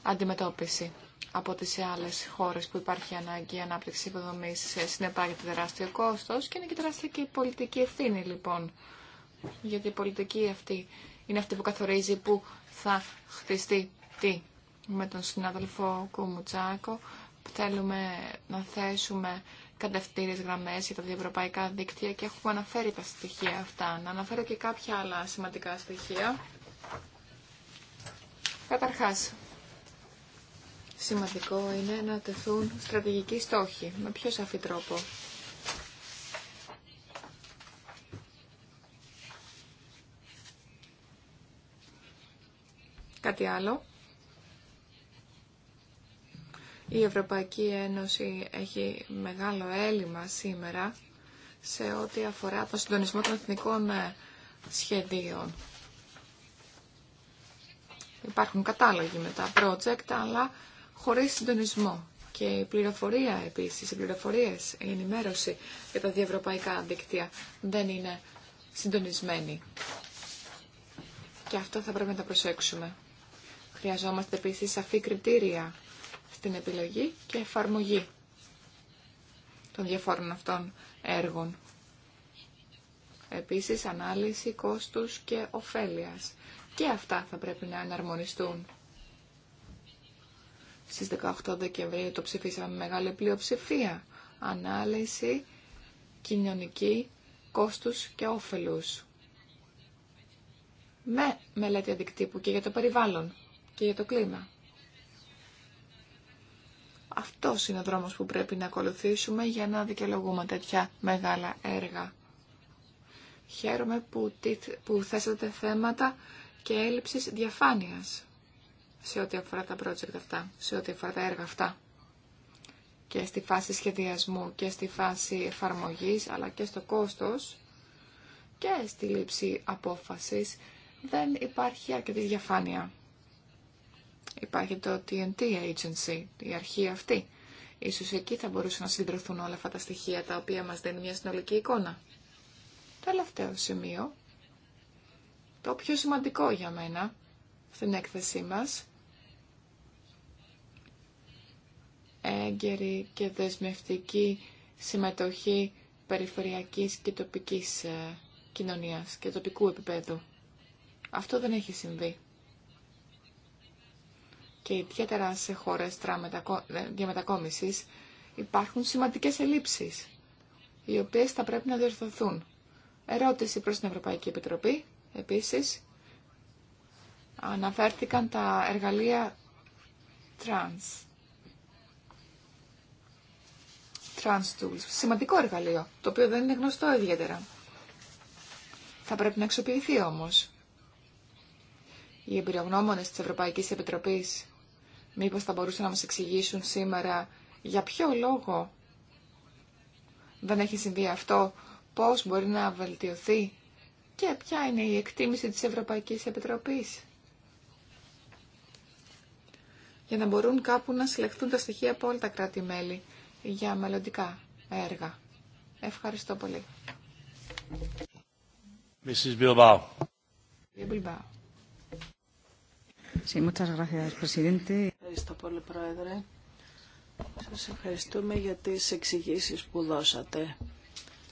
[SPEAKER 2] αντιμετώπιση από τις άλλες χώρες που υπάρχει ανάγκη ανάπτυξη υποδομής ε, συνεπάγεται τεράστιο κόστος και είναι και τεράστια και η πολιτική ευθύνη λοιπόν. Γιατί η πολιτική αυτή είναι αυτή που καθορίζει που θα χτιστεί τι. Με τον συνάδελφο Κουμουτσάκο θέλουμε να θέσουμε κατευθύνες γραμμές για τα διευρωπαϊκά δίκτυα και έχουμε αναφέρει τα στοιχεία αυτά. Να αναφέρω και κάποια άλλα σημαντικά στοιχεία. Καταρχάς, σημαντικό είναι να τεθούν στρατηγικοί στόχοι. Με πιο σαφή τρόπο. Κάτι άλλο. Η Ευρωπαϊκή Ένωση έχει μεγάλο έλλειμμα σήμερα σε ό,τι αφορά το συντονισμό των εθνικών ε, σχεδίων. Υπάρχουν κατάλογοι με τα project, αλλά χωρίς συντονισμό. Και η πληροφορία επίσης, οι πληροφορίες, η ενημέρωση για τα διευρωπαϊκά δίκτυα δεν είναι συντονισμένη. Και αυτό θα πρέπει να τα προσέξουμε. Χρειαζόμαστε επίσης σαφή κριτήρια στην επιλογή και εφαρμογή των διαφόρων αυτών έργων. Επίσης, ανάλυση κόστους και ωφέλειας. Και αυτά θα πρέπει να εναρμονιστούν. Στις 18 Δεκεμβρίου το ψηφίσαμε μεγάλη πλειοψηφία. Ανάλυση κοινωνική κόστους και όφελους. Με μελέτη αντικτύπου και για το περιβάλλον και για το κλίμα. Αυτό είναι ο δρόμος που πρέπει να ακολουθήσουμε για να δικαιολογούμε τέτοια μεγάλα έργα. Χαίρομαι που, θέσατε θέματα και έλλειψης διαφάνειας σε ό,τι αφορά τα project αυτά, σε ό,τι αφορά τα έργα αυτά και στη φάση σχεδιασμού και στη φάση εφαρμογής αλλά και στο κόστος και στη λήψη απόφασης δεν υπάρχει αρκετή διαφάνεια. Υπάρχει το TNT Agency, η αρχή αυτή. Ίσως εκεί θα μπορούσαν να συγκεντρωθούν όλα αυτά τα στοιχεία τα οποία μας δίνουν μια συνολική εικόνα. Τελευταίο σημείο, το πιο σημαντικό για μένα, στην έκθεσή μας. Έγκαιρη και δεσμευτική συμμετοχή περιφερειακής και τοπικής ε, κοινωνίας και τοπικού επίπεδου. Αυτό δεν έχει συμβεί. Και ιδιαίτερα σε χώρες διαμετακόμισης υπάρχουν σημαντικές ελλείψεις, οι οποίες θα πρέπει να διορθωθούν. Ερώτηση προς την Ευρωπαϊκή Επιτροπή, επίσης, αναφέρθηκαν τα εργαλεία trans. Trans tools. Σημαντικό εργαλείο, το οποίο δεν είναι γνωστό ιδιαίτερα. Θα πρέπει να αξιοποιηθεί όμως. Οι εμπειρογνώμονες της Ευρωπαϊκής Επιτροπής μήπως θα μπορούσαν να μας εξηγήσουν σήμερα για ποιο λόγο δεν έχει συμβεί αυτό, πώς μπορεί να βελτιωθεί και ποια είναι η εκτίμηση της Ευρωπαϊκής Επιτροπής για να μπορούν κάπου να συλλεχθούν τα στοιχεία από όλα τα κράτη-μέλη για μελλοντικά έργα. Ευχαριστώ πολύ. Ευχαριστώ
[SPEAKER 3] πολύ, Πρόεδρε. Σας ευχαριστούμε για τις εξηγήσεις που δώσατε.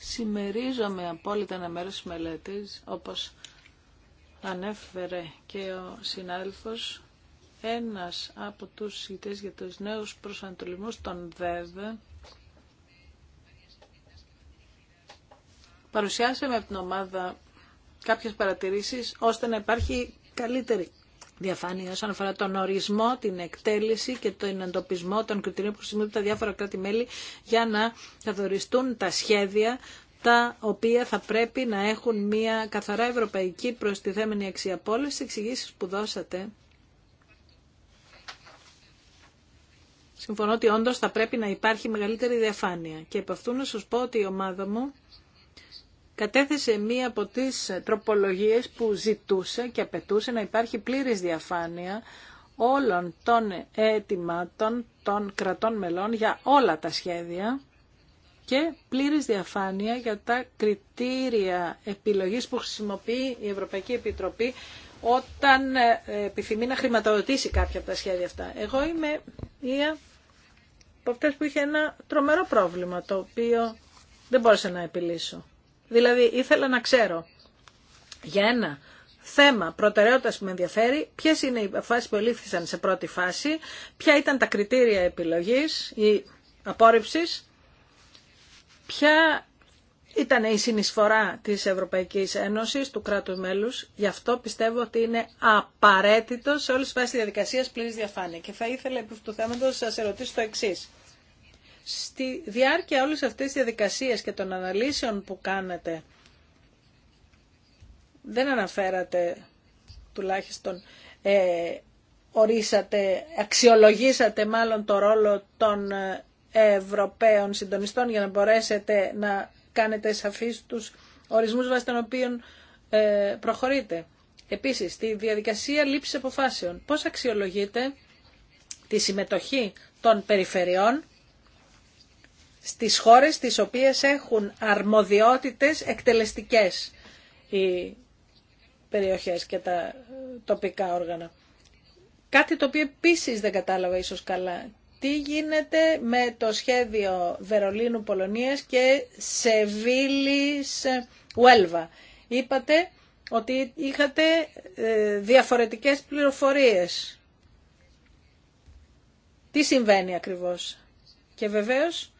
[SPEAKER 3] Συμμερίζομαι απόλυτα ένα μέρος της μελέτης, όπως ανέφερε και ο συνάδελφος ένας από τους συζητές για τους νέους προσανατολισμούς των ΔΕΔ παρουσιάσαμε από την ομάδα κάποιες παρατηρήσεις ώστε να υπάρχει καλύτερη διαφάνεια όσον αφορά τον ορισμό, την εκτέλεση και τον εντοπισμό των κριτηρίων που χρησιμοποιούν τα διάφορα κράτη-μέλη για να καθοριστούν τα σχέδια τα οποία θα πρέπει να έχουν μια καθαρά ευρωπαϊκή προστιθέμενη αξία. Από όλες τις εξηγήσεις που δώσατε, Συμφωνώ ότι όντω θα πρέπει να υπάρχει μεγαλύτερη διαφάνεια. Και από αυτού να σα πω ότι η ομάδα μου κατέθεσε μία από τις τροπολογίες που ζητούσε και απαιτούσε να υπάρχει πλήρης διαφάνεια όλων των αιτημάτων των κρατών μελών για όλα τα σχέδια και πλήρης διαφάνεια για τα κριτήρια επιλογής που χρησιμοποιεί η Ευρωπαϊκή Επιτροπή όταν ε, επιθυμεί να χρηματοδοτήσει κάποια από τα σχέδια αυτά. Εγώ είμαι από αυτές που είχε ένα τρομερό πρόβλημα το οποίο δεν μπόρεσα να επιλύσω. Δηλαδή ήθελα να ξέρω για ένα θέμα προτεραιότητα που με ενδιαφέρει, ποιε είναι οι αποφάσει που ελήφθησαν σε πρώτη φάση, ποια ήταν τα κριτήρια επιλογή ή απόρριψη, ποια ήταν η συνεισφορά της Ευρωπαϊκής Ένωσης, του κράτους μέλους. Γι' αυτό πιστεύω ότι είναι απαραίτητο σε όλες τις φάσεις της διαδικασίας πλήρης διαφάνεια. Και θα ήθελα επί του θέματος να σας ερωτήσω το εξή. Στη διάρκεια όλες αυτές τις διαδικασίες και των αναλύσεων που κάνετε, δεν αναφέρατε τουλάχιστον ε, ορίσατε, αξιολογήσατε μάλλον το ρόλο των ε, Ευρωπαίων συντονιστών για να μπορέσετε να κάνετε σαφείς τους ορισμούς βάσει των οποίων ε, προχωρείτε. Επίσης, τη διαδικασία λήψης αποφάσεων. Πώς αξιολογείτε τη συμμετοχή των περιφερειών στις χώρες τις οποίες έχουν αρμοδιότητες εκτελεστικές οι περιοχές και τα τοπικά όργανα. Κάτι το οποίο επίσης δεν κατάλαβα ίσως καλά τι γίνεται με το σχέδιο Βερολίνου-Πολωνίας και Σεβίλης-Ουέλβα. Είπατε ότι είχατε ε, διαφορετικές πληροφορίες. Τι συμβαίνει ακριβώς. Και βεβαίως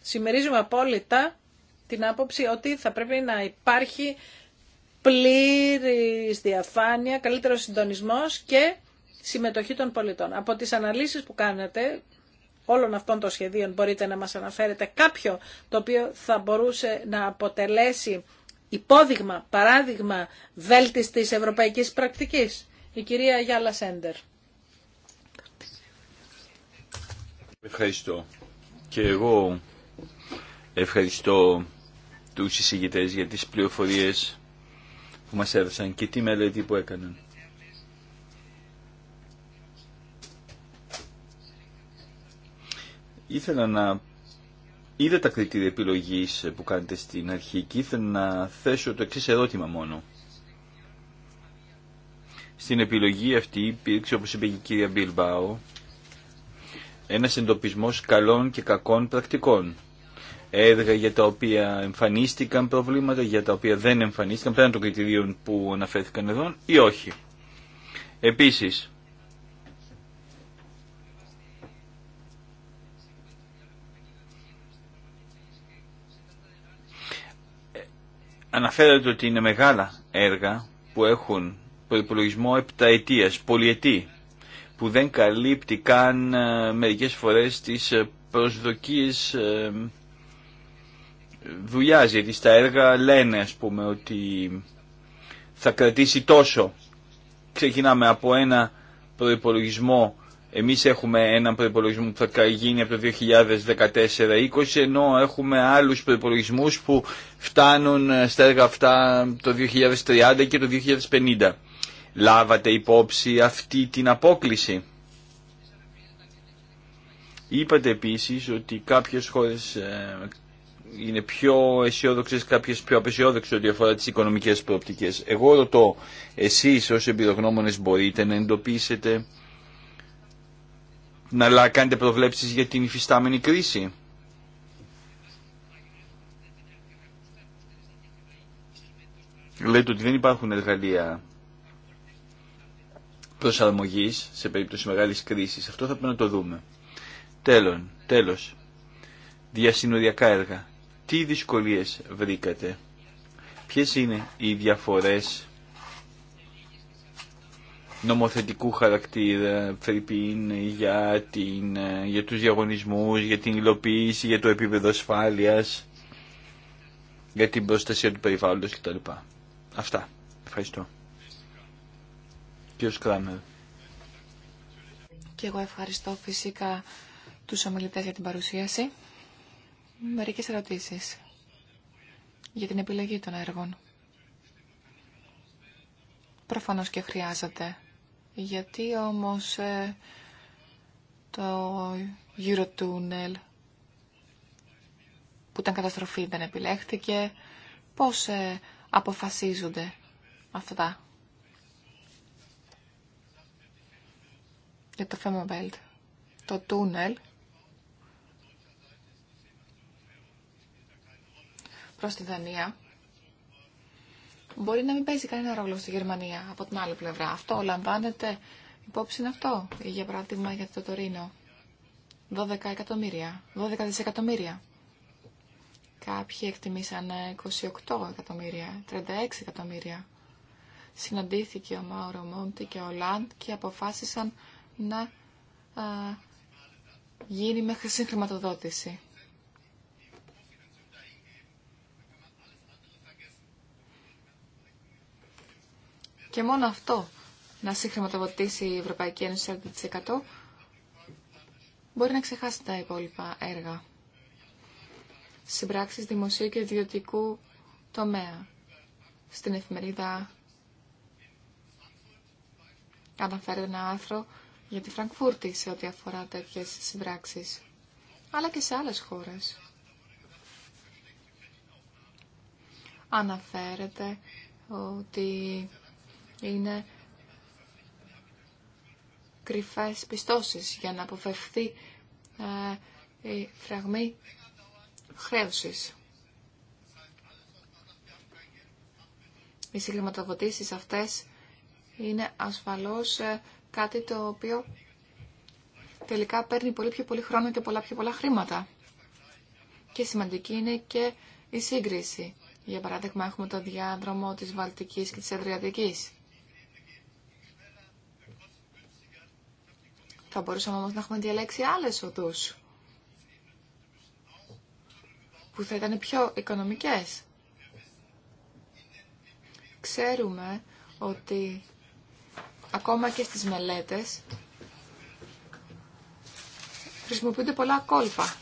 [SPEAKER 3] συμμερίζουμε απόλυτα την άποψη ότι θα πρέπει να υπάρχει πλήρης διαφάνεια, καλύτερος συντονισμός και συμμετοχή των πολιτών. Από τις αναλύσεις που κάνετε όλων αυτών των σχεδίων μπορείτε να μας αναφέρετε κάποιο το οποίο θα μπορούσε να αποτελέσει υπόδειγμα, παράδειγμα βέλτιστης ευρωπαϊκής πρακτικής. Η κυρία Γιάλα Σέντερ.
[SPEAKER 1] Ευχαριστώ. Και εγώ ευχαριστώ τους εισηγητές για τις πληροφορίες που μας έδωσαν και τη μελέτη που έκαναν. Ήθελα να είδα τα κριτήρια επιλογής που κάνετε στην αρχή και ήθελα να θέσω το εξής ερώτημα μόνο. Στην επιλογή αυτή υπήρξε, όπως είπε και η κυρία Μπιλμπάου, ένας εντοπισμός καλών και κακών πρακτικών. Έργα για τα οποία εμφανίστηκαν προβλήματα, για τα οποία δεν εμφανίστηκαν, πέραν των κριτηρίων που αναφέρθηκαν εδώ ή όχι. Επίσης, αναφέρεται ότι είναι μεγάλα έργα που έχουν προϋπολογισμό επταετίας, πολυετή, που δεν καλύπτει καν ε, μερικές φορές τις ε, προσδοκίες ε, δουλειά. γιατί στα έργα λένε α πούμε ότι θα κρατήσει τόσο. Ξεκινάμε από ένα προϋπολογισμό εμείς έχουμε έναν προϋπολογισμό που θα γίνει από το 2014 2020 ενώ έχουμε άλλους προϋπολογισμούς που φτάνουν ε, στα έργα αυτά το 2030 και το 2050. Λάβατε υπόψη αυτή την απόκληση. Είπατε επίσης ότι κάποιες χώρες ε, είναι πιο αισιόδοξε, κάποιε πιο απεσιόδοξε ό,τι αφορά τι οικονομικέ προοπτικέ. Εγώ ρωτώ, εσεί ω εμπειρογνώμονε μπορείτε να εντοπίσετε να κάνετε προβλέψεις για την υφιστάμενη κρίση. Λέτε ότι δεν υπάρχουν εργαλεία προσαρμογής σε περίπτωση μεγάλης κρίσης. Αυτό θα πρέπει να το δούμε. Τέλον, τέλος, διασυνοριακά έργα. Τι δυσκολίες βρήκατε. Ποιες είναι οι διαφορές νομοθετικού χαρακτήρα, Φερρυπίν, για, την, για τους διαγωνισμούς, για την υλοποίηση, για το επίπεδο ασφάλεια, για την προστασία του περιβάλλοντος κτλ. Αυτά. Ευχαριστώ. Κύριος Κράμερ.
[SPEAKER 2] Και εγώ ευχαριστώ φυσικά τους ομιλητές για την παρουσίαση. Μερικές ερωτήσεις για την επιλογή των έργων. Προφανώς και χρειάζεται γιατί όμως ε, το Eurotunnel που ήταν καταστροφή δεν επιλέχθηκε. Πώς ε, αποφασίζονται αυτά για το Femabelt. Το τούνελ προς τη Δανία μπορεί να μην παίζει κανένα ρόλο στη Γερμανία από την άλλη πλευρά. Αυτό λαμβάνεται υπόψη είναι αυτό, για παράδειγμα για το Τωρίνο. 12 εκατομμύρια, 12 δισεκατομμύρια. Κάποιοι εκτιμήσαν 28 εκατομμύρια, 36 εκατομμύρια. Συναντήθηκε ο Μάουρο Μόντι και ο Λαντ και αποφάσισαν να γίνει μέχρι συγχρηματοδότηση. και μόνο αυτό να συγχρηματοδοτήσει η Ευρωπαϊκή Ένωση 40% μπορεί να ξεχάσει τα υπόλοιπα έργα. Συμπράξεις δημοσίου και ιδιωτικού τομέα. Στην εφημερίδα αναφέρεται ένα άρθρο για τη Φραγκφούρτη σε ό,τι αφορά τέτοιες συμπράξεις, αλλά και σε άλλες χώρες. Αναφέρεται ότι είναι κρυφές πιστώσεις για να αποφευθεί ε, η φραγμή χρέωσης. Οι συγκληματοδοτήσεις αυτές είναι ασφαλώς ε, κάτι το οποίο τελικά παίρνει πολύ πιο πολύ χρόνο και πολλά πιο πολλά χρήματα. Και σημαντική είναι και η σύγκριση. Για παράδειγμα έχουμε το διάδρομο της Βαλτικής και της Αδριατικής. Θα μπορούσαμε όμως να έχουμε διαλέξει άλλες οδούς που θα ήταν πιο οικονομικές. Ξέρουμε ότι ακόμα και στις μελέτες χρησιμοποιούνται πολλά κόλπα.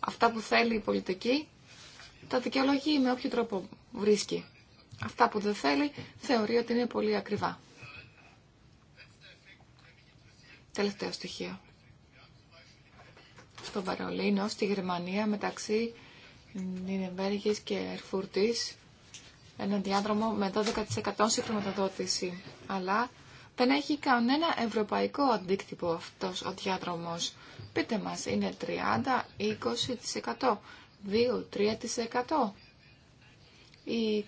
[SPEAKER 2] Αυτά που θέλει η πολιτική τα δικαιολογεί με όποιο τρόπο βρίσκει. Αυτά που δεν θέλει θεωρεί ότι είναι πολύ ακριβά. Τελευταίο στοιχείο. Στο Βαρολίνο, στη Γερμανία, μεταξύ Νινεμβέργη και Ερφούρτης, έναν διάδρομο με 12% συγχρηματοδότηση. Αλλά δεν έχει κανένα ευρωπαϊκό αντίκτυπο αυτός ο διάδρομος. Πείτε μας, είναι 30-20%, 2-3%. Η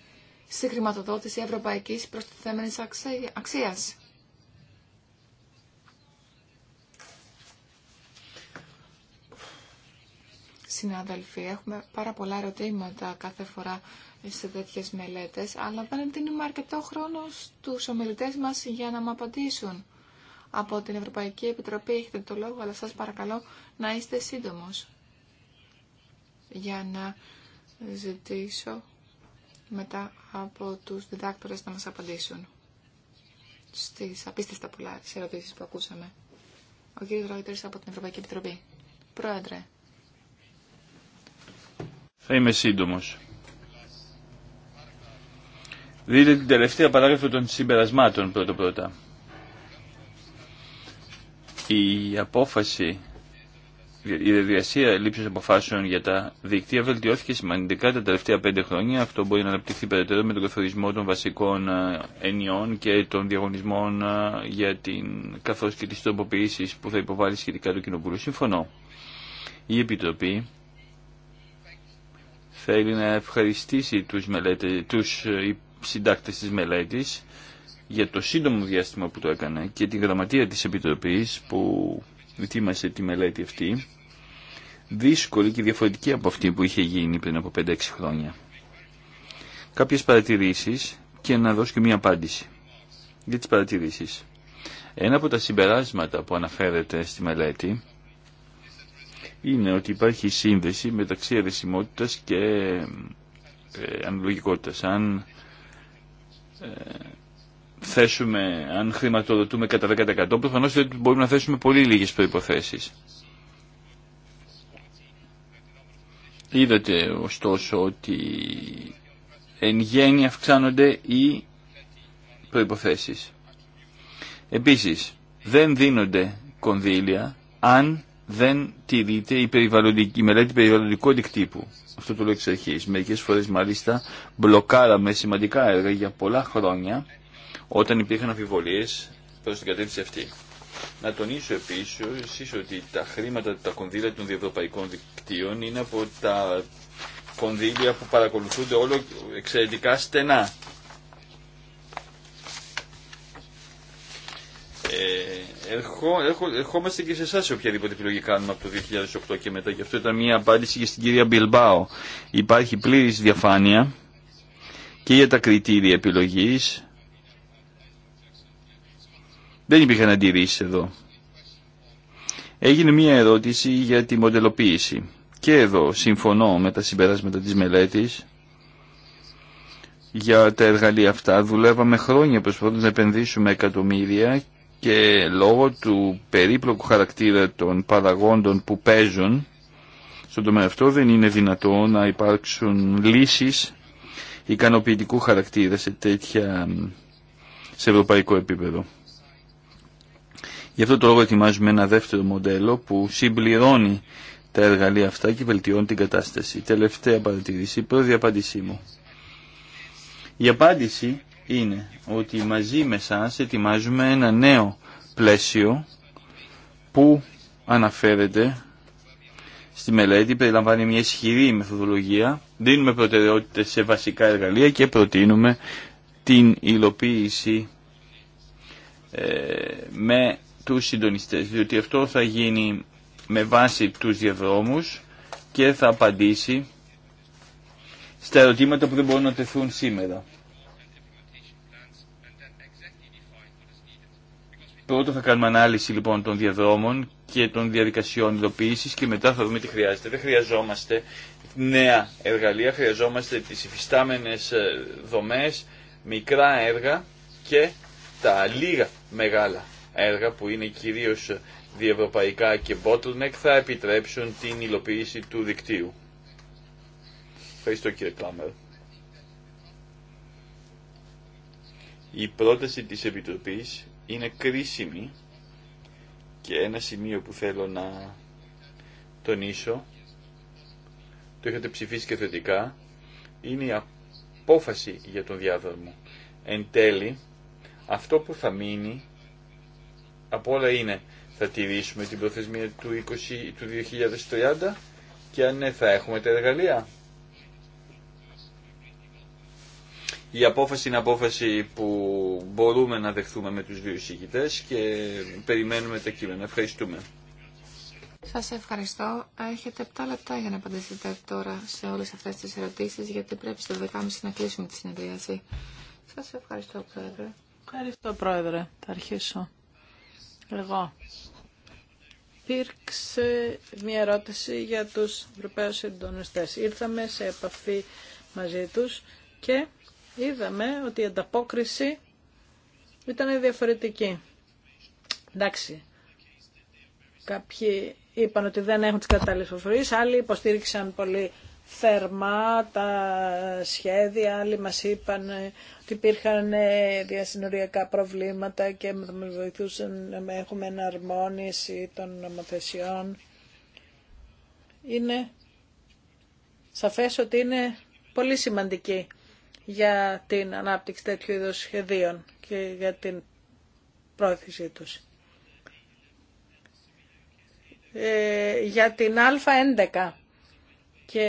[SPEAKER 2] συγχρηματοδότηση ευρωπαϊκής προστιθέμενης αξίας. συνάδελφοι. Έχουμε πάρα πολλά ερωτήματα κάθε φορά σε τέτοιες μελέτες, αλλά δεν δίνουμε αρκετό χρόνο στους ομιλητές μας για να μου απαντήσουν. Από την Ευρωπαϊκή Επιτροπή έχετε το λόγο, αλλά σας παρακαλώ να είστε σύντομος για να ζητήσω μετά από τους διδάκτορες να μας απαντήσουν στις απίστευτα πολλά ερωτήσει που ακούσαμε. Ο κ. Ρόιτερς από την Ευρωπαϊκή Επιτροπή. Πρόεδρε,
[SPEAKER 1] θα είμαι σύντομος. Δείτε την τελευταία παράγραφο των συμπερασμάτων πρώτα πρώτα. Η απόφαση, η διαδικασία λήψη αποφάσεων για τα δικτύα βελτιώθηκε σημαντικά τα τελευταία πέντε χρόνια. Αυτό μπορεί να αναπτυχθεί περαιτέρω με τον καθορισμό των βασικών ε, ενιών και των διαγωνισμών ε, για την καθώς και τις τροποποιήσεις που θα υποβάλει σχετικά το Κοινοβούλιο. Συμφωνώ. Η Επιτροπή θέλει να ευχαριστήσει τους, μελέτε, τους ε, συντάκτες της μελέτης για το σύντομο διάστημα που το έκανε και τη γραμματεία της Επιτροπής που ετοίμασε τη μελέτη αυτή δύσκολη και διαφορετική από αυτή που είχε γίνει πριν από 5-6 χρόνια. Κάποιες παρατηρήσεις και να δώσω και μία απάντηση για τις παρατηρήσεις. Ένα από τα συμπεράσματα που αναφέρεται στη μελέτη είναι ότι υπάρχει σύνδεση μεταξύ αρεσιμότητας και ε, αναλογικότητας. Αν ε, θέσουμε, αν χρηματοδοτούμε κατά 10% προφανώς δεν μπορούμε να θέσουμε πολύ λίγες προϋποθέσεις. Είδατε ωστόσο ότι εν γέννη αυξάνονται οι προϋποθέσεις. Επίσης, δεν δίνονται κονδύλια αν δεν τηρείται η, η μελέτη περιβαλλοντικού αντικτύπου. Αυτό το λέω εξ αρχή. Μερικέ φορέ μάλιστα μπλοκάραμε σημαντικά έργα για πολλά χρόνια όταν υπήρχαν αμφιβολίε προ την κατεύθυνση αυτή. Να τονίσω επίση ότι τα χρήματα, τα κονδύλια των διευρωπαϊκών δικτύων είναι από τα κονδύλια που παρακολουθούνται όλο εξαιρετικά στενά ερχό, ερχό, ερχόμαστε και σε εσά σε οποιαδήποτε επιλογή κάνουμε από το 2008 και μετά. Και αυτό ήταν μια απάντηση και στην κυρία Μπιλμπάο. Υπάρχει πλήρη διαφάνεια και για τα κριτήρια επιλογή. Δεν υπήρχαν αντιρρήσει εδώ. Έγινε μια ερώτηση για τη μοντελοποίηση. Και εδώ συμφωνώ με τα συμπεράσματα της μελέτης για τα εργαλεία αυτά. Δουλεύαμε χρόνια προσπαθώντας να επενδύσουμε εκατομμύρια και λόγω του περίπλοκου χαρακτήρα των παραγόντων που παίζουν στον τομέα αυτό δεν είναι δυνατό να υπάρξουν λύσεις ικανοποιητικού χαρακτήρα σε τέτοια σε ευρωπαϊκό επίπεδο. Γι' αυτό το λόγο ετοιμάζουμε ένα δεύτερο μοντέλο που συμπληρώνει τα εργαλεία αυτά και βελτιώνει την κατάσταση. Τελευταία παρατηρήση, πρώτη απάντησή μου. Η απάντηση είναι ότι μαζί με σας ετοιμάζουμε ένα νέο πλαίσιο που αναφέρεται στη μελέτη, περιλαμβάνει μια ισχυρή μεθοδολογία, δίνουμε προτεραιότητε σε βασικά εργαλεία και προτείνουμε την υλοποίηση ε, με τους συντονιστές, διότι αυτό θα γίνει με βάση τους διαδρόμους και θα απαντήσει στα ερωτήματα που δεν μπορούν να τεθούν σήμερα. Πρώτα θα κάνουμε ανάλυση λοιπόν των διαδρόμων και των διαδικασιών υλοποίησης και μετά θα δούμε τι χρειάζεται. Δεν χρειαζόμαστε νέα εργαλεία, χρειαζόμαστε τις υφιστάμενες ε, δομές, μικρά έργα και τα λίγα μεγάλα έργα που είναι κυρίως διευρωπαϊκά και bottleneck θα επιτρέψουν την υλοποίηση του δικτύου. Ευχαριστώ κύριε Κλάμερ. Η πρόταση της Επιτροπής είναι κρίσιμη και ένα σημείο που θέλω να τονίσω, το έχετε ψηφίσει και θετικά, είναι η απόφαση για τον διάδρομο. Εν τέλει, αυτό που θα μείνει από όλα είναι θα τηρήσουμε την προθεσμία του, 20, του 2030 και αν ναι θα έχουμε τα εργαλεία Η απόφαση είναι απόφαση που μπορούμε να δεχθούμε με τους δύο εισηγητές και περιμένουμε τα κείμενα. Ευχαριστούμε.
[SPEAKER 2] Σας ευχαριστώ. Έχετε 7 λεπτά για να απαντήσετε τώρα σε όλες αυτές τις ερωτήσεις, γιατί πρέπει στο δεκάμιση να κλείσουμε τη συνεδρίαση. Σας ευχαριστώ, Πρόεδρε.
[SPEAKER 3] Ευχαριστώ, Πρόεδρε. Θα
[SPEAKER 2] αρχίσω. Εγώ.
[SPEAKER 3] Υπήρξε μια ερώτηση για τους Ευρωπαίους συντονιστές. Ήρθαμε σε επαφή μαζί τους και είδαμε ότι η ανταπόκριση ήταν διαφορετική. Εντάξει, κάποιοι είπαν ότι δεν έχουν τις κατάλληλες προφορίες, άλλοι υποστήριξαν πολύ θερμά τα σχέδια, άλλοι μας είπαν ότι υπήρχαν διασυνοριακά προβλήματα και με βοηθούσαν να έχουμε εναρμόνιση των νομοθεσιών. Είναι σαφές ότι είναι πολύ σημαντική για την ανάπτυξη τέτοιου είδους σχεδίων και για την πρόθεσή τους. Ε, για την Α11 και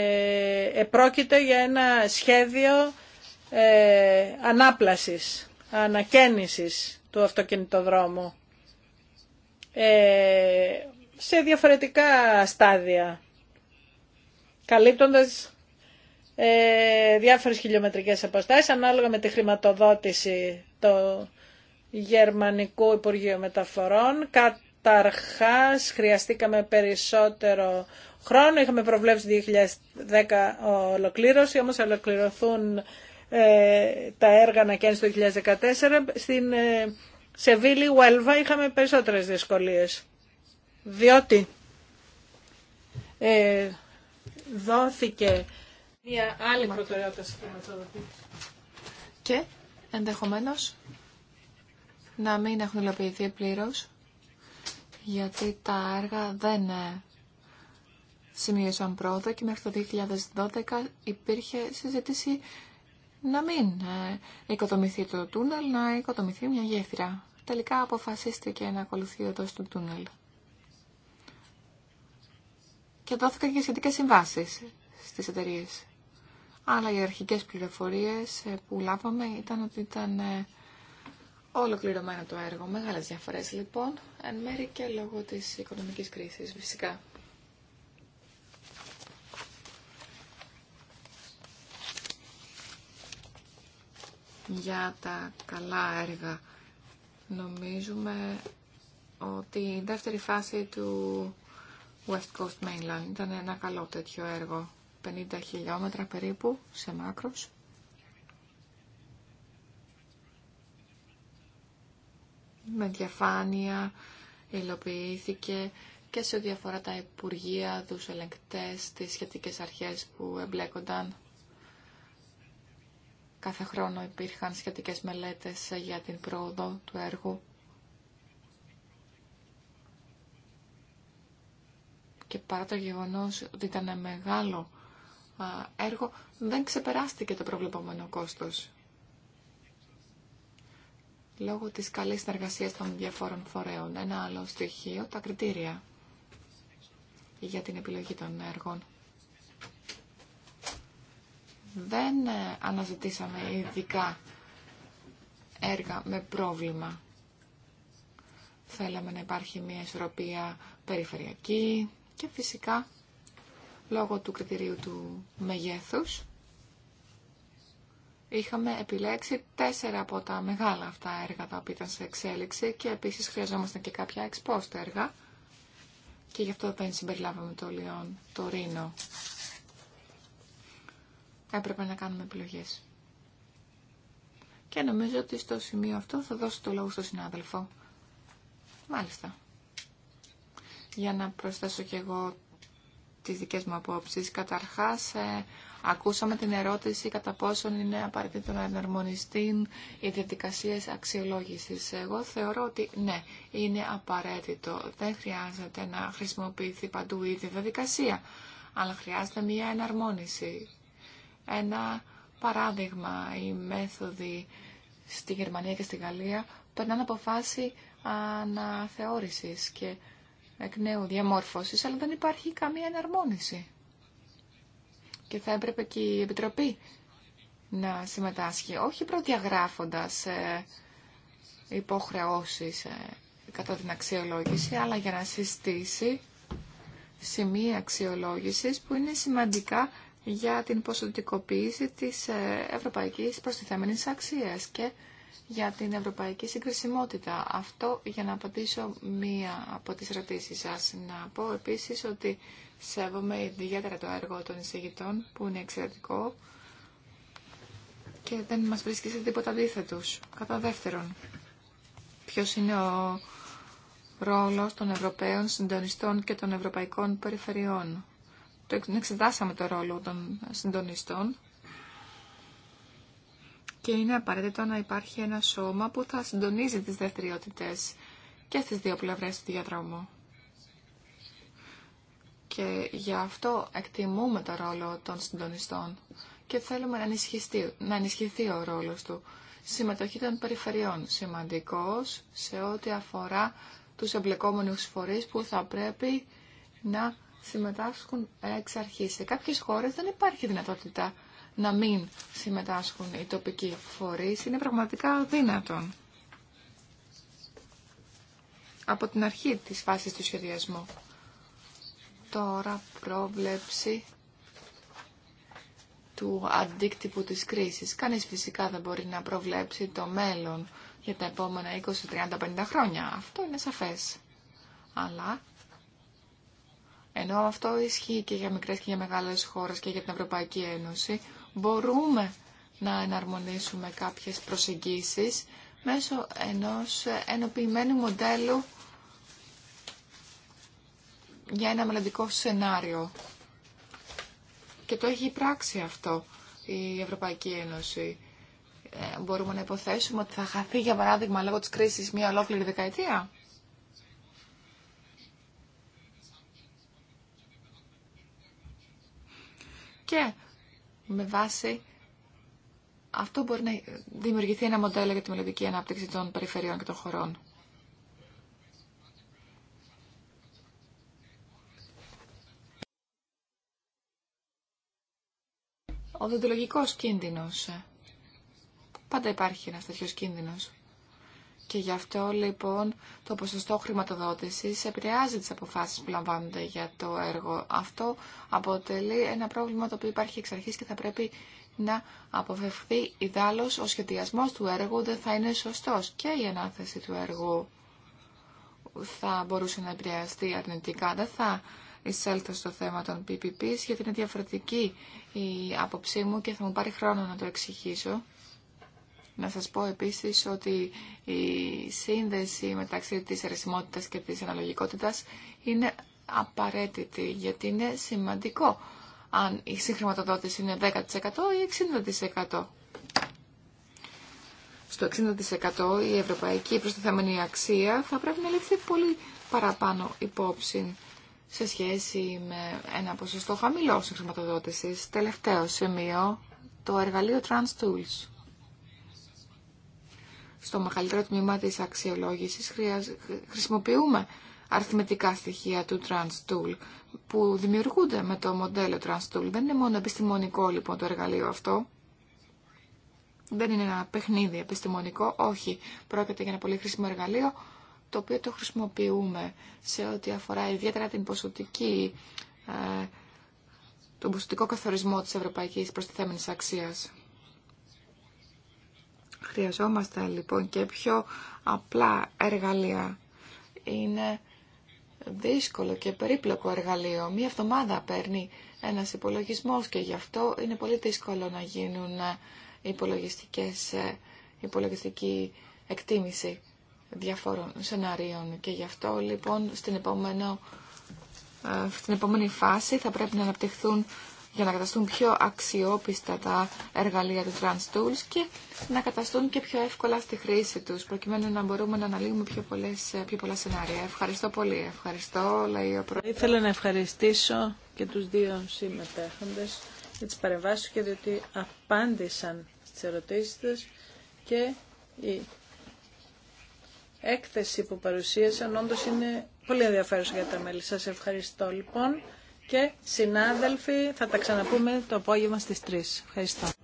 [SPEAKER 3] επρόκειτο για ένα σχέδιο ε, ανάπλασης, ανακαίνησης του αυτοκινητοδρόμου ε, σε διαφορετικά στάδια, καλύπτοντας ε, διάφορες χιλιομετρικές αποστάσεις ανάλογα με τη χρηματοδότηση του Γερμανικού Υπουργείου Μεταφορών. Καταρχάς χρειαστήκαμε περισσότερο χρόνο, είχαμε προβλέψει 2010 ολοκλήρωση, όμως ολοκληρωθούν ε, τα έργα να το 2014. Στην ε, Σεβίλη, Ουέλβα είχαμε περισσότερες δυσκολίες, διότι
[SPEAKER 2] δόθηκε
[SPEAKER 3] μια άλλη προτεραιότητα στη χρηματοδοτή.
[SPEAKER 2] Και ενδεχομένω να μην έχουν υλοποιηθεί πλήρω γιατί τα άργα δεν ε, σημείωσαν πρόοδο και μέχρι το 2012 υπήρχε συζήτηση να μην ε, οικοδομηθεί το τούνελ, να οικοδομηθεί μια γέφυρα. Τελικά αποφασίστηκε να ακολουθεί ο του τούνελ. Και δόθηκαν και σχετικές συμβάσει στις εταιρείες αλλά οι αρχικές πληροφορίες ε, που λάβαμε ήταν ότι ήταν ε, ολοκληρωμένο το έργο. Μεγάλες διαφορές λοιπόν, εν μέρη και λόγω της οικονομικής κρίσης φυσικά. Για τα καλά έργα νομίζουμε ότι η δεύτερη φάση του West Coast Mainland ήταν ένα καλό τέτοιο έργο. 50 χιλιόμετρα περίπου σε μάκρος. Με διαφάνεια υλοποιήθηκε και σε διαφορά τα Υπουργεία, τους ελεγκτές, τις σχετικές αρχές που εμπλέκονταν. Κάθε χρόνο υπήρχαν σχετικές μελέτες για την πρόοδο του έργου. Και παρά το γεγονός ότι ήταν μεγάλο έργο δεν ξεπεράστηκε το προβλεπόμενο κόστος. Λόγω της καλής συνεργασίας των διαφόρων φορέων. Ένα άλλο στοιχείο, τα κριτήρια για την επιλογή των έργων. Δεν ε, αναζητήσαμε ειδικά έργα με πρόβλημα. Θέλαμε να υπάρχει μια ισορροπία περιφερειακή και φυσικά λόγω του κριτηρίου του μεγέθους είχαμε επιλέξει τέσσερα από τα μεγάλα αυτά έργα τα οποία ήταν σε εξέλιξη και επίσης χρειαζόμασταν και κάποια εξπόστα έργα και γι' αυτό δεν συμπεριλάβαμε το Λιόν, το Ρήνο. Έπρεπε να κάνουμε επιλογές. Και νομίζω ότι στο σημείο αυτό θα δώσω το λόγο στον συνάδελφο. Μάλιστα. Για να προσθέσω κι εγώ τις δικές μου απόψεις. Καταρχάς, ε, ακούσαμε την ερώτηση κατά πόσον είναι απαραίτητο να εναρμονιστεί οι διαδικασίες αξιολόγησης. Εγώ θεωρώ ότι ναι, είναι απαραίτητο. Δεν χρειάζεται να χρησιμοποιηθεί παντού η διαδικασία, αλλά χρειάζεται μία εναρμόνιση. Ένα παράδειγμα, ή μέθοδοι στη Γερμανία και στη Γαλλία περνάνε αποφάση αναθεώρησης και εκ νέου διαμόρφωσης, αλλά δεν υπάρχει καμία εναρμόνιση. Και θα έπρεπε και η Επιτροπή να συμμετάσχει, όχι προδιαγράφοντας ε, υποχρεώσεις ε, κατά την αξιολόγηση, αλλά για να συστήσει σημεία αξιολόγησης που είναι σημαντικά για την ποσοτικοποίηση της ε, ευρωπαϊκής προστιθέμενης αξίας και για την ευρωπαϊκή συγκρισιμότητα. Αυτό για να απαντήσω μία από τις ερωτήσεις σας. Να πω επίσης ότι σέβομαι ιδιαίτερα το έργο των εισηγητών που είναι εξαιρετικό και δεν μας βρίσκει σε τίποτα αντίθετος. Κατά δεύτερον, ποιος είναι ο ρόλος των Ευρωπαίων συντονιστών και των Ευρωπαϊκών Περιφερειών. Το εξετάσαμε το ρόλο των συντονιστών και είναι απαραίτητο να υπάρχει ένα σώμα που θα συντονίζει τις δευτεριότητες και στις δύο πλευρές του διαδρόμου. Και γι' αυτό εκτιμούμε το ρόλο των συντονιστών και θέλουμε να ενισχυθεί, να ενισχυθεί ο ρόλος του. Συμμετοχή των περιφερειών, σημαντικός σε ό,τι αφορά τους εμπλεκόμενους φορείς που θα πρέπει να συμμετάσχουν εξ αρχής. Σε κάποιες χώρες δεν υπάρχει δυνατότητα να μην συμμετάσχουν οι τοπικοί φορείς είναι πραγματικά δύνατον. Από την αρχή της φάσης του σχεδιασμού. Τώρα πρόβλεψη του αντίκτυπου της κρίσης. Κανείς φυσικά δεν μπορεί να προβλέψει το μέλλον για τα επόμενα 20, 30, 50 χρόνια. Αυτό είναι σαφές. Αλλά ενώ αυτό ισχύει και για μικρές και για μεγάλες χώρες και για την Ευρωπαϊκή Ένωση, μπορούμε να εναρμονίσουμε κάποιες προσεγγίσεις μέσω ενός ενοποιημένου μοντέλου για ένα μελλοντικό σενάριο. Και το έχει πράξει αυτό η Ευρωπαϊκή Ένωση. Ε, μπορούμε να υποθέσουμε ότι θα χαθεί, για παράδειγμα, λόγω της κρίσης μια ολόκληρη δεκαετία. Και με βάση αυτό μπορεί να δημιουργηθεί ένα μοντέλο για τη μελλοντική ανάπτυξη των περιφερειών και των χωρών. Ο δοντολογικός κίνδυνος. Πάντα υπάρχει ένας τέτοιος κίνδυνος. Και γι' αυτό λοιπόν το ποσοστό χρηματοδότησης επηρεάζει τις αποφάσεις που λαμβάνονται για το έργο. Αυτό αποτελεί ένα πρόβλημα το οποίο υπάρχει εξ αρχής και θα πρέπει να αποφευχθεί. Ιδάλλως ο σχεδιασμός του έργου δεν θα είναι σωστός και η ανάθεση του έργου θα μπορούσε να επηρεαστεί αρνητικά. Δεν θα εισέλθω στο θέμα των PPP γιατί είναι διαφορετική η άποψή μου και θα μου πάρει χρόνο να το εξηγήσω. Να σας πω επίσης ότι η σύνδεση μεταξύ της αρισιμότητας και της αναλογικότητας είναι απαραίτητη, γιατί είναι σημαντικό αν η συγχρηματοδότηση είναι 10% ή 60%. Στο 60% η ευρωπαϊκή προστιθέμενη αξία θα πρέπει να ληφθεί πολύ παραπάνω υπόψη σε σχέση με ένα ποσοστό χαμηλό συγχρηματοδότησης. Τελευταίο σημείο, το εργαλείο Trans Tools στο μεγαλύτερο τμήμα της αξιολόγησης χρησιμοποιούμε αριθμητικά στοιχεία του TransTool που δημιουργούνται με το μοντέλο TransTool. Δεν είναι μόνο επιστημονικό λοιπόν το εργαλείο αυτό. Δεν είναι ένα παιχνίδι επιστημονικό, όχι. Πρόκειται για ένα πολύ χρήσιμο εργαλείο το οποίο το χρησιμοποιούμε σε ό,τι αφορά ιδιαίτερα την ποσοτική, ε, τον ποσοτικό καθορισμό της ευρωπαϊκής προστιθέμενης αξίας. Χρειαζόμαστε λοιπόν και πιο απλά εργαλεία. Είναι δύσκολο και περίπλοκο εργαλείο. Μία εβδομάδα παίρνει ένας υπολογισμός και γι' αυτό είναι πολύ δύσκολο να γίνουν υπολογιστικές, ε, υπολογιστική εκτίμηση διαφόρων σενάριων και γι' αυτό λοιπόν στην, ε, στην επόμενη φάση θα πρέπει να αναπτυχθούν για να καταστούν πιο αξιόπιστα τα εργαλεία του Trans Tools και να καταστούν και πιο εύκολα στη χρήση τους, προκειμένου να μπορούμε να αναλύουμε πιο, πολλές, πιο πολλά σενάρια. Ευχαριστώ πολύ. Ευχαριστώ, λέει ο Πρόεδρος. Ήθελα να ευχαριστήσω και τους δύο συμμετέχοντες
[SPEAKER 3] για τις παρεμβάσεις και διότι απάντησαν στις ερωτήσεις τους και η έκθεση που παρουσίασαν όντως είναι πολύ ενδιαφέρουσα για τα μέλη. Σας ευχαριστώ λοιπόν. Και συνάδελφοι, θα τα ξαναπούμε το απόγευμα στις 3. Ευχαριστώ.